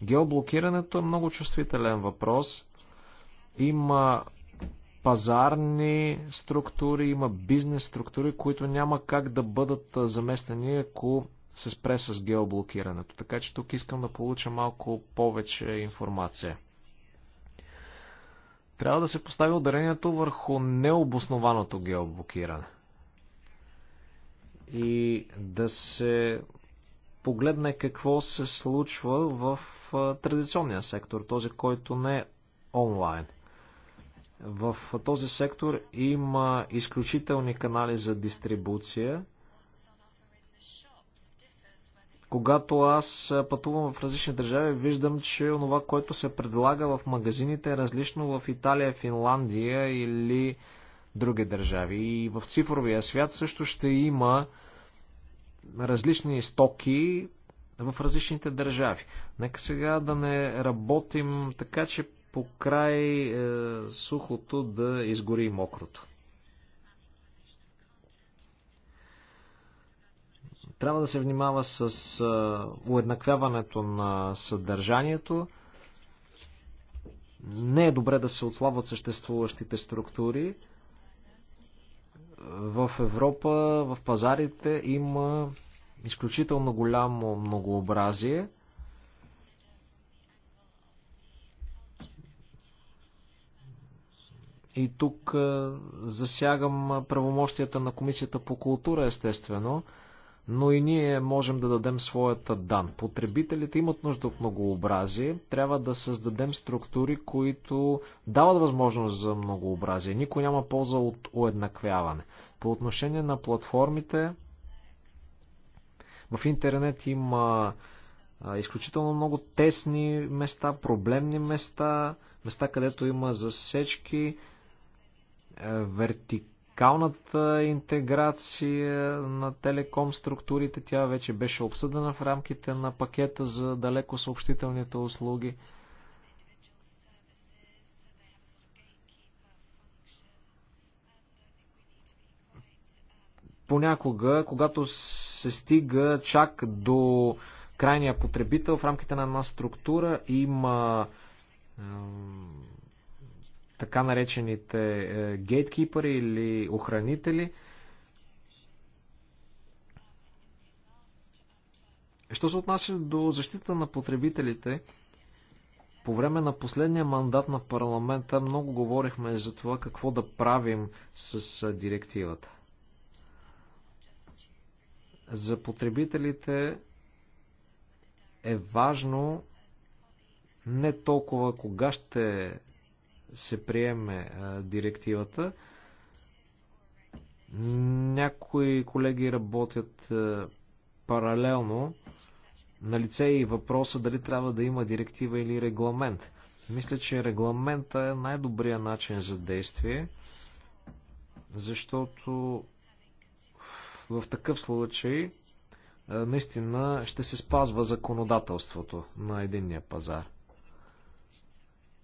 геоблокирането е много чувствителен въпрос. Има пазарни структури, има бизнес структури, които няма как да бъдат е, заместени, ако се спре с геоблокирането. Така че тук искам да получа малко повече информация. Трябва да се постави ударението върху необоснованото геоблокиране. И да се погледне какво се случва в традиционния сектор, този, който не е онлайн. В този сектор има изключителни канали за дистрибуция – когато аз пътувам в различни държави, виждам, че онова, което се предлага в магазините е различно в Италия, Финландия или други държави. И в цифровия свят също ще има различни стоки в различните държави. Нека сега да не работим така, че по край е, сухото да изгори мокрото. Трябва да се внимава с уеднаквяването на съдържанието. Не е добре да се отслабват съществуващите структури. В Европа, в пазарите има изключително голямо многообразие. И тук засягам правомощията на Комисията по култура, естествено но и ние можем да дадем своята дан. Потребителите имат нужда от многообразие. Трябва да създадем структури, които дават възможност за многообразие. Никой няма полза от уеднаквяване. По отношение на платформите, в интернет има изключително много тесни места, проблемни места, места, където има засечки, е, вертикални вертикалната интеграция на телеком структурите. Тя вече беше обсъдена в рамките на пакета за далеко съобщителните услуги. Понякога, когато се стига чак до крайния потребител в рамките на една структура, има така наречените е, гейткипери или охранители. Що се отнася до защита на потребителите, по време на последния мандат на парламента много говорихме за това какво да правим с е, директивата. За потребителите е важно не толкова кога ще се приеме директивата. Някои колеги работят паралелно. На лице е и въпроса дали трябва да има директива или регламент. Мисля, че регламента е най-добрият начин за действие, защото в такъв случай наистина ще се спазва законодателството на единния пазар.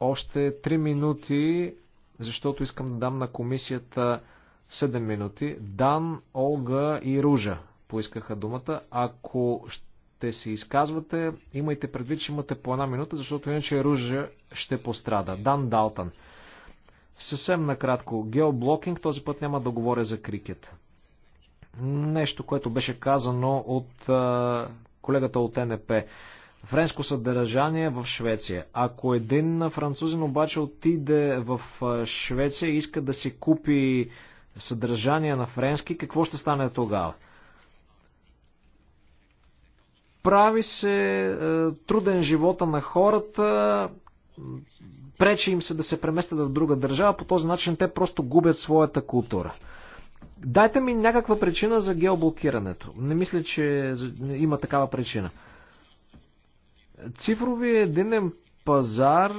Още 3 минути, защото искам да дам на комисията 7 минути. Дан, Олга и Ружа поискаха думата. Ако ще се изказвате, имайте предвид, че имате по една минута, защото иначе Ружа ще пострада. Дан Далтан. Съвсем накратко. Геоблокинг, този път няма да говоря за крикет. Нещо, което беше казано от колегата от НП френско съдържание в Швеция. Ако един французин обаче отиде в Швеция и иска да си купи съдържание на френски, какво ще стане тогава? Прави се е, труден живота на хората, пречи им се да се преместят в друга държава, по този начин те просто губят своята култура. Дайте ми някаква причина за геоблокирането. Не мисля, че има такава причина цифровия единен пазар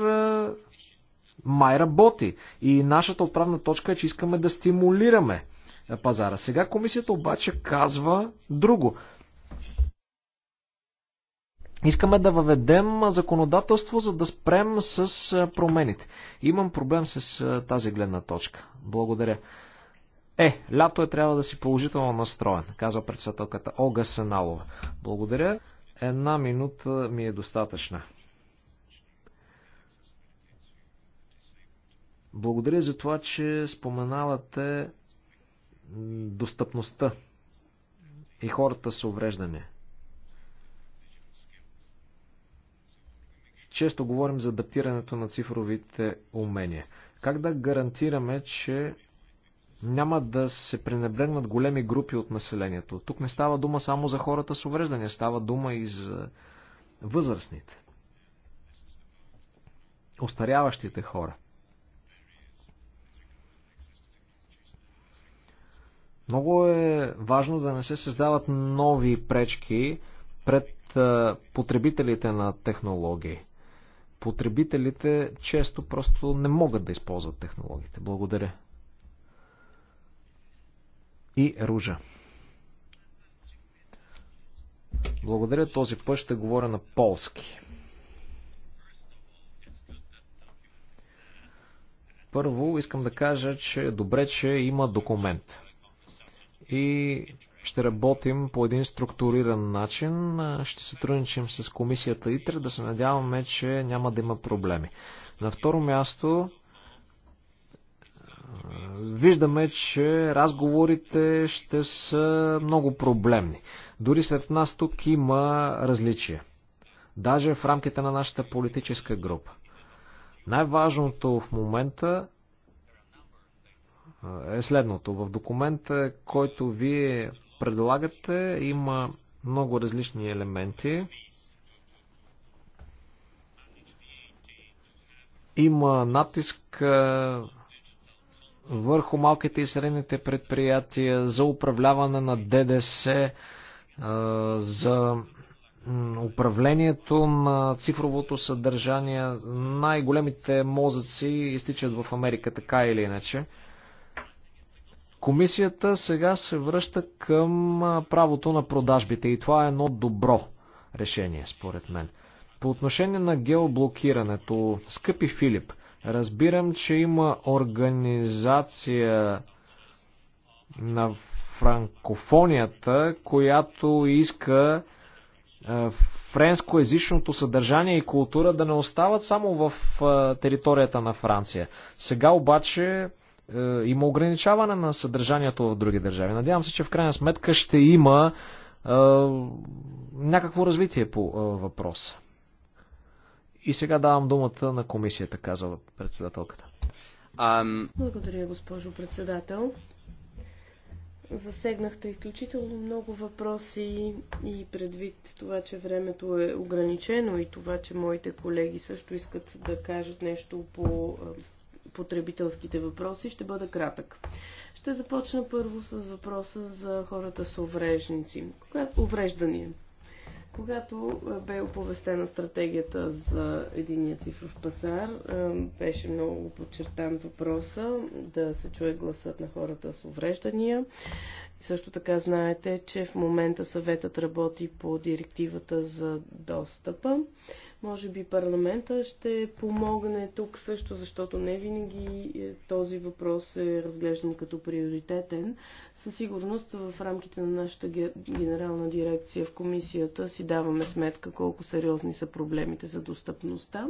май работи. И нашата отправна точка е, че искаме да стимулираме пазара. Сега комисията обаче казва друго. Искаме да въведем законодателство, за да спрем с промените. Имам проблем с тази гледна точка. Благодаря. Е, лято е трябва да си положително настроен, казва председателката Ога Сеналова. Благодаря. Една минута ми е достатъчна. Благодаря за това, че споменавате достъпността и хората с увреждане. Често говорим за адаптирането на цифровите умения. Как да гарантираме, че няма да се пренебрегнат големи групи от населението. Тук не става дума само за хората с увреждания, става дума и за възрастните, остаряващите хора. Много е важно да не се създават нови пречки пред потребителите на технологии. Потребителите често просто не могат да използват технологиите. Благодаря и Ружа. Благодаря, този път ще говоря на полски. Първо искам да кажа, че е добре, че има документ. И ще работим по един структуриран начин. Ще сътрудничим с комисията ИТР да се надяваме, че няма да има проблеми. На второ място виждаме, че разговорите ще са много проблемни. Дори след нас тук има различия. Даже в рамките на нашата политическа група. Най-важното в момента е следното. В документа, който вие предлагате, има много различни елементи. Има натиск върху малките и средните предприятия, за управляване на ДДС, за управлението на цифровото съдържание. Най-големите мозъци изтичат в Америка, така или иначе. Комисията сега се връща към правото на продажбите и това е едно добро решение, според мен. По отношение на геоблокирането, скъпи Филип, Разбирам, че има организация на франкофонията, която иска френскоязичното съдържание и култура да не остават само в територията на Франция. Сега обаче има ограничаване на съдържанието в други държави. Надявам се, че в крайна сметка ще има някакво развитие по въпроса. И сега давам думата на комисията, казва председателката. Um... Благодаря, госпожо председател. Засегнахте изключително много въпроси и предвид това, че времето е ограничено и това, че моите колеги също искат да кажат нещо по потребителските въпроси, ще бъда кратък. Ще започна първо с въпроса за хората с уврежници. увреждания. Когато бе оповестена стратегията за единия цифров пазар, беше много подчертан въпроса да се чуе гласът на хората с увреждания. също така знаете, че в момента съветът работи по директивата за достъпа. Може би парламента ще помогне тук също, защото не винаги е, този въпрос е разглеждан като приоритетен. Със сигурност в рамките на нашата генерална дирекция в комисията си даваме сметка колко сериозни са проблемите за достъпността.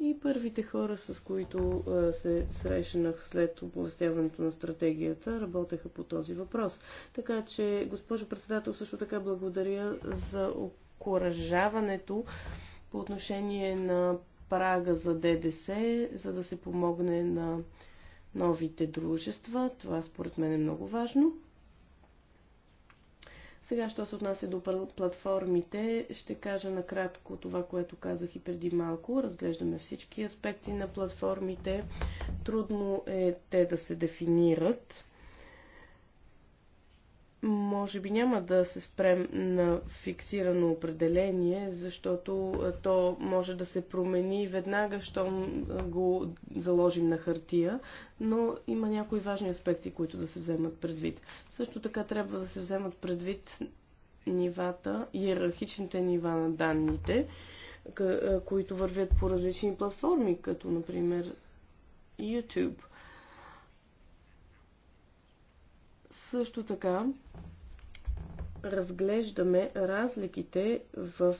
И първите хора, с които е, се срещнах след оповестяването на стратегията, работеха по този въпрос. Така че, госпожо председател, също така благодаря за окоръжаването по отношение на прага за ДДС, за да се помогне на новите дружества. Това според мен е много важно. Сега, що се отнася до платформите, ще кажа накратко това, което казах и преди малко. Разглеждаме всички аспекти на платформите. Трудно е те да се дефинират. Може би няма да се спрем на фиксирано определение, защото то може да се промени веднага, щом го заложим на хартия, но има някои важни аспекти, които да се вземат предвид. Също така трябва да се вземат предвид нивата, иерархичните нива на данните, които вървят по различни платформи, като например YouTube – Също така разглеждаме разликите в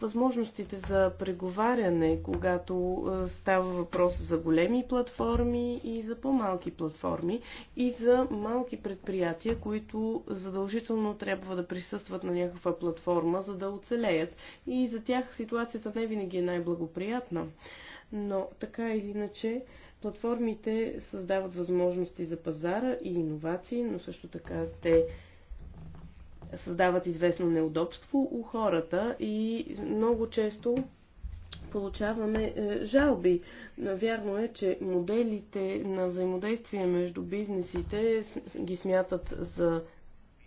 възможностите за преговаряне, когато става въпрос за големи платформи и за по-малки платформи и за малки предприятия, които задължително трябва да присъстват на някаква платформа, за да оцелеят. И за тях ситуацията не винаги е най-благоприятна. Но така или иначе, Платформите създават възможности за пазара и иновации, но също така те създават известно неудобство у хората и много често получаваме е, жалби. Вярно е, че моделите на взаимодействие между бизнесите ги смятат за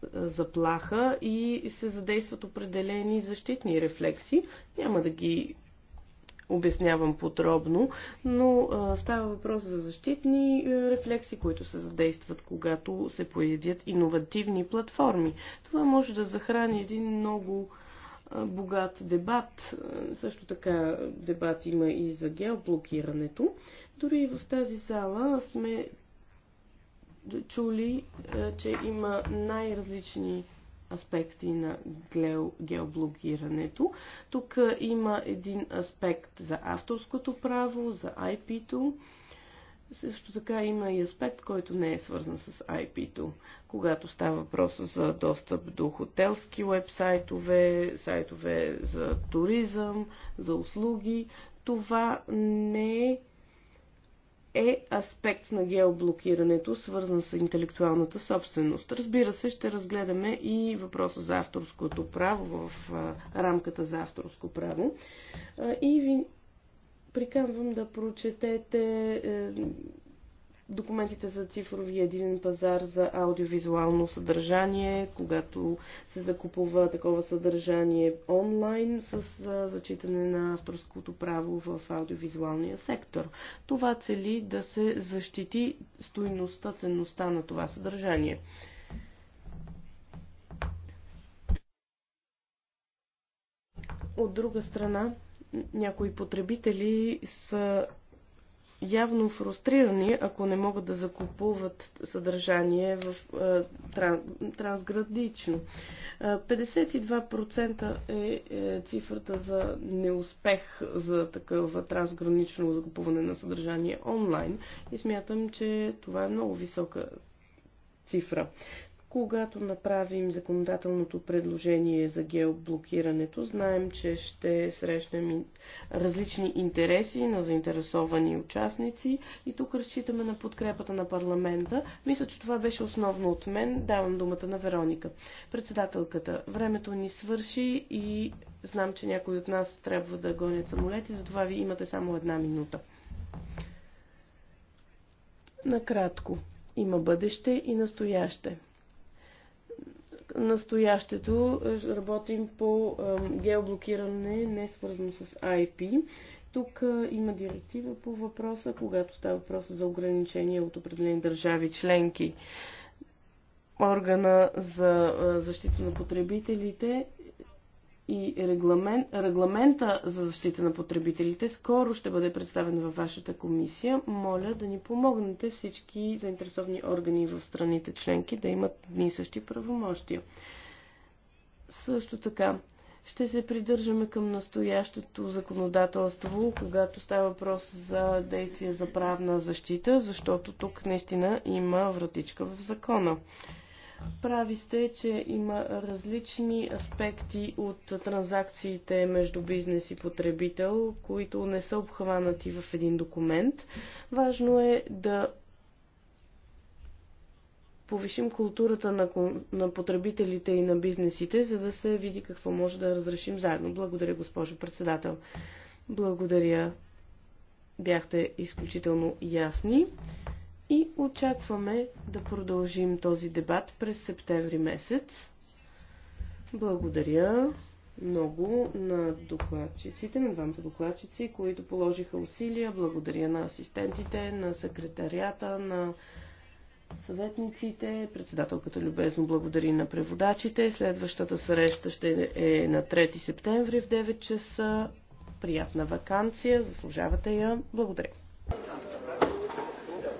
е, заплаха и се задействат определени защитни рефлекси. Няма да ги обяснявам подробно, но а, става въпрос за защитни рефлекси, които се задействат, когато се появят иновативни платформи. Това може да захрани един много богат дебат. Също така дебат има и за геоблокирането. Дори в тази зала сме чули, че има най-различни аспекти на геоблогирането. Тук има един аспект за авторското право, за IP-то. Също така има и аспект, който не е свързан с IP-то. Когато става въпрос за достъп до хотелски вебсайтове, сайтове за туризъм, за услуги, това не е е аспект на геоблокирането, свързан с интелектуалната собственост. Разбира се, ще разгледаме и въпроса за авторското право в рамката за авторско право. И ви приканвам да прочетете е, документите за цифрови единен пазар за аудиовизуално съдържание, когато се закупува такова съдържание онлайн с зачитане на авторското право в аудиовизуалния сектор. Това цели да се защити стойността, ценността на това съдържание. От друга страна, някои потребители са явно фрустрирани, ако не могат да закупуват съдържание в, е, тран, трансградично. 52% е, е, е цифрата за неуспех за такъв трансгранично закупуване на съдържание онлайн и смятам, че това е много висока цифра. Когато направим законодателното предложение за геоблокирането, знаем, че ще срещнем различни интереси на заинтересовани участници и тук разчитаме на подкрепата на парламента. Мисля, че това беше основно от мен. Давам думата на Вероника. Председателката, времето ни свърши и знам, че някои от нас трябва да гонят самолети, затова ви имате само една минута. Накратко. Има бъдеще и настояще настоящето е, работим по геоблокиране, не свързано с IP. Тук е, има директива по въпроса, когато става въпрос за ограничения от определени държави членки. Органа за е, защита на потребителите и регламент, регламента за защита на потребителите скоро ще бъде представен във вашата комисия. Моля да ни помогнете всички заинтересовани органи в страните членки да имат дни същи правомощия. Също така, ще се придържаме към настоящото законодателство, когато става въпрос за действие за правна защита, защото тук наистина има вратичка в закона. Прави сте, че има различни аспекти от транзакциите между бизнес и потребител, които не са обхванати в един документ. Важно е да повишим културата на, на потребителите и на бизнесите, за да се види какво може да разрешим заедно. Благодаря, госпожо председател. Благодаря. Бяхте изключително ясни и очакваме да продължим този дебат през септември месец. Благодаря много на докладчиците, на двамата докладчици, които положиха усилия. Благодаря на асистентите, на секретарията, на съветниците. Председателката любезно благодари на преводачите. Следващата среща ще е на 3 септември в 9 часа. Приятна вакансия, заслужавате я. Благодаря.